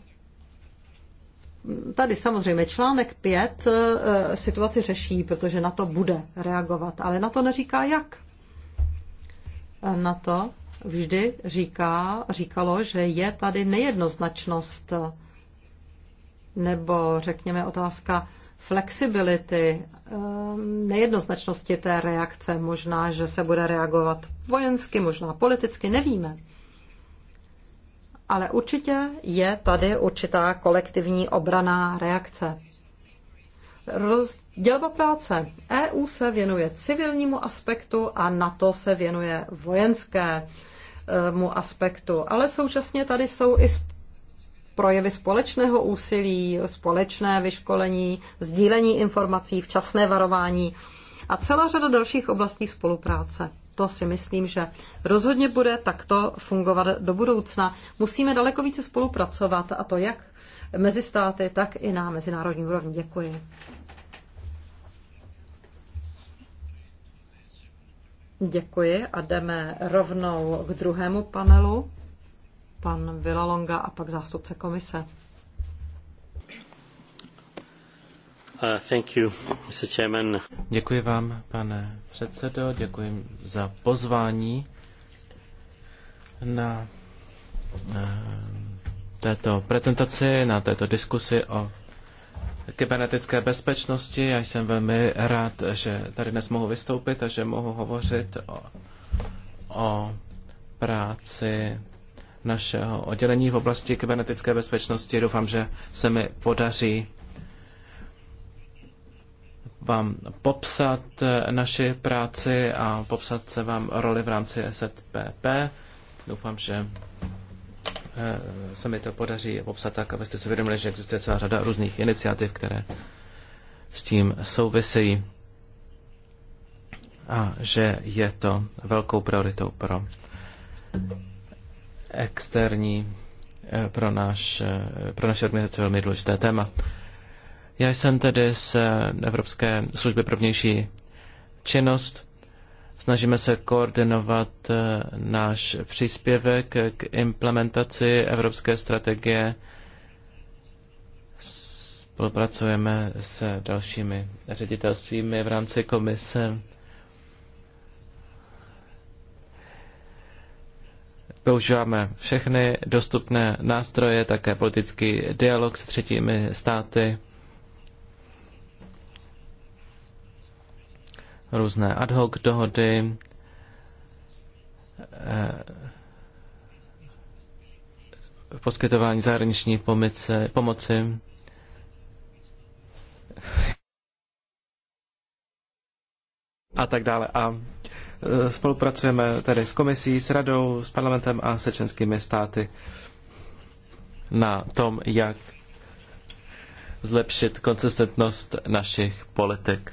tady samozřejmě článek 5 e, situaci řeší, protože na to bude reagovat, ale na to neříká jak. Na to vždy říká, říkalo, že je tady nejednoznačnost nebo řekněme otázka flexibility, ehm, nejednoznačnosti té reakce. Možná, že se bude reagovat vojensky, možná politicky, nevíme. Ale určitě je tady určitá kolektivní obraná reakce. Roz... Dělba práce. EU se věnuje civilnímu aspektu a NATO se věnuje vojenskému aspektu. Ale současně tady jsou i projevy společného úsilí, společné vyškolení, sdílení informací, včasné varování a celá řada dalších oblastí spolupráce. To si myslím, že rozhodně bude takto fungovat do budoucna. Musíme daleko více spolupracovat a to jak mezi státy, tak i na mezinárodní úrovni. Děkuji. Děkuji a jdeme rovnou k druhému panelu. Pan Vilalonga a pak zástupce komise. Uh, thank you, Mr. Chairman. Děkuji vám, pane předsedo, děkuji za pozvání na, na eh, této prezentaci, na této diskusi o kybernetické bezpečnosti. Já jsem velmi rád, že tady dnes mohu vystoupit a že mohu hovořit o, o práci našeho oddělení v oblasti kybernetické bezpečnosti. Doufám, že se mi podaří vám popsat naši práci a popsat se vám roli v rámci SZPP. Doufám, že Eh, se mi to podaří popsat tak, abyste si vědomili, že existuje celá řada různých iniciativ, které s tím souvisejí a že je to velkou prioritou pro externí, eh, pro, náš, eh, pro naše organizace velmi důležité téma. Já jsem tedy z Evropské služby pro vnější činnost Snažíme se koordinovat eh, náš příspěvek k implementaci evropské strategie. Spolupracujeme s dalšími ředitelstvími v rámci komise. Používáme všechny dostupné nástroje, také politický dialog s třetími státy. různé ad hoc dohody, eh, poskytování zahraniční pomice, pomoci. A tak dále. A eh, spolupracujeme tedy s komisí, s radou, s parlamentem a se členskými státy na tom, jak zlepšit konsistentnost našich politik.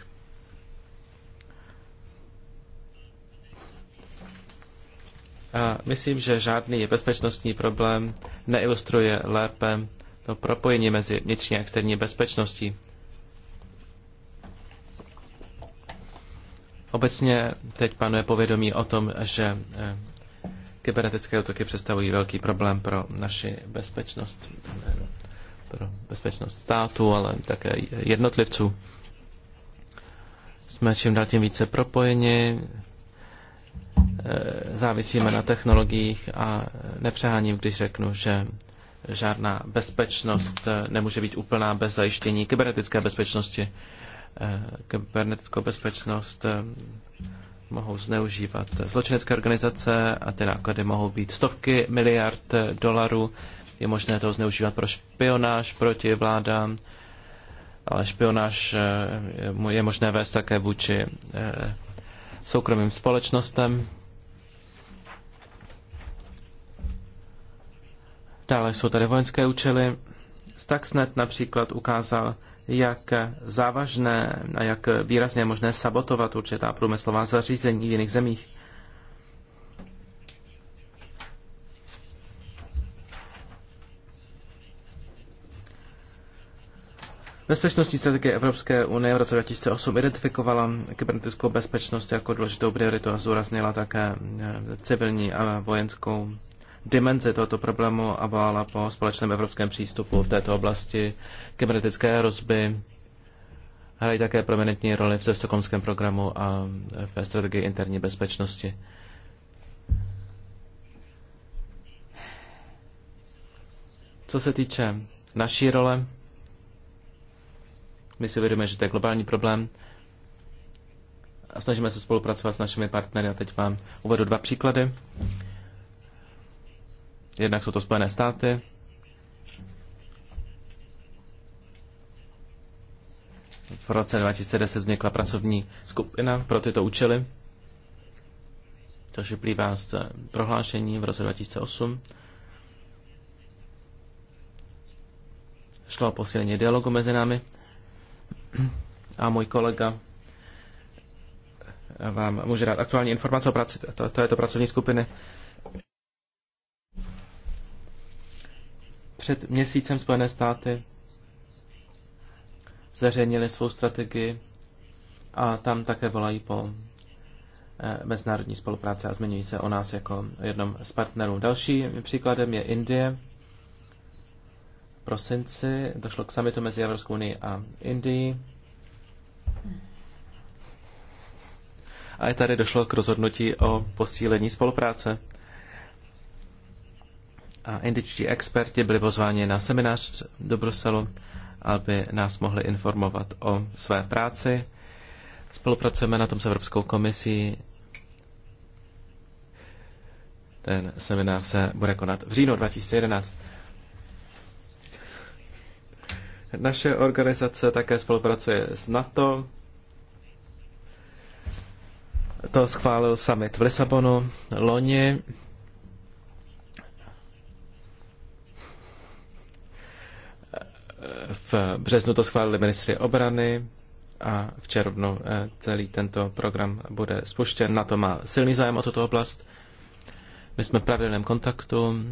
A myslím, že žádný bezpečnostní problém neilustruje lépe to propojení mezi vnitřní a externí bezpečností. Obecně teď panuje povědomí o tom, že eh, kybernetické útoky představují velký problém pro naši bezpečnost, pro bezpečnost státu, ale také jednotlivců. Jsme čím dál tím více propojeni, Eh, závisíme na technologiích a nepřeháním, když řeknu, že žádná bezpečnost eh, nemůže být úplná bez zajištění kybernetické bezpečnosti. Eh, kybernetickou bezpečnost mohou zneužívat zločinecké organizace a ty náklady mohou být stovky miliard dolarů. Je možné to zneužívat pro špionáž proti vládám, ale špionáž je možné vést také vůči soukromým společnostem Dále jsou tady vojenské účely. Stuxnet například ukázal, jak závažné a jak výrazně možné sabotovat určitá průmyslová zařízení v jiných zemích. Bezpečnostní strategie Evropské unie v roce 2008 identifikovala kybernetickou bezpečnost jako důležitou prioritu a zúraznila také civilní a vojenskou dimenzi tohoto problému a volala po společném evropském přístupu v této oblasti. Kybernetické rozby hrají také prominentní roli v cestokomském programu a ve strategii interní bezpečnosti. Co se týče naší role, my si vědomíme, že to je globální problém a snažíme se spolupracovat s našimi partnery. A teď vám uvedu dva příklady. Jednak jsou to Spojené státy. V roce 2010 vznikla pracovní skupina pro tyto účely, což vyplývá z prohlášení v roce 2008. Šlo o posílení dialogu mezi námi a můj kolega vám může dát aktuální informace o práci této pracovní skupiny Před měsícem Spojené státy zveřejnili svou strategii a tam také volají po eh, mezinárodní spolupráce a zmiňují se o nás jako jednom z partnerů. Další příkladem je Indie. V prosinci došlo k samitu mezi Evropskou unii a Indií. A i tady došlo k rozhodnutí o posílení spolupráce a indičtí experti byli pozváni na seminář do Bruselu, aby nás mohli informovat o své práci. Spolupracujeme na tom s Evropskou komisí. Ten seminář se bude konat v říjnu 2011. Naše organizace také spolupracuje s NATO. To schválil summit v Lisabonu loni. V březnu to schválili ministři obrany a v červnu eh, celý tento program bude spuštěn. Na to má silný zájem o tuto oblast. My jsme v pravidelném kontaktu.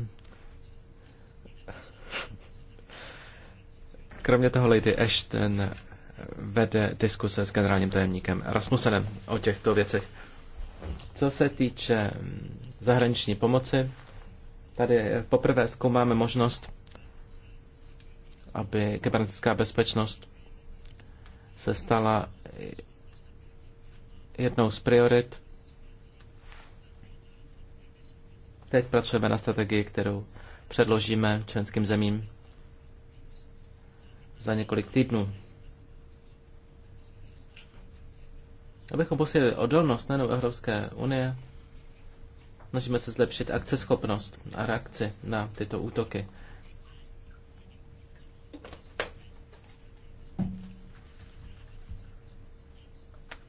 Kromě toho Lady Ashton eh, vede diskuse s generálním tajemníkem Rasmusenem o těchto věcech. Co se týče mm, zahraniční pomoci, tady poprvé zkoumáme možnost aby kybernetická bezpečnost se stala jednou z priorit. Teď pracujeme na strategii, kterou předložíme členským zemím za několik týdnů. Abychom posílili odolnost nejen Evropské unie, snažíme se zlepšit akceschopnost a reakci na tyto útoky.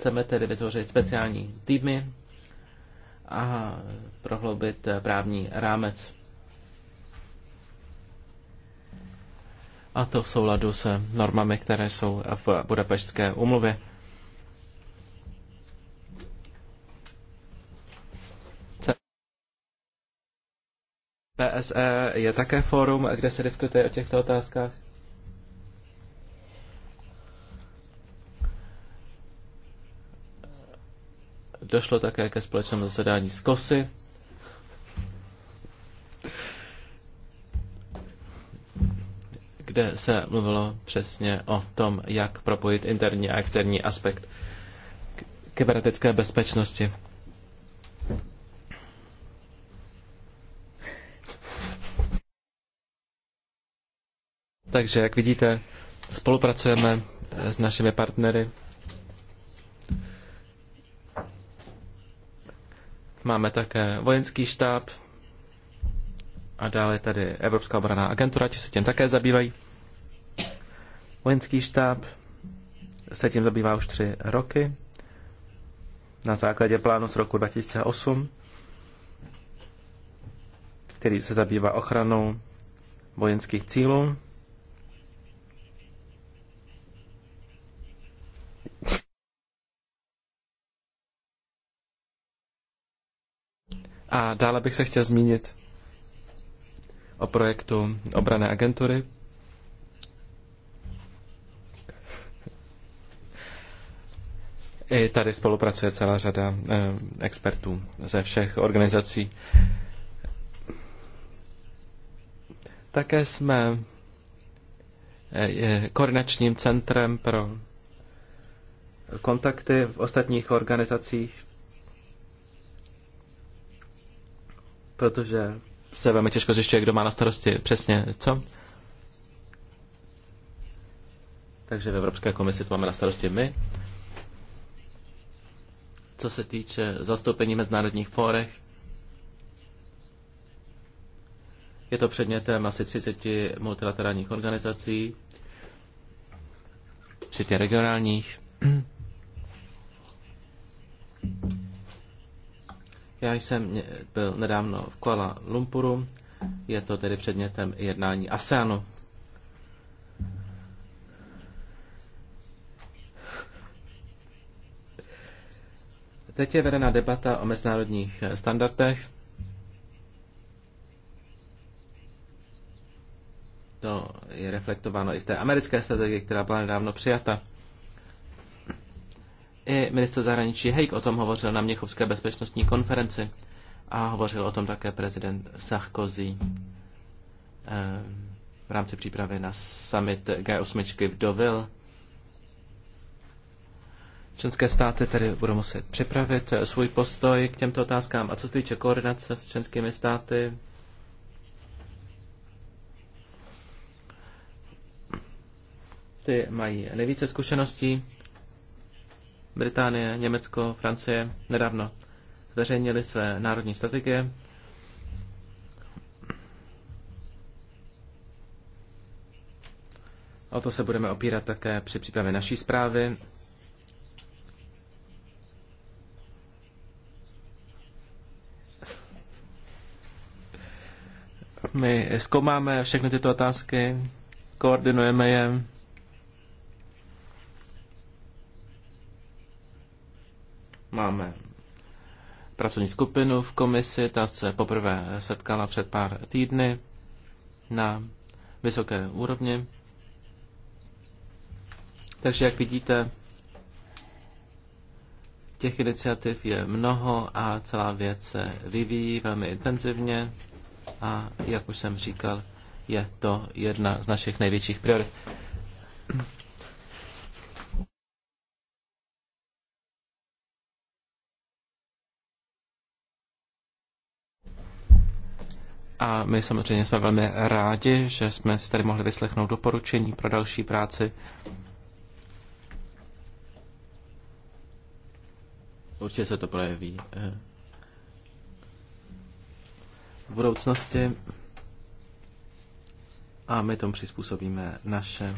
Chceme tedy vytvořit speciální týmy a prohloubit právní rámec. A to v souladu s normami, které jsou v Budapešťské umluvě. PSE je také fórum, kde se diskutuje o těchto otázkách. Došlo také ke společnému zasedání z KOSY. kde se mluvilo přesně o tom, jak propojit interní a externí aspekt kybernetické bezpečnosti. Takže, jak vidíte, spolupracujeme s našimi partnery Máme také vojenský štáb a dále tady Evropská obraná agentura, ti se tím také zabývají. Vojenský štáb se tím zabývá už tři roky na základě plánu z roku 2008, který se zabývá ochranou vojenských cílů. A dále bych se chtěl zmínit o projektu obrané agentury. I tady spolupracuje celá řada eh, expertů ze všech organizací. Také jsme eh, koordinačním centrem pro kontakty v ostatních organizacích protože se velmi těžko zjišťuje, kdo má na starosti přesně co. Takže v Evropské komisi to máme na starosti my. Co se týče zastoupení v mezinárodních fórech, je to předmětem asi 30 multilaterálních organizací, včetně regionálních. Já jsem eh, byl nedávno v Kuala Lumpuru, je to tedy předmětem jednání ASEANu. Teď je vedena debata o mezinárodních eh, standardech. To je reflektováno i v té americké strategii, která byla nedávno přijata. I minister zahraničí Hejk o tom hovořil na Měchovské bezpečnostní konferenci a hovořil o tom také prezident Sarkozy eh, v rámci přípravy na summit G8 v dovil Členské státy tedy budou muset připravit eh, svůj postoj k těmto otázkám. A co se týče koordinace s členskými státy, ty mají nejvíce zkušeností Británie, Německo, Francie nedávno zveřejnili své národní strategie. O to se budeme opírat také při přípravě naší zprávy. My zkoumáme všechny tyto otázky, koordinujeme je Máme pracovní skupinu v komisi, ta se poprvé setkala před pár týdny na vysoké úrovni. Takže jak vidíte, těch iniciativ je mnoho a celá věc se vyvíjí velmi intenzivně a jak už jsem říkal, je to jedna z našich největších priorit. A my samozřejmě jsme velmi rádi, že jsme si tady mohli vyslechnout doporučení pro další práci. Určitě se to projeví. Eh, v budoucnosti a my tomu přizpůsobíme naše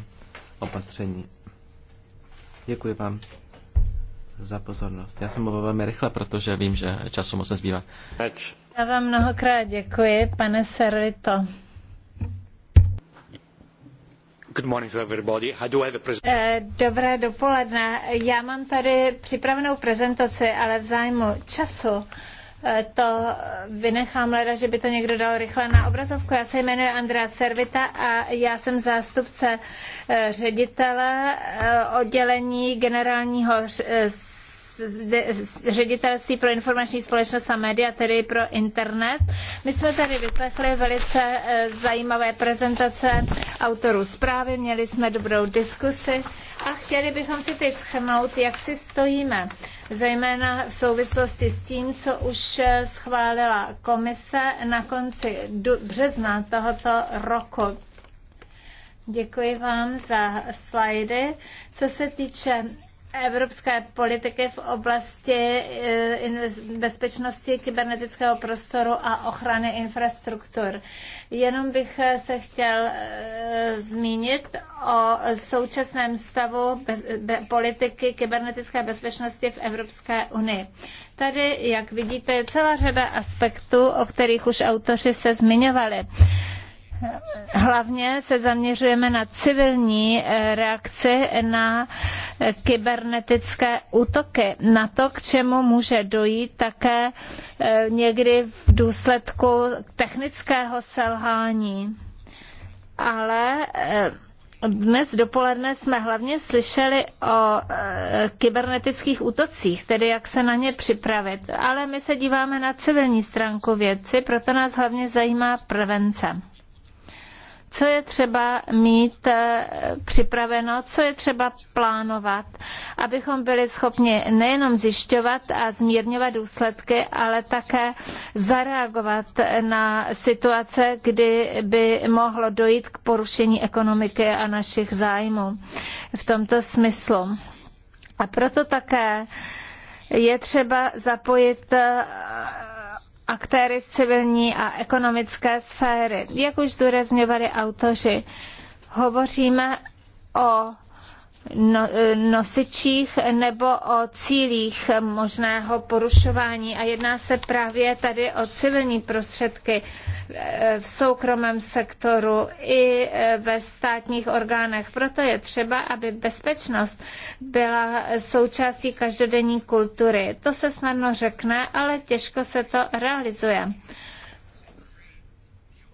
opatření. Děkuji vám za pozornost. Já jsem mluvil velmi rychle, protože vím, že času moc nezbývá. Ač. Já vám mnohokrát děkuji, pane Serlito. Dobré dopoledne. Já mám tady připravenou prezentaci, ale v zájmu času eh, to vynechám leda, že by to někdo dal rychle na obrazovku. Já se jmenuji Andrea Servita a já jsem zástupce eh, ředitele eh, oddělení generálního ředitelství pro informační společnost a média, tedy pro internet. My jsme tady vyslechli velice eh, zajímavé prezentace autorů zprávy, měli jsme dobrou diskusi a chtěli bychom si teď schrnout, jak si stojíme, zejména v souvislosti s tím, co už eh, schválila komise na konci března tohoto roku. Děkuji vám za slajdy. Co se týče evropské politiky v oblasti eh, bezpečnosti kybernetického prostoru a ochrany infrastruktur. Jenom bych eh, se chtěl eh, zmínit o současném stavu bez, be, politiky kybernetické bezpečnosti v Evropské unii. Tady, jak vidíte, je celá řada aspektů, o kterých už autoři se zmiňovali. Hlavně se zaměřujeme na civilní eh, reakci na eh, kybernetické útoky, na to, k čemu může dojít také eh, někdy v důsledku technického selhání. Ale dnes dopoledne jsme hlavně slyšeli o kybernetických útocích, tedy jak se na ně připravit. Ale my se díváme na civilní stránku věci, proto nás hlavně zajímá prevence co je třeba mít eh, připraveno, co je třeba plánovat, abychom byli schopni nejenom zjišťovat a zmírňovat důsledky, ale také zareagovat na situace, kdy by mohlo dojít k porušení ekonomiky a našich zájmů v tomto smyslu. A proto také je třeba zapojit eh, aktéry z civilní a ekonomické sféry. Jak už zdůrazňovali autoři, hovoříme o no, eh, nosičích nebo o cílích možného porušování. A jedná se právě tady o civilní prostředky eh, v soukromém sektoru i eh, ve státních orgánech. Proto je třeba, aby bezpečnost byla součástí každodenní kultury. To se snadno řekne, ale těžko se to realizuje.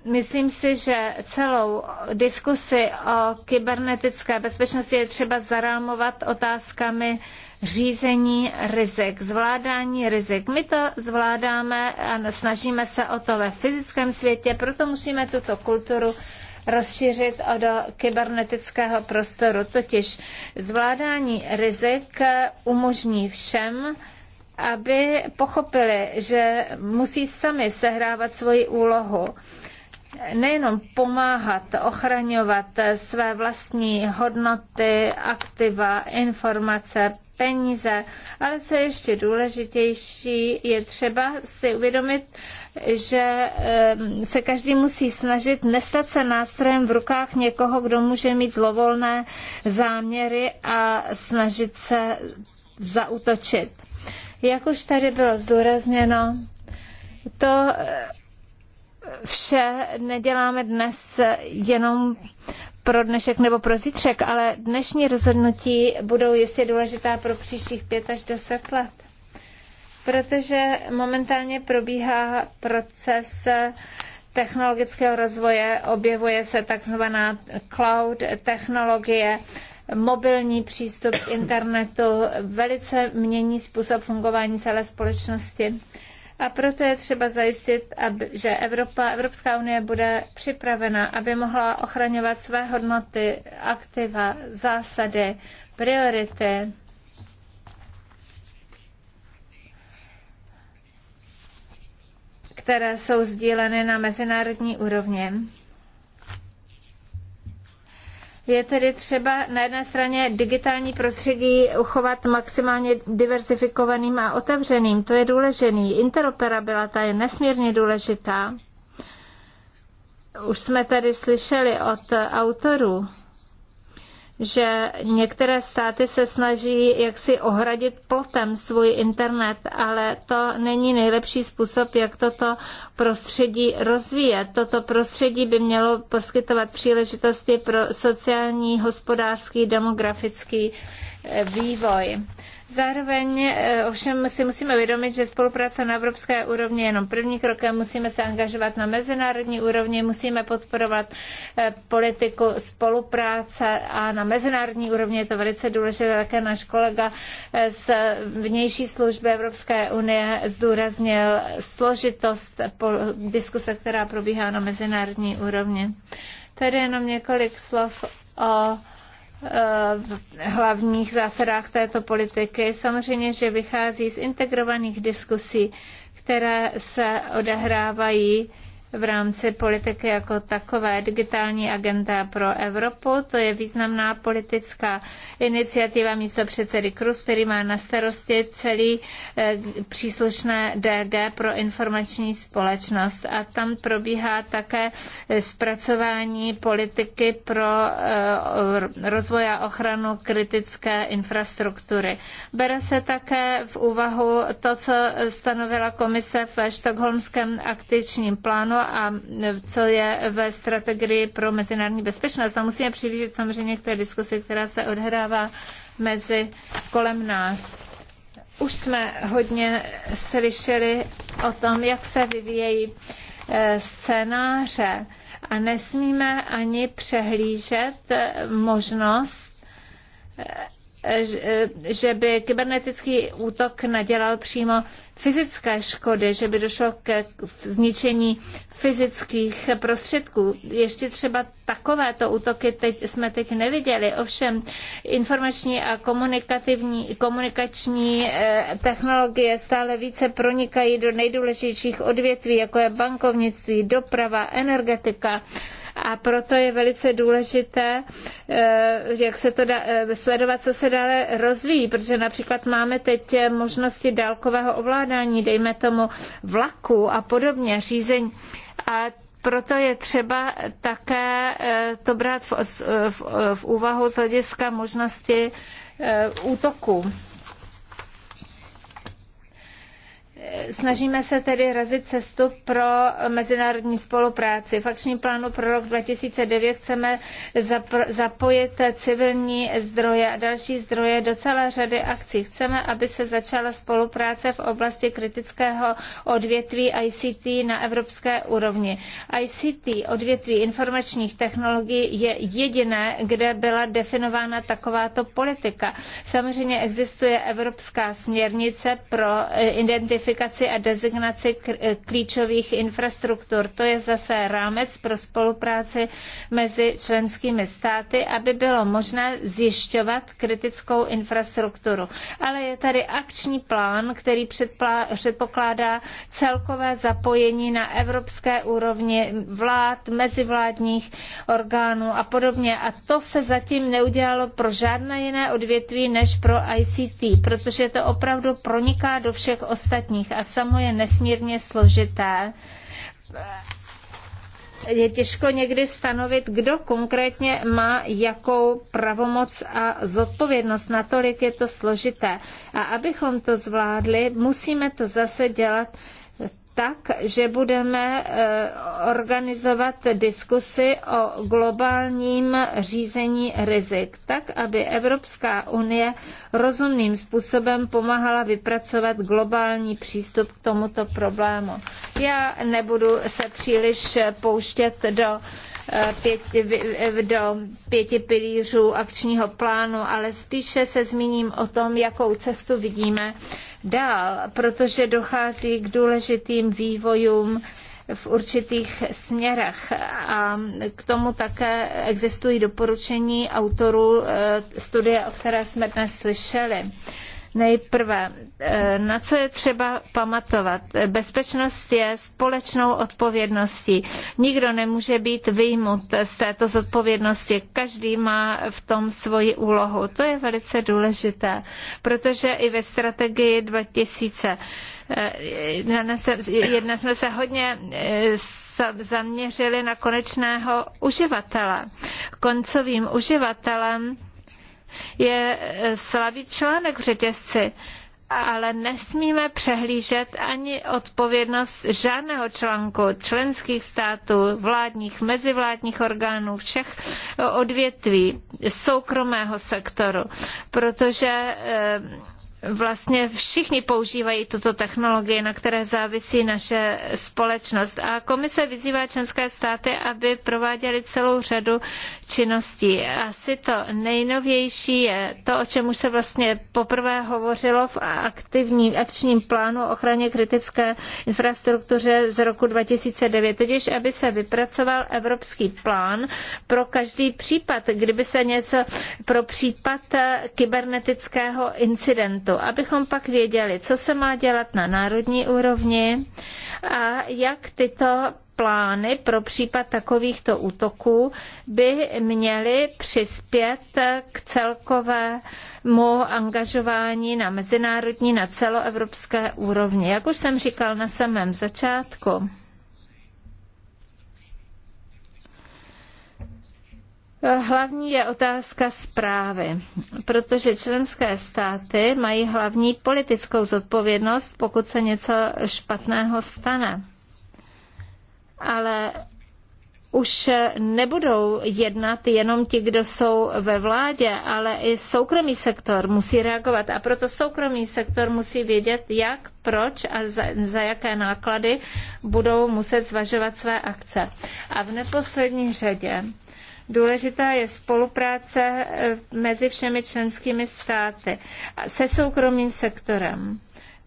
Myslím si, že celou diskusi o kybernetické bezpečnosti je třeba zarámovat otázkami řízení rizik, zvládání rizik. My to zvládáme a snažíme se o to ve fyzickém světě, proto musíme tuto kulturu rozšířit do kybernetického prostoru. Totiž zvládání rizik umožní všem, aby pochopili, že musí sami sehrávat svoji úlohu nejenom pomáhat ochraňovat své vlastní hodnoty, aktiva, informace, peníze, ale co je ještě důležitější, je třeba si uvědomit, že ehm, se každý musí snažit nestat se nástrojem v rukách někoho, kdo může mít zlovolné záměry a snažit se zautočit. Jak už tady bylo zdůrazněno, to vše neděláme dnes jenom pro dnešek nebo pro zítřek, ale dnešní rozhodnutí budou jistě důležitá pro příštích pět až deset let. Protože momentálně probíhá proces technologického rozvoje, objevuje se takzvaná cloud technologie, mobilní přístup k internetu, velice mění způsob fungování celé společnosti. A proto je třeba zajistit, aby, že Evropa, Evropská unie bude připravena, aby mohla ochraňovat své hodnoty, aktiva, zásady, priority. které jsou sdíleny na mezinárodní úrovni je tedy třeba na jedné straně digitální prostředí uchovat maximálně diversifikovaným a otevřeným. To je důležitý. Interoperabilita je nesmírně důležitá. Už jsme tady slyšeli od autorů že některé státy se snaží jaksi ohradit plotem svůj internet, ale to není nejlepší způsob, jak toto prostředí rozvíjet. Toto prostředí by mělo poskytovat příležitosti pro sociální, hospodářský, demografický eh, vývoj. Zároveň eh, ovšem si musíme uvědomit, že spolupráce na evropské úrovni je jenom první krokem, musíme se angažovat na mezinárodní úrovni, musíme podporovat eh, politiku spolupráce a na mezinárodní úrovni je to velice důležité. Také náš kolega eh, z vnější služby Evropské unie zdůraznil složitost diskuse, která probíhá na mezinárodní úrovni. Tady jenom několik slov o Eh, v hlavních zásadách této politiky. Samozřejmě, že vychází z integrovaných diskusí, které se odehrávají v rámci politiky jako takové digitální agenda pro Evropu. To je významná politická iniciativa místo předsedy Krus, který má na starosti celý eh, příslušné DG pro informační společnost. A tam probíhá také eh, zpracování politiky pro eh, rozvoj a ochranu kritické infrastruktury. Bere se také v úvahu to, co stanovila komise ve štokholmském akčním plánu a co je ve strategii pro mezinárodní bezpečnost. A musíme přihlížet samozřejmě k té diskusi, která se odhrává mezi kolem nás. Už jsme hodně slyšeli o tom, jak se vyvíjejí eh, scénáře a nesmíme ani přehlížet eh, možnost eh, že by kybernetický útok nadělal přímo fyzické škody, že by došlo ke zničení fyzických prostředků. Ještě třeba takovéto útoky teď, jsme teď neviděli. Ovšem informační a komunikativní, komunikační eh, technologie stále více pronikají do nejdůležitějších odvětví, jako je bankovnictví, doprava, energetika a proto je velice důležité, eh, jak se to eh, sledovat, co se dále rozvíjí, protože například máme teď možnosti dálkového ovládání, dejme tomu vlaku a podobně, řízení. A proto je třeba také eh, to brát v, v, v úvahu z hlediska možnosti útoku. Snažíme se tedy razit cestu pro mezinárodní spolupráci. V akčním plánu pro rok 2009 chceme zapojit civilní zdroje a další zdroje do celé řady akcí. Chceme, aby se začala spolupráce v oblasti kritického odvětví ICT na evropské úrovni. ICT, odvětví informačních technologií, je jediné, kde byla definována takováto politika. Samozřejmě existuje evropská směrnice pro identifikaci identifikaci a designaci eh, klíčových infrastruktur. To je zase rámec pro spolupráci mezi členskými státy, aby bylo možné zjišťovat kritickou infrastrukturu. Ale je tady akční plán, který předpokládá celkové zapojení na evropské úrovni vlád, mezivládních orgánů a podobně. A to se zatím neudělalo pro žádné jiné odvětví než pro ICT, protože to opravdu proniká do všech ostatních ostatních a samo je nesmírně složité je těžko někdy stanovit, kdo konkrétně má jakou pravomoc a zodpovědnost. Natolik je to složité. A abychom to zvládli, musíme to zase dělat tak, že budeme eh, organizovat diskusy o globálním řízení rizik, tak, aby Evropská unie rozumným způsobem pomáhala vypracovat globální přístup k tomuto problému. Já nebudu se příliš pouštět do pěti, do pěti pilířů akčního plánu, ale spíše se zmíním o tom, jakou cestu vidíme dál, protože dochází k důležitým vývojům v určitých směrech. A k tomu také existují doporučení autorů eh, studie, o které jsme dnes slyšeli. Nejprve, eh, na co je třeba pamatovat? Bezpečnost je společnou odpovědností. Nikdo nemůže být vyjmut z této zodpovědnosti. Každý má v tom svoji úlohu. To je velice důležité, protože i ve strategii 2000 eh, jedna jsme se hodně eh, zaměřili na konečného uživatele. Koncovým uživatelem je eh, slabý článek v řetězci ale nesmíme přehlížet ani odpovědnost žádného článku členských států, vládních, mezivládních orgánů, všech eh, odvětví soukromého sektoru, protože eh, vlastně všichni používají tuto technologii, na které závisí naše společnost. A komise vyzývá členské státy, aby prováděly celou řadu činností. Asi to nejnovější je to, o čem už se vlastně poprvé hovořilo v aktivní, akčním plánu ochraně kritické infrastruktuře z roku 2009, totiž aby se vypracoval evropský plán pro každý případ, kdyby se něco pro případ kybernetického incidentu parlamentu, abychom pak věděli, co se má dělat na národní úrovni a jak tyto plány pro případ takovýchto útoků by měly přispět k celkovému angažování na mezinárodní, na celoevropské úrovni. Jak už jsem říkal na samém začátku, Hlavní je otázka zprávy, protože členské státy mají hlavní politickou zodpovědnost, pokud se něco špatného stane. Ale už nebudou jednat jenom ti, kdo jsou ve vládě, ale i soukromý sektor musí reagovat. A proto soukromý sektor musí vědět, jak, proč a za, za jaké náklady budou muset zvažovat své akce. A v neposlední řadě Důležitá je spolupráce eh, mezi všemi členskými státy se soukromým sektorem.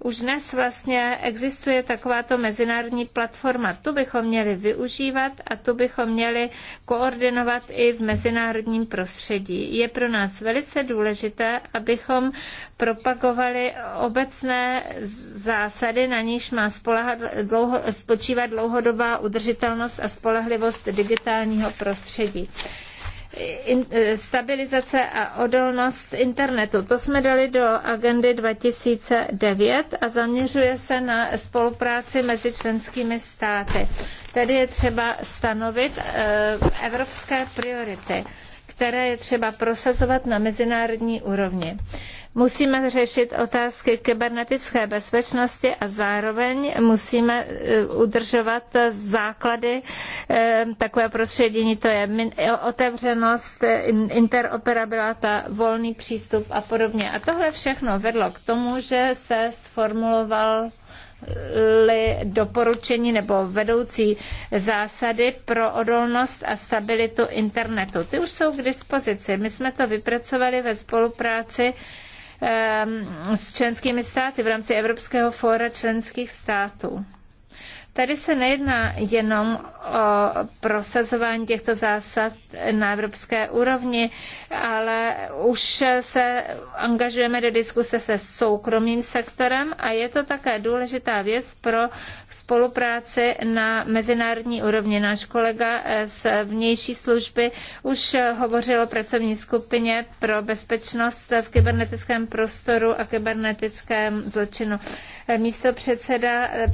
Už dnes vlastně existuje takováto mezinárodní platforma. Tu bychom měli využívat a tu bychom měli koordinovat i v mezinárodním prostředí. Je pro nás velice důležité, abychom propagovali obecné zásady, na níž má dlouho, spočívat dlouhodobá udržitelnost a spolehlivost digitálního prostředí. Eh, stabilizace a odolnost internetu. To jsme dali do agendy 2009 a zaměřuje se na spolupráci mezi členskými státy. Tady je třeba stanovit eh, evropské priority, které je třeba prosazovat na mezinárodní úrovni. Musíme řešit otázky kybernetické bezpečnosti a zároveň musíme e, udržovat základy e, takové prostředí, to je e, otevřenost, interoperabilita, volný přístup a podobně. A tohle všechno vedlo k tomu, že se sformuloval doporučení nebo vedoucí zásady pro odolnost a stabilitu internetu. Ty už jsou k dispozici. My jsme to vypracovali ve spolupráci Ehm, s členskými státy v rámci Evropského fóra členských států. Tady se nejedná jenom o prosazování těchto zásad na evropské úrovni, ale už se angažujeme do diskuse se soukromým sektorem a je to také důležitá věc pro spolupráci na mezinárodní úrovni. Náš kolega z vnější služby už hovořil o pracovní skupině pro bezpečnost v kybernetickém prostoru a kybernetickém zločinu místo předseda eh,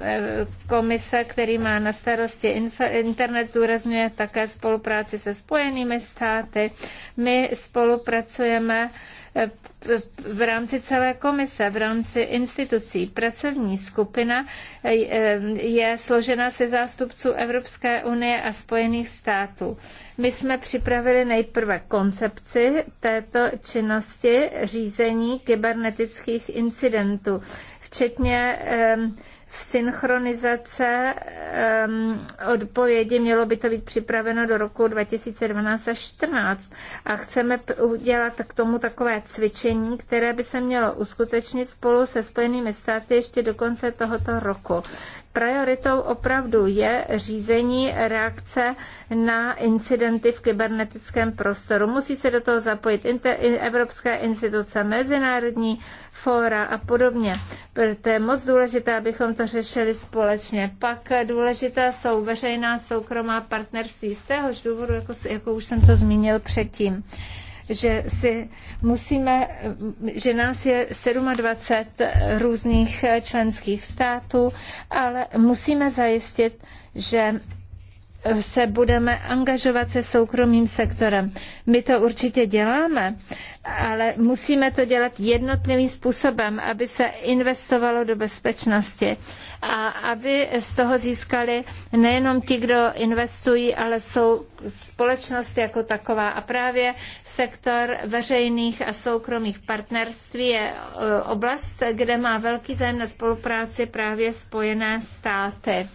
eh, komise, který má na starosti internet, zdůrazňuje také spolupráci se spojenými státy. My spolupracujeme v rámci celé komise, v rámci institucí. Pracovní skupina eh, je složena se zástupců Evropské unie a Spojených států. My jsme připravili nejprve koncepci této činnosti řízení kybernetických incidentů, včetně eh, v synchronizace um, odpovědi. Mělo by to být připraveno do roku 2012 a 2014. A chceme udělat k tomu takové cvičení, které by se mělo uskutečnit spolu se Spojenými státy ještě do konce tohoto roku. Prioritou opravdu je řízení reakce na incidenty v kybernetickém prostoru. Musí se do toho zapojit inter, evropské instituce, mezinárodní fóra a podobně. To je moc důležité, abychom to řešili společně. Pak důležité jsou veřejná soukromá partnerství z téhož důvodu, jako, jako už jsem to zmínil předtím. Uh, že si musíme, že nás je 27 různých členských států, ale musíme zajistit, že se budeme angažovat se soukromým sektorem. My to určitě děláme, ale musíme to dělat jednotlivým způsobem, aby se investovalo do bezpečnosti a aby z toho získali nejenom ti, kdo investují, ale jsou společnost jako taková. A právě sektor veřejných a soukromých partnerství je e, oblast, kde má velký zájem na spolupráci právě Spojené státy.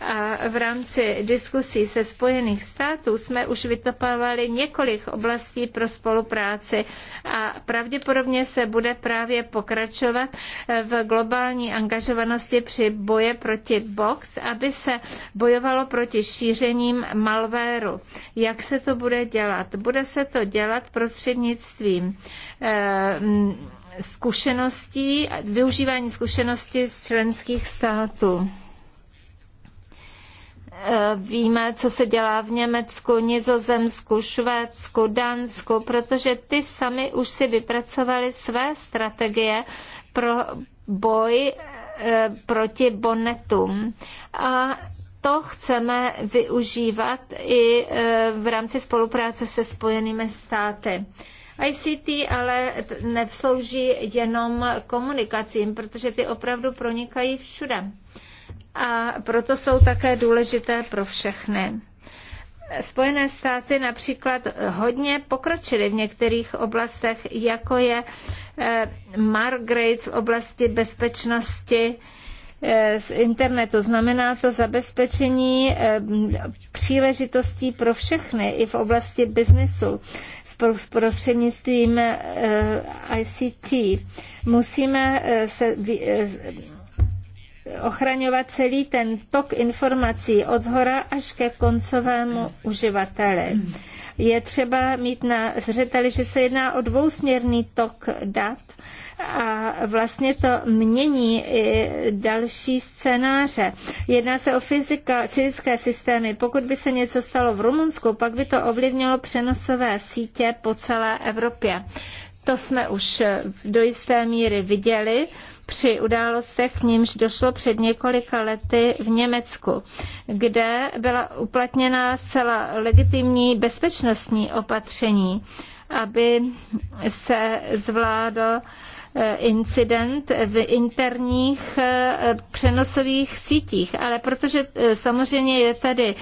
A v rámci diskusí se Spojených států jsme už vytopovali několik oblastí pro spolupráci a pravděpodobně se bude právě pokračovat eh, v globální angažovanosti při boje proti box, aby se bojovalo proti šířením malvéru. Jak se to bude dělat? Bude se to dělat prostřednictvím eh, mm, zkušeností, využívání zkušeností z členských států. Eh, víme, co se dělá v Německu, Nizozemsku, Švédsku, Dánsku, protože ty sami už si vypracovali své strategie pro boj eh, proti bonetům. A to chceme využívat i eh, v rámci spolupráce se Spojenými státy. ICT ale neslouží jenom komunikacím, protože ty opravdu pronikají všude a proto jsou také důležité pro všechny. Spojené státy například hodně pokročily v některých oblastech, jako je eh, Margaret v oblasti bezpečnosti eh, z internetu. Znamená to zabezpečení eh, příležitostí pro všechny i v oblasti biznesu s prostřednictvím ICT. Musíme se ochraňovat celý ten tok informací od zhora až ke koncovému uživateli. Je třeba mít na zřeteli, že se jedná o dvousměrný tok dat a vlastně to mění i další scénáře. Jedná se o fyzika, fyzické systémy. Pokud by se něco stalo v Rumunsku, pak by to ovlivnilo přenosové sítě po celé Evropě. To jsme už do jisté míry viděli při událostech, k nímž došlo před několika lety v Německu, kde byla uplatněna zcela legitimní bezpečnostní opatření, aby se zvládl Eh, incident v interních eh, přenosových sítích, ale protože eh, samozřejmě je tady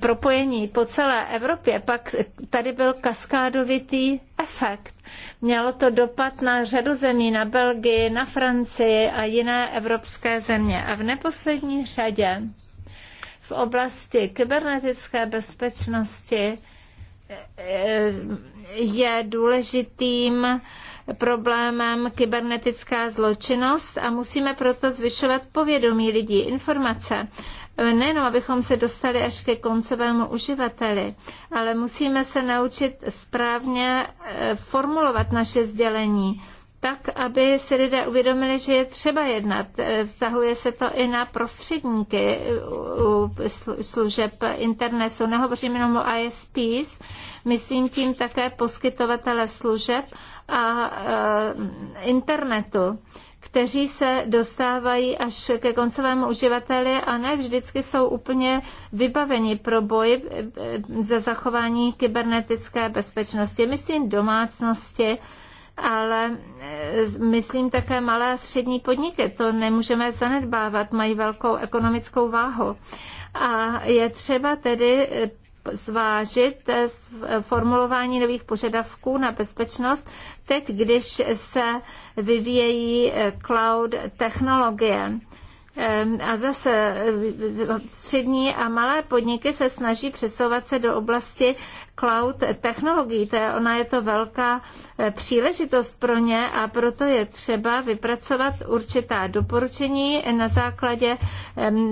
propojení po celé Evropě, pak tady byl kaskádovitý efekt. Mělo to dopad na řadu zemí, na Belgii, na Francii a jiné evropské země. A v neposlední řadě v oblasti kybernetické bezpečnosti je důležitým problémem kybernetická zločinnost a musíme proto zvyšovat povědomí lidí, informace. Nejenom, abychom se dostali až ke koncovému uživateli, ale musíme se naučit správně eh, formulovat naše sdělení, tak, aby si lidé uvědomili, že je třeba jednat. Eh, Vzahuje se to i na prostředníky eh, služeb internetu. Nehovořím jenom o ISPs, myslím tím také poskytovatele služeb a eh, internetu kteří se dostávají až ke koncovému uživateli a ne vždycky jsou úplně vybaveni pro boj za zachování kybernetické bezpečnosti. Myslím domácnosti, ale e, myslím také malé a střední podniky. To nemůžeme zanedbávat, mají velkou ekonomickou váhu. A je třeba tedy e, zvážit e, formulování nových požadavků na bezpečnost, teď, když se vyvíjejí cloud technologie. A zase eh, střední a malé podniky se snaží přesouvat se do oblasti cloud technologií. To je, ona je to velká eh, příležitost pro ně a proto je třeba vypracovat určitá doporučení na základě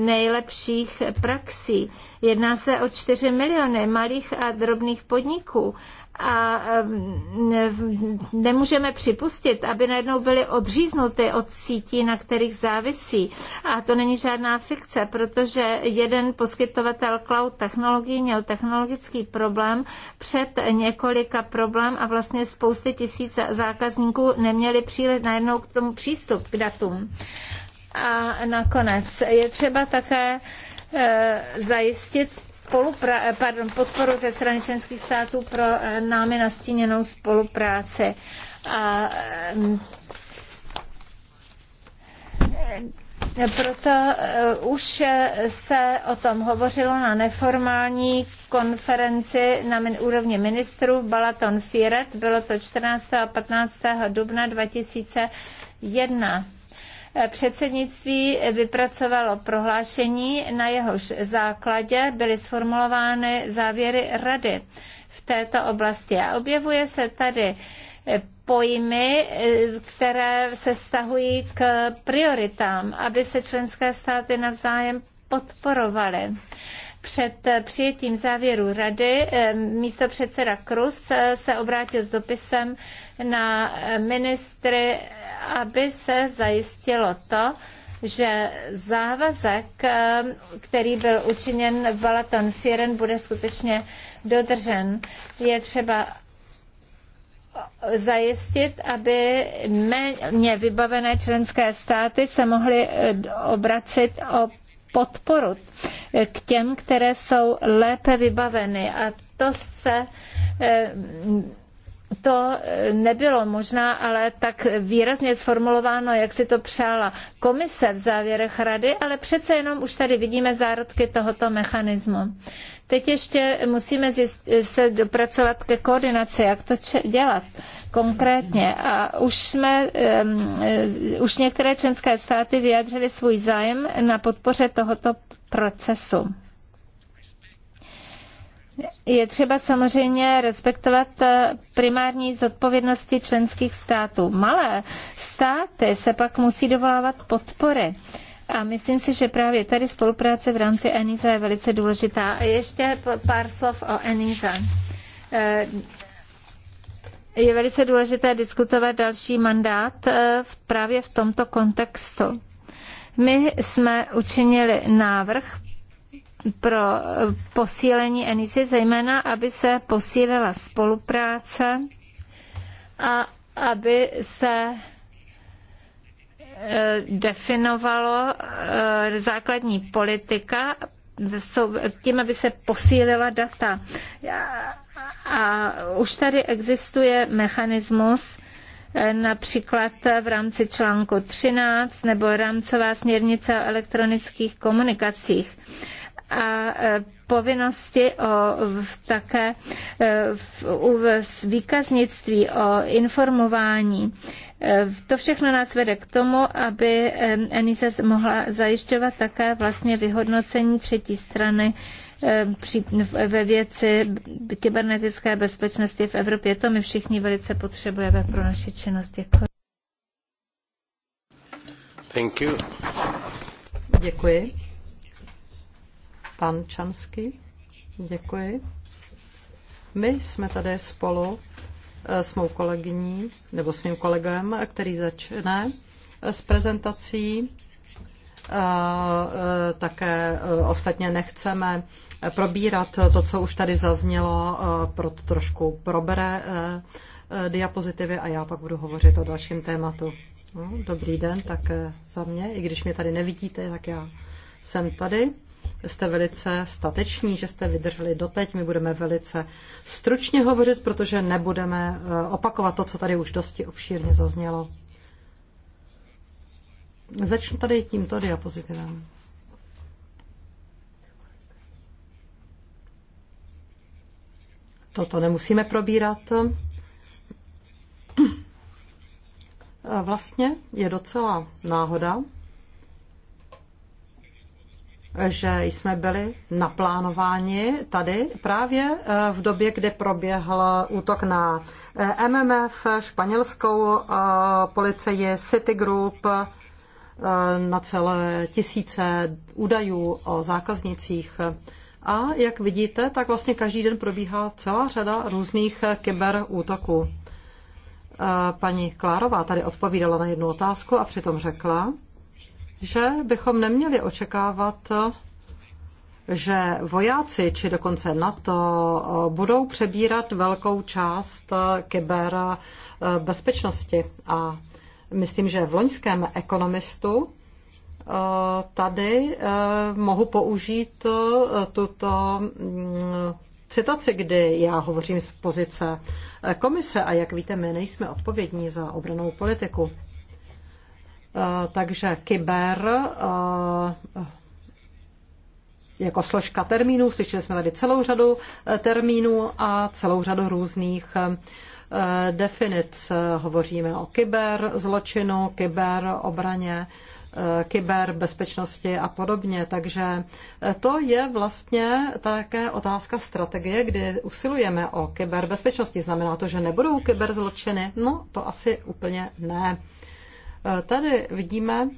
nejlepších praxí. Jedná se o 4 miliony malých a drobných podniků a nemůžeme připustit, aby najednou byly odříznuty od sítí, na kterých závisí. A to není žádná fikce, protože jeden poskytovatel cloud technologií měl technologický problém před několika problém a vlastně spousty tisíc zákazníků neměli příliš najednou k tomu přístup k datům. A nakonec je třeba také eh, zajistit spolupra- eh, pardon, podporu ze strany členských států pro eh, námi nastíněnou spolupráci. A, eh, proto už se o tom hovořilo na neformální konferenci na úrovni ministrů v Balaton Firet. Bylo to 14. a 15. dubna 2001. Eh, předsednictví vypracovalo prohlášení, na jehož základě byly sformulovány závěry rady v této oblasti. A objevuje se tady eh, pojmy, eh, které se stahují k prioritám, aby se členské státy navzájem podporovaly. Před přijetím závěru rady eh, místo předseda Krus eh, se obrátil s dopisem na ministry, aby se zajistilo to, že závazek, eh, který byl učiněn v Balaton Firen, bude skutečně dodržen. Je třeba zajistit, aby méně vybavené členské státy se mohly obracit o podporu k těm, které jsou lépe vybaveny. A to se eh, to nebylo možná, ale tak výrazně sformulováno, jak si to přála komise v závěrech rady, ale přece jenom už tady vidíme zárodky tohoto mechanismu. Teď ještě musíme se dopracovat ke koordinaci, jak to dělat konkrétně. A už jsme, um, už některé členské státy vyjádřily svůj zájem na podpoře tohoto procesu. Je třeba samozřejmě respektovat eh, primární zodpovědnosti členských států. Malé státy se pak musí dovolávat podpory. A myslím si, že právě tady spolupráce v rámci ENISA je velice důležitá. A ještě pár slov o ENISA. Eh, je velice důležité diskutovat další mandát eh, právě v tomto kontextu. My jsme učinili návrh pro eh, posílení ENISY, zejména aby se posílila spolupráce a aby se eh, definovalo základní politika tím, aby se posílila data. A už tady existuje mechanismus, eh, například v rámci článku 13 nebo rámcová směrnice o elektronických komunikacích a eh, povinnosti o v, také eh, v, v výkaznictví, o informování. To všechno nás vede k tomu, aby Enisa mohla zajišťovat také vlastně vyhodnocení třetí strany Eh, ve věci kybernetické bezpečnosti v Evropě. To my všichni velice potřebujeme pro naše činnost. Děkuji. Thank you. Děkuji. Pan čansky, děkuji. My jsme tady spolu eh, s mou kolegyní, nebo s mým kolegem, který začne s prezentací E, také e, ostatně nechceme probírat to, co už tady zaznělo, e, proto trošku probere diapozitivy a já pak budu hovořit o dalším tématu. No, dobrý den, tak za mě, i když mě tady nevidíte, tak já jsem tady. Jste velice stateční, že jste vydrželi doteď. My budeme velice stručně hovořit, protože nebudeme opakovat to, co tady už dosti obšírně zaznělo. Začnu tady tímto diapozitivem. Toto nemusíme probírat. Vlastně je docela náhoda, že jsme byli naplánováni tady právě eh, v době, kdy proběhl útok na eh, MMF, španělskou eh, policii, Citigroup, Group, na celé tisíce údajů o zákaznicích. A jak vidíte, tak vlastně každý den probíhá celá řada různých kyberútoků. Eh, paní Klárová tady odpovídala na jednu otázku a přitom řekla, že bychom neměli očekávat, že vojáci či dokonce NATO budou přebírat velkou část kyberbezpečnosti. A myslím, že v loňském ekonomistu, eh, tady eh, mohu použít eh, tuto mm, citaci, kdy já hovořím z pozice komise a jak víte, my nejsme odpovědní za obranou politiku. Takže kyber jako složka termínů, slyšeli jsme tady celou řadu termínů a celou řadu různých Eh, definic. Eh, hovoříme o kyberzločinu, kyberobraně, eh, kyberbezpečnosti a podobně. Takže to je vlastně také otázka strategie, kdy usilujeme o kyberbezpečnosti. Znamená to, že nebudou kyberzločiny? No, to asi úplně ne. Tady vidíme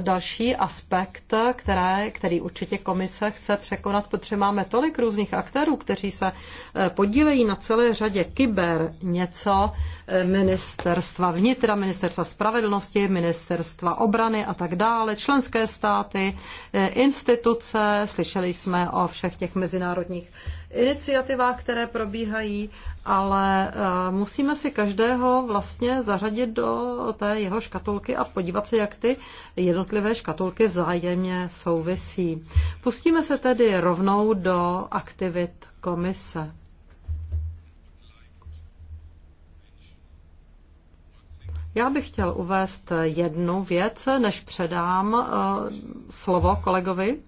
další aspekt, které, který určitě komise chce překonat, protože máme tolik různých aktérů, kteří se eh, podílejí na celé řadě kyber něco, ministerstva vnitra, ministerstva spravedlnosti, ministerstva obrany a tak dále, členské státy, eh, instituce, slyšeli jsme o všech těch mezinárodních iniciativách, které probíhají, ale eh, musíme si každého vlastně zařadit do té jeho škatulky a podívat se, jak ty jednotlivé škatulky vzájemně souvisí. Pustíme se tedy rovnou do aktivit komise. Já bych chtěl uvést jednu věc, než předám eh, slovo kolegovi.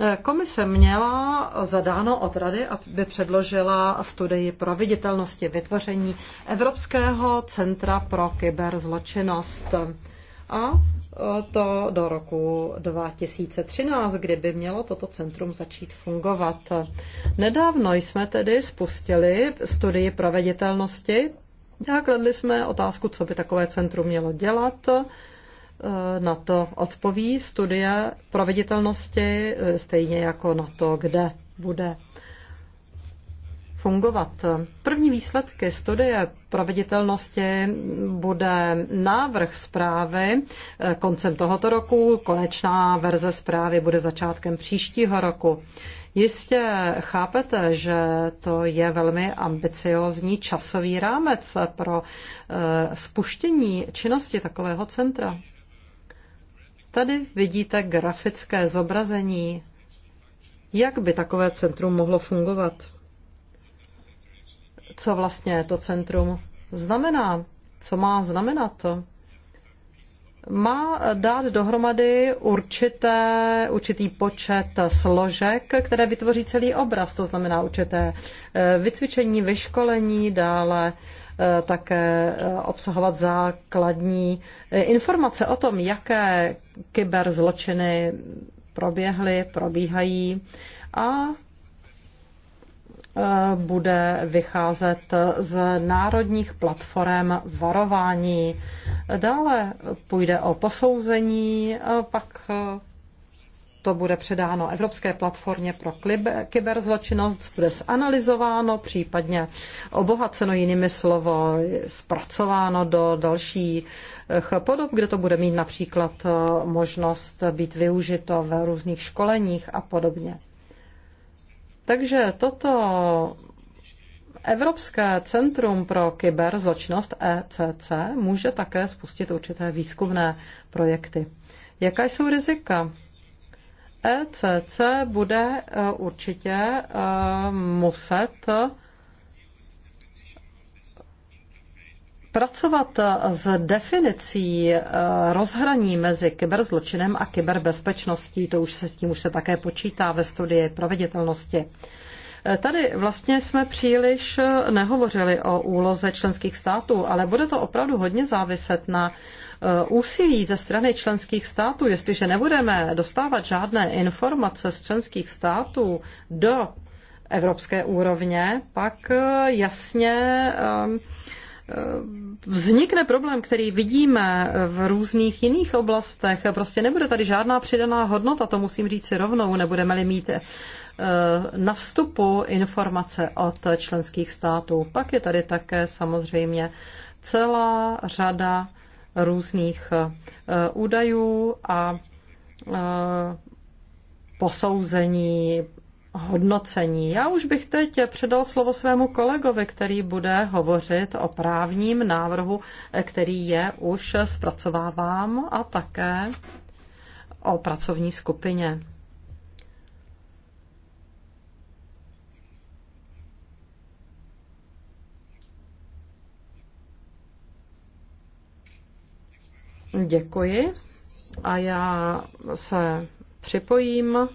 Eh, komise měla zadáno od Rady, aby předložila studii pro viditelnosti vytvoření Evropského centra pro kyberzločinnost. A to do roku 2013, kdyby mělo toto centrum začít fungovat. Nedávno jsme tedy spustili studii proveditelnosti a kladli jsme otázku, co by takové centrum mělo dělat. E, na to odpoví studie proveditelnosti, e, stejně jako na to, kde bude fungovat. První výsledky studie proveditelnosti bude návrh zprávy eh, koncem tohoto roku, konečná verze zprávy bude začátkem příštího roku. Jistě chápete, že to je velmi ambiciozní časový rámec pro eh, spuštění činnosti takového centra. Tady vidíte grafické zobrazení, jak by takové centrum mohlo fungovat co vlastně to centrum znamená, co má znamenat. Má dát dohromady určité, určitý počet složek, které vytvoří celý obraz, to znamená určité eh, vycvičení, vyškolení, dále eh, také eh, obsahovat základní informace o tom, jaké kyberzločiny proběhly, probíhají a Eh, bude vycházet z národních platform varování. Dále půjde o posouzení, eh, pak eh, to bude předáno Evropské platformě pro kyberzločinnost, bude zanalizováno, případně obohaceno jinými slovo, zpracováno do dalších podob, kde to bude mít například možnost být využito v různých školeních a podobně. Takže toto Evropské centrum pro kyberzločnost ECC může také spustit určité výzkumné projekty. Jaká jsou rizika? ECC bude eh, určitě eh, muset Pracovat s definicí eh, rozhraní mezi kyberzločinem a kyberbezpečností, to už se s tím už se také počítá ve studii proveditelnosti. Eh, tady vlastně jsme příliš eh, nehovořili o úloze členských států, ale bude to opravdu hodně záviset na úsilí ze strany členských států. Jestliže nebudeme dostávat žádné informace z členských států do evropské úrovně, pak jasně Eh, vznikne problém, který vidíme v různých jiných oblastech. Prostě nebude tady žádná přidaná hodnota, to musím říct si rovnou, nebudeme-li mít eh, na vstupu informace od členských států. Pak je tady také samozřejmě celá řada různých eh, údajů a posouzení hodnocení. Já už bych teď předal slovo svému kolegovi, který bude hovořit o právním návrhu, který je už zpracovávám a také o pracovní skupině. Děkuji a já se připojím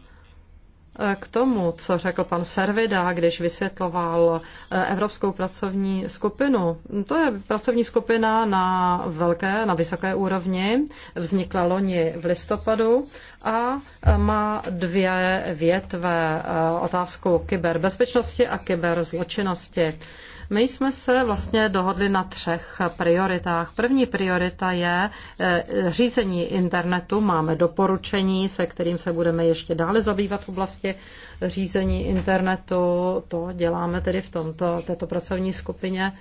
E, k tomu, co řekl pan Servida, když vysvětloval e, Evropskou pracovní skupinu. To je pracovní skupina na velké, na vysoké úrovni, vznikla loni v listopadu a e, má dvě větve otázku kyberbezpečnosti a kyberzločinnosti. My jsme se vlastně dohodli na třech prioritách. První priorita je eh, řízení internetu. Máme doporučení, se kterým se budeme ještě dále zabývat v oblasti řízení internetu. To děláme tedy v tomto, této pracovní skupině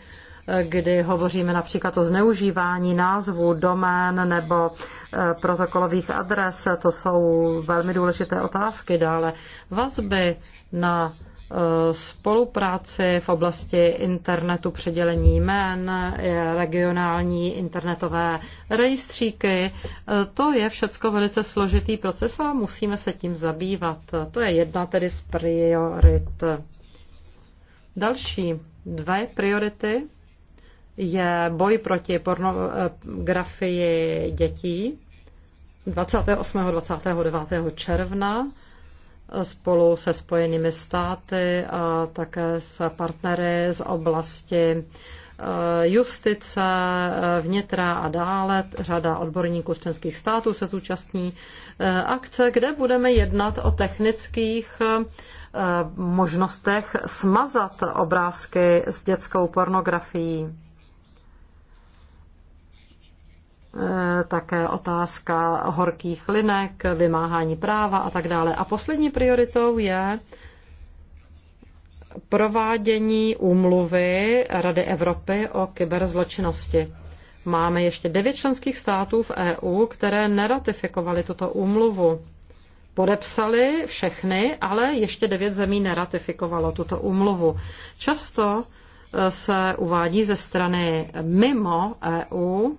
eh, kdy hovoříme například o zneužívání názvu domén nebo eh, protokolových adres. To jsou velmi důležité otázky. Dále vazby na Eh, spolupráci v oblasti internetu předělení jmén, eh, regionální internetové rejstříky. Eh, to je všecko velice složitý proces, a musíme se tím zabývat. To je jedna tedy z priorit. Další dvě priority je boj proti pornografii dětí 28. 29. června spolu se Spojenými státy a také s partnery z oblasti eh, justice, eh, vnitra a dále. Řada odborníků z členských států se zúčastní eh, akce, kde budeme jednat o technických možnostech smazat obrázky s dětskou pornografií. Eh, také otázka horkých linek, vymáhání práva a tak dále. A poslední prioritou je provádění úmluvy Rady Evropy o kyberzločinnosti. Máme ještě devět členských států v EU, které neratifikovaly tuto úmluvu. Podepsali všechny, ale ještě devět zemí neratifikovalo tuto úmluvu. Často eh, se uvádí ze strany mimo EU,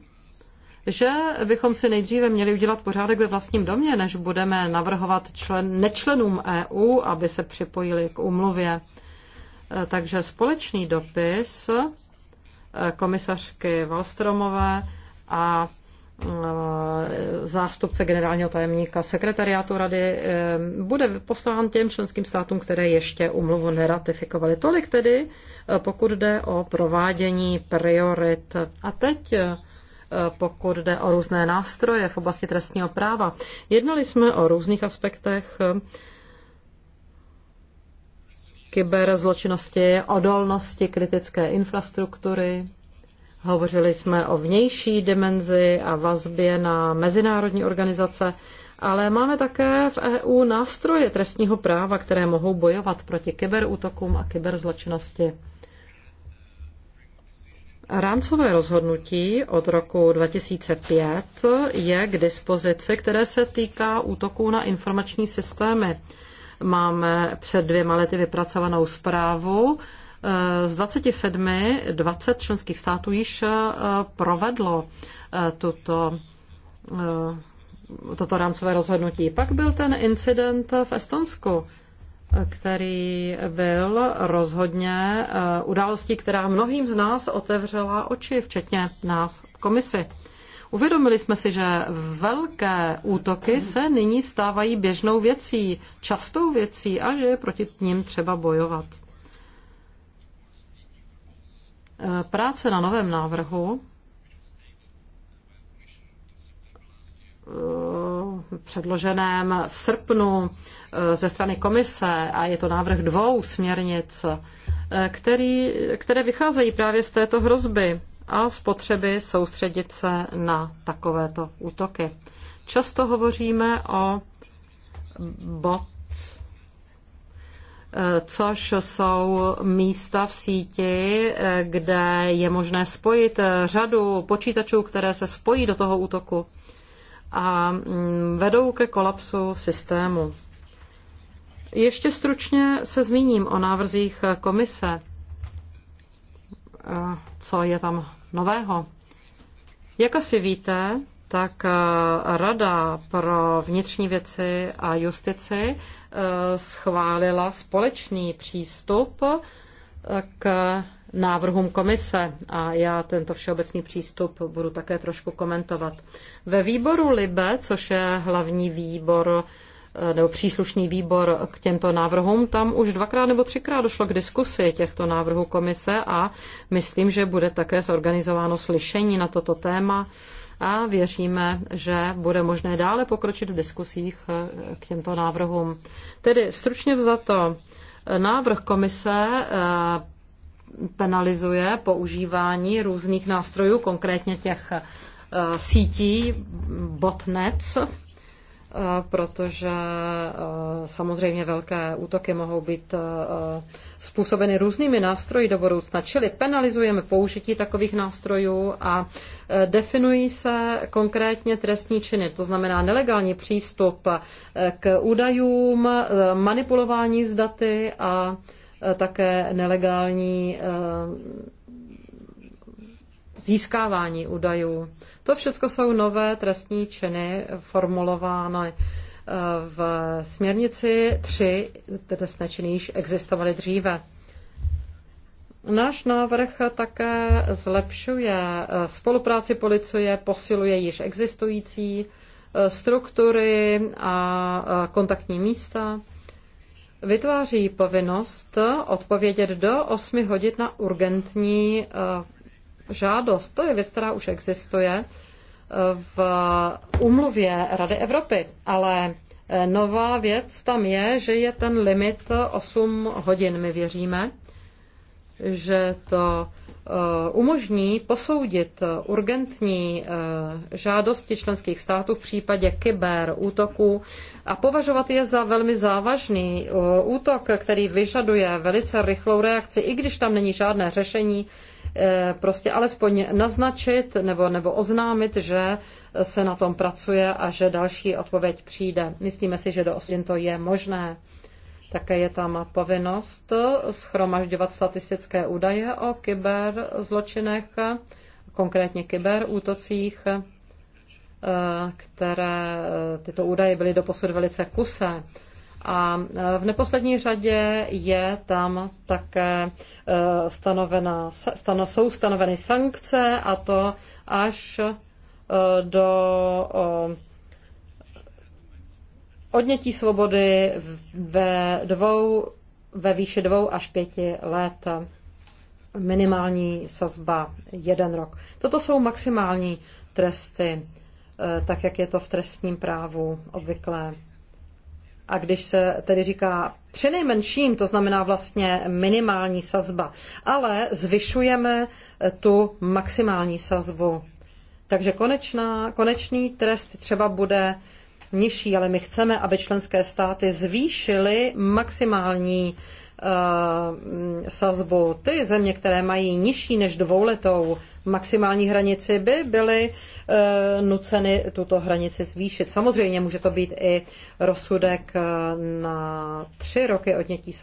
že bychom si nejdříve měli udělat pořádek ve vlastním domě, než budeme navrhovat člen, nečlenům EU, aby se připojili k umluvě. Eh, takže společný dopis eh, komisařky Valstromové a eh, zástupce generálního tajemníka sekretariátu rady bude poslán těm členským státům, které ještě umluvu neratifikovaly. Tolik tedy, pokud jde o provádění priorit. A teď pokud jde o různé nástroje v oblasti trestního práva. Jednali jsme o různých aspektech kyberzločinnosti, odolnosti kritické infrastruktury. Hovořili jsme o vnější dimenzi a vazbě na mezinárodní organizace, ale máme také v EU nástroje trestního práva, které mohou bojovat proti kyberútokům a kyberzločinnosti. Rámcové rozhodnutí od roku 2005 je k dispozici, které se týká útoků na informační systémy. Máme před dvěma lety vypracovanou zprávu. Eh, z 27, 20 členských států již eh, provedlo eh, tuto toto rámcové rozhodnutí. Pak byl ten incident v Estonsku který byl rozhodně eh, událostí, která mnohým z nás otevřela oči, včetně nás v komisi. Uvědomili jsme si, že velké útoky se nyní stávají běžnou věcí, častou věcí a že je proti ním třeba bojovat. Eh, práce na novém návrhu předloženém v srpnu eh, ze strany komise a je to návrh dvou směrnic, eh, který, které vycházejí právě z této hrozby a z potřeby soustředit se na takovéto útoky. Často hovoříme o bot, eh, což jsou místa v síti, kde je možné spojit řadu počítačů, které se spojí do toho útoku a mm, vedou ke kolapsu systému. Ještě stručně se zmíním o návrzích komise, co je tam nového. Jak asi víte, tak Rada pro vnitřní věci a justici schválila společný přístup k návrhům komise a já tento všeobecný přístup budu také trošku komentovat. Ve výboru LIBE, což je hlavní výbor eh, nebo příslušný výbor k těmto návrhům, tam už dvakrát nebo třikrát došlo k diskusi těchto návrhů komise a myslím, že bude také zorganizováno slyšení na toto téma a věříme, že bude možné dále pokročit v diskusích eh, k těmto návrhům. Tedy stručně vzato, eh, návrh komise penalizuje používání různých nástrojů, konkrétně těch eh, sítí botnets, eh, protože eh, samozřejmě velké útoky mohou být způsobeny různými nástroji do budoucna, čili penalizujeme použití takových nástrojů a definují se konkrétně trestní činy, to znamená nelegální přístup k údajům, manipulování s daty a Eh, také nelegální eh, získávání údajů. To všechno jsou nové trestní činy formulovány eh, v směrnici. Tři trestné činy již existovaly dříve. Náš návrh také zlepšuje spolupráci policie, posiluje již existující struktury a kontaktní místa vytváří povinnost odpovědět do 8 hodin na urgentní eh, žádost. To je věc, která už existuje eh, v úmluvě Rady Evropy, ale eh, nová věc tam je, že je ten limit 8 hodin. My věříme, že to Eh, umožní posoudit urgentní eh, žádosti členských států v případě kyber útoku a považovat je za velmi závažný eh, útok, který vyžaduje velice rychlou reakci, i když tam není žádné řešení, prostě alespoň naznačit nebo, nebo oznámit, že se na tom pracuje a že další odpověď přijde. Myslíme si, že do Ostin to je možné. Také je tam povinnost schromažďovat statistické údaje o kyberzločinech, konkrétně kyberútocích, eh, které eh, tyto údaje byly doposud velice kusé. A eh, v neposlední řadě je tam také stanovena, stano, jsou stanoveny sankce a to až do odnětí svobody ve, dvou, ve výše dvou až pěti let minimální sazba jeden rok. Toto jsou maximální tresty, eh, tak jak je to v trestním právu obvyklé. A když se tedy říká přinejmenším, to znamená vlastně minimální sazba, ale zvyšujeme eh, tu maximální sazbu. Takže konečná, konečný trest třeba bude nižší, ale my chceme, aby členské státy zvýšily maximální eh, sazbu. Ty země, které mají nižší než dvouletou maximální hranici, by byly eh, nuceny tuto hranici zvýšit. Samozřejmě může to být i rozsudek eh, na tři roky odnětí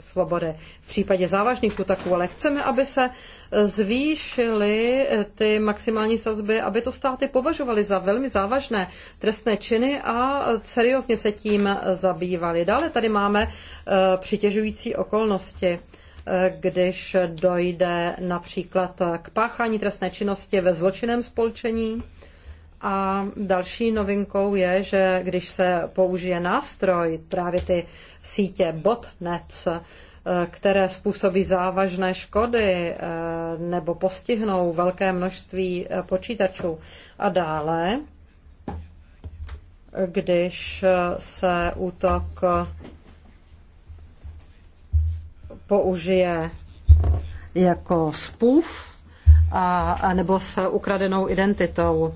svobody v případě závažných útaků, ale chceme, aby se eh, zvýšily ty maximální sazby, aby to státy považovaly za velmi závažné trestné činy a seriózně se tím zabývaly. Dále tady máme přitěžující okolnosti když dojde například k páchání trestné činnosti ve zločinném spolčení. A další novinkou je, že když se použije nástroj, právě ty sítě botnets, eh, které způsobí závažné škody eh, nebo postihnou velké množství eh, počítačů. A dále, když se útok použije jako spův a, a nebo s ukradenou identitou.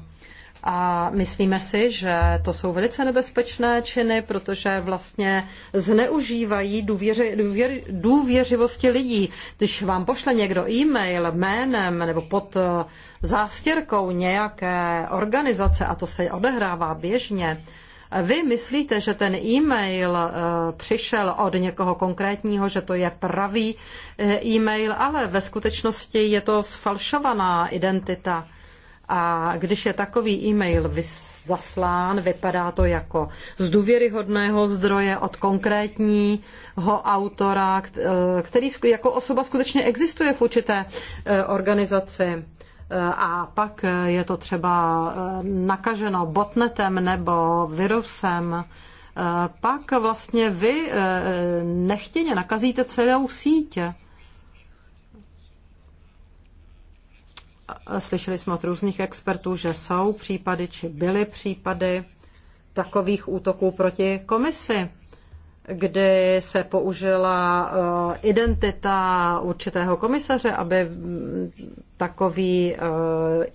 A myslíme si, že to jsou velice nebezpečné činy, protože vlastně zneužívají důvěři, důvěř, důvěřivosti lidí. Když vám pošle někdo e-mail jménem nebo pod eh, zástěrkou nějaké organizace, a to se odehrává běžně, vy myslíte, že ten e-mail eh, přišel od někoho konkrétního, že to je pravý eh, e-mail, ale ve skutečnosti je to sfalšovaná identita. A když je takový e-mail zaslán, vypadá to jako z důvěryhodného zdroje od konkrétního autora, eh, který jako osoba skutečně existuje v určité organizaci a pak je to třeba eh, nakaženo botnetem nebo virusem, eh, pak vlastně vy eh, nechtěně nakazíte celou síť. Slyšeli jsme od různých expertů, že jsou případy, či byly případy takových útoků proti komisi kdy se použila eh, identita určitého komisaře, aby mm, takový eh,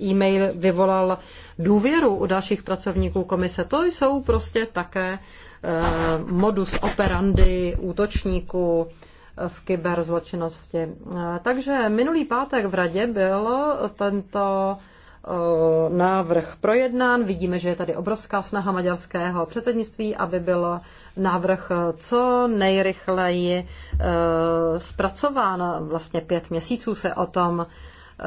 e-mail vyvolal důvěru u dalších pracovníků komise. To jsou prostě také eh, modus operandi útočníků v kyberzločinnosti. Takže minulý pátek v radě byl tento Eh, návrh projednán. Vidíme, že je tady obrovská snaha maďarského předsednictví, aby byl návrh co nejrychleji eh, zpracován. Vlastně pět měsíců se o tom eh,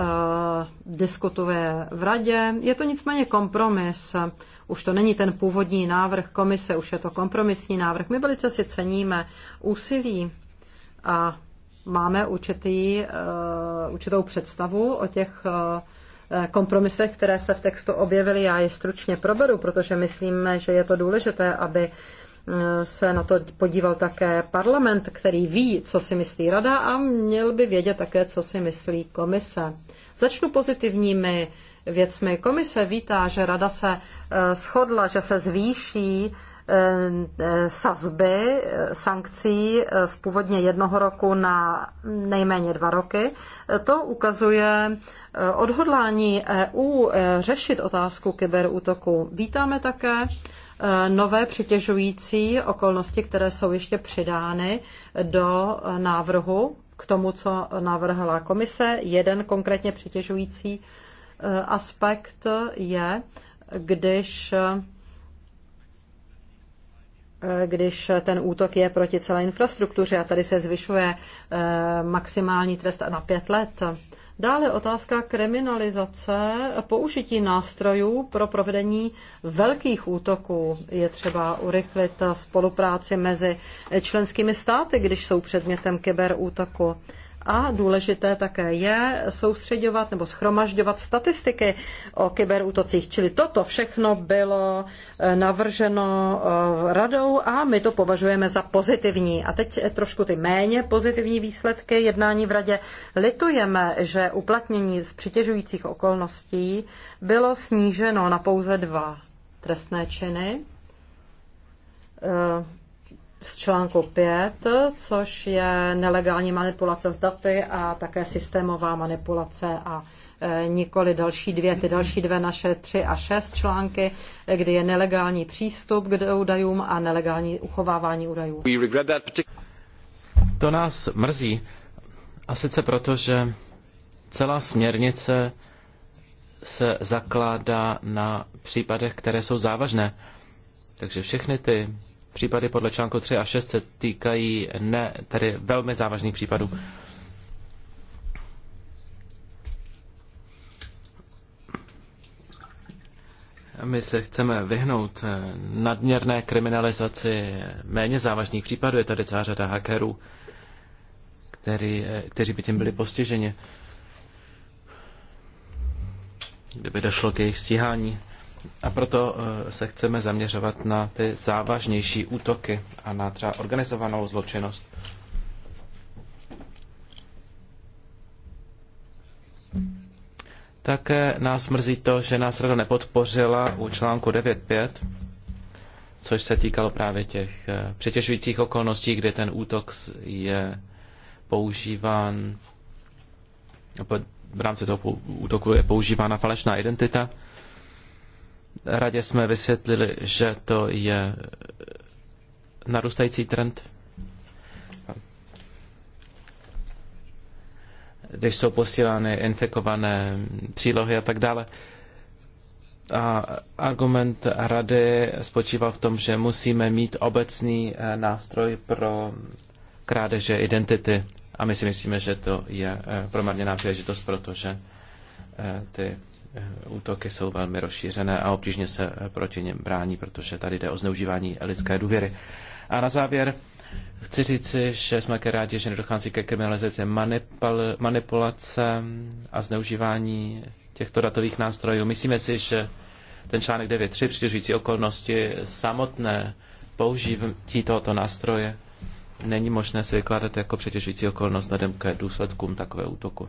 diskutuje v radě. Je to nicméně kompromis. Už to není ten původní návrh komise, už je to kompromisní návrh. My velice si ceníme úsilí a máme určitý, určitou představu o těch Eh, kompromisech, které se v textu objevily. Já je stručně proberu, protože myslíme, že je to důležité, aby eh, se na to podíval také parlament, který ví, co si myslí rada a měl by vědět také, co si myslí komise. Začnu pozitivními věcmi. Komise vítá, že rada se eh, shodla, že se zvýší Eh, eh, sazby eh, sankcí z původně jednoho roku na nejméně dva roky. To ukazuje odhodlání EU řešit otázku kyberútoku. Vítáme také nové přitěžující okolnosti, které jsou ještě přidány do návrhu k tomu, co navrhla komise. Jeden konkrétně přitěžující aspekt je, když když ten útok je proti celé infrastruktuře a tady se zvyšuje eh, maximální trest na pět let. Dále otázka kriminalizace použití nástrojů pro provedení velkých útoků. Je třeba urychlit spolupráci mezi členskými státy, když jsou předmětem kyberútoku. A důležité také je soustředovat nebo schromažďovat statistiky o kyberútocích. Čili toto všechno bylo eh, navrženo eh, radou a my to považujeme za pozitivní. A teď eh, trošku ty méně pozitivní výsledky jednání v radě. Litujeme, že uplatnění z přitěžujících okolností bylo sníženo na pouze dva trestné činy z článku 5, což je nelegální manipulace s daty a také systémová manipulace a e, nikoli další dvě, ty další dvě naše tři a šest články, kdy je nelegální přístup k údajům a nelegální uchovávání údajů. To nás mrzí. A sice proto, že celá směrnice se zakládá na případech, které jsou závažné. Takže všechny ty Případy podle článku 3 a 6 se týkají ne, tedy velmi závažných případů. My se chceme vyhnout eh, nadměrné kriminalizaci méně závažných případů. Je tady celá řada hackerů, který, eh, kteří by tím byli postiženi, kdyby došlo k jejich stíhání. A proto eh, se chceme zaměřovat na ty závažnější útoky a na třeba organizovanou zločinnost. Také nás mrzí to, že nás rada nepodpořila u článku 9.5, což se týkalo právě těch eh, přetěžujících okolností, kde ten útok je používán, v rámci toho útoku je používána falešná identita radě jsme vysvětlili, že to je narůstající trend. Když jsou posílány infikované přílohy a tak dále. A argument rady spočívá v tom, že musíme mít obecný eh, nástroj pro krádeže identity. A my si myslíme, že to je eh, promarněná příležitost, protože eh, ty Eh, útoky jsou velmi rozšířené a obtížně se eh, proti něm brání, protože tady jde o zneužívání lidské důvěry. A na závěr chci říci, že jsme rádi, že nedochází ke kriminalizaci manipulace a zneužívání těchto datových nástrojů. Myslíme si, že ten článek 9.3 přitěžující okolnosti samotné použití tohoto nástroje není možné si vykládat jako přetěžující okolnost vzhledem ke důsledkům takového útoku.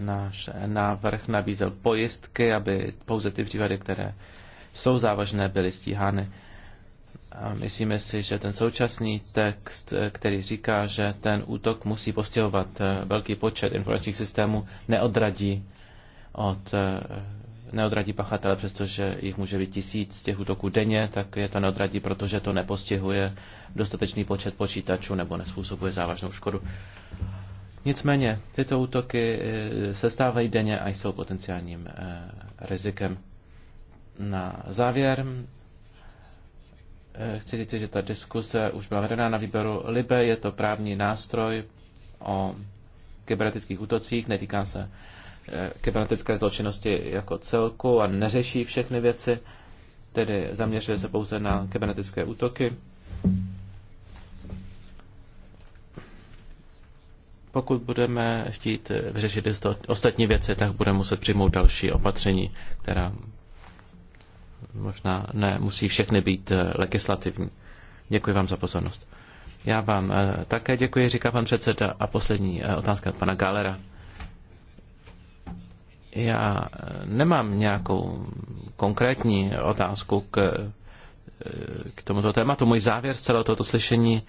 Náš návrh nabízel pojistky, aby pouze ty případy, které jsou závažné, byly stíhány. A myslíme si, že ten současný text, který říká, že ten útok musí postihovat eh, velký počet informačních systémů, neodradí od eh, neodradí pachatele, přestože jich může být tisíc těch útoků denně, tak je to neodradí, protože to nepostihuje dostatečný počet počítačů nebo nespůsobuje závažnou škodu. Nicméně tyto útoky eh, se stávají denně a jsou potenciálním eh, rizikem. Na závěr eh, chci říct, že ta diskuse už byla vedená na výboru LIBE, je to právní nástroj o kybernetických útocích, netýká se kybernetické zločinnosti jako celku a neřeší všechny věci, tedy zaměřuje se pouze na kybernetické útoky. Pokud budeme chtít řešit ostatní věci, tak budeme muset přijmout další opatření, která možná nemusí všechny být eh, legislativní. Děkuji vám za pozornost. Já vám eh, také děkuji, říká pan předseda. A poslední eh, otázka od pana Galera. Já nemám nějakou konkrétní otázku k, k tomuto tématu. Můj závěr z celého tohoto slyšení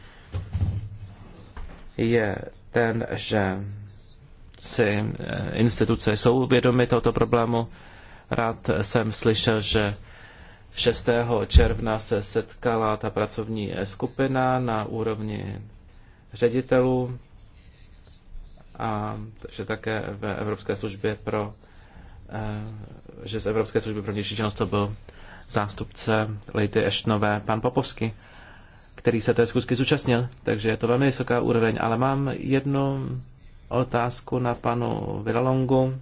je ten, že si eh, instituce jsou vědomy tohoto problému. Rád jsem slyšel, že 6. června se setkala ta pracovní skupina na úrovni ředitelů a že také v Evropské službě pro eh, že z Evropské služby pro vnější činnost to byl zástupce Lady Eštnové, pan Popovský který se té zkusky zúčastnil, takže je to velmi vysoká úroveň. Ale mám jednu otázku na panu Viralongu.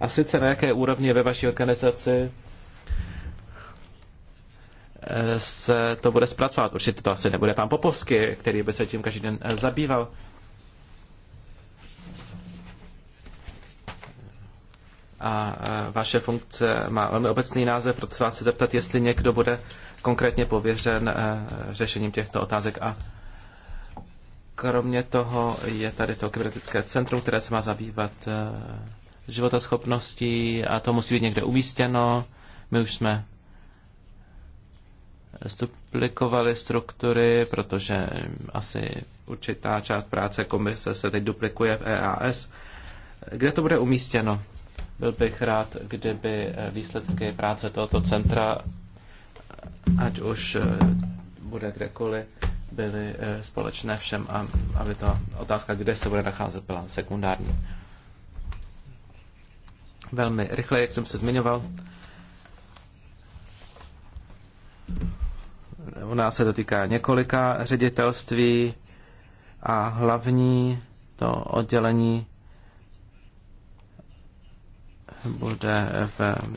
A sice na jaké úrovni ve vaší organizaci eh, se to bude zpracovat. Určitě to asi nebude pan Popovsky, který by se tím každý den eh, zabýval. A eh, vaše funkce má velmi obecný název, proto se vás chci zeptat, jestli někdo bude konkrétně pověřen eh, řešením těchto otázek a kromě toho je tady to kybernetické centrum, které se má zabývat eh, životaschopností a to musí být někde umístěno. My už jsme duplikovali struktury, protože asi určitá část práce komise se teď duplikuje v EAS. Kde to bude umístěno? Byl bych rád, kdyby eh, výsledky práce tohoto centra ať už eh, bude kdekoliv, byly eh, společné všem a aby ta otázka, kde se bude nacházet, byla sekundární. Velmi rychle, jak jsem se zmiňoval, u nás se dotýká několika ředitelství a hlavní to oddělení bude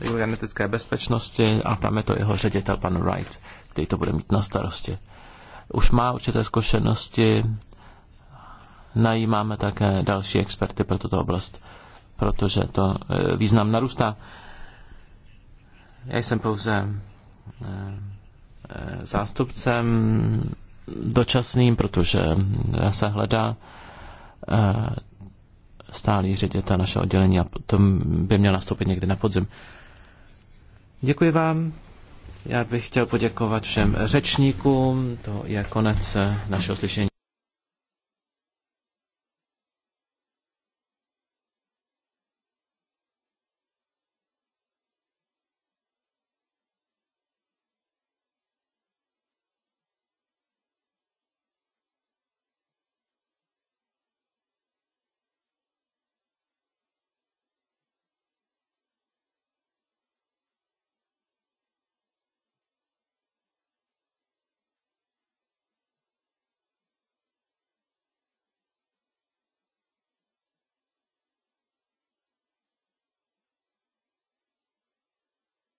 v genetické bezpečnosti a tam je to jeho ředitel, pan Wright, který to bude mít na starosti. Už má určité zkušenosti, najímáme také další experty pro tuto oblast, protože to eh, význam narůstá. Já jsem pouze eh, eh, zástupcem dočasným, protože se hledá stálý ředitel našeho oddělení a potom by měl nastoupit někdy na podzim. Děkuji vám. Já bych chtěl poděkovat všem řečníkům. To je konec našeho slyšení.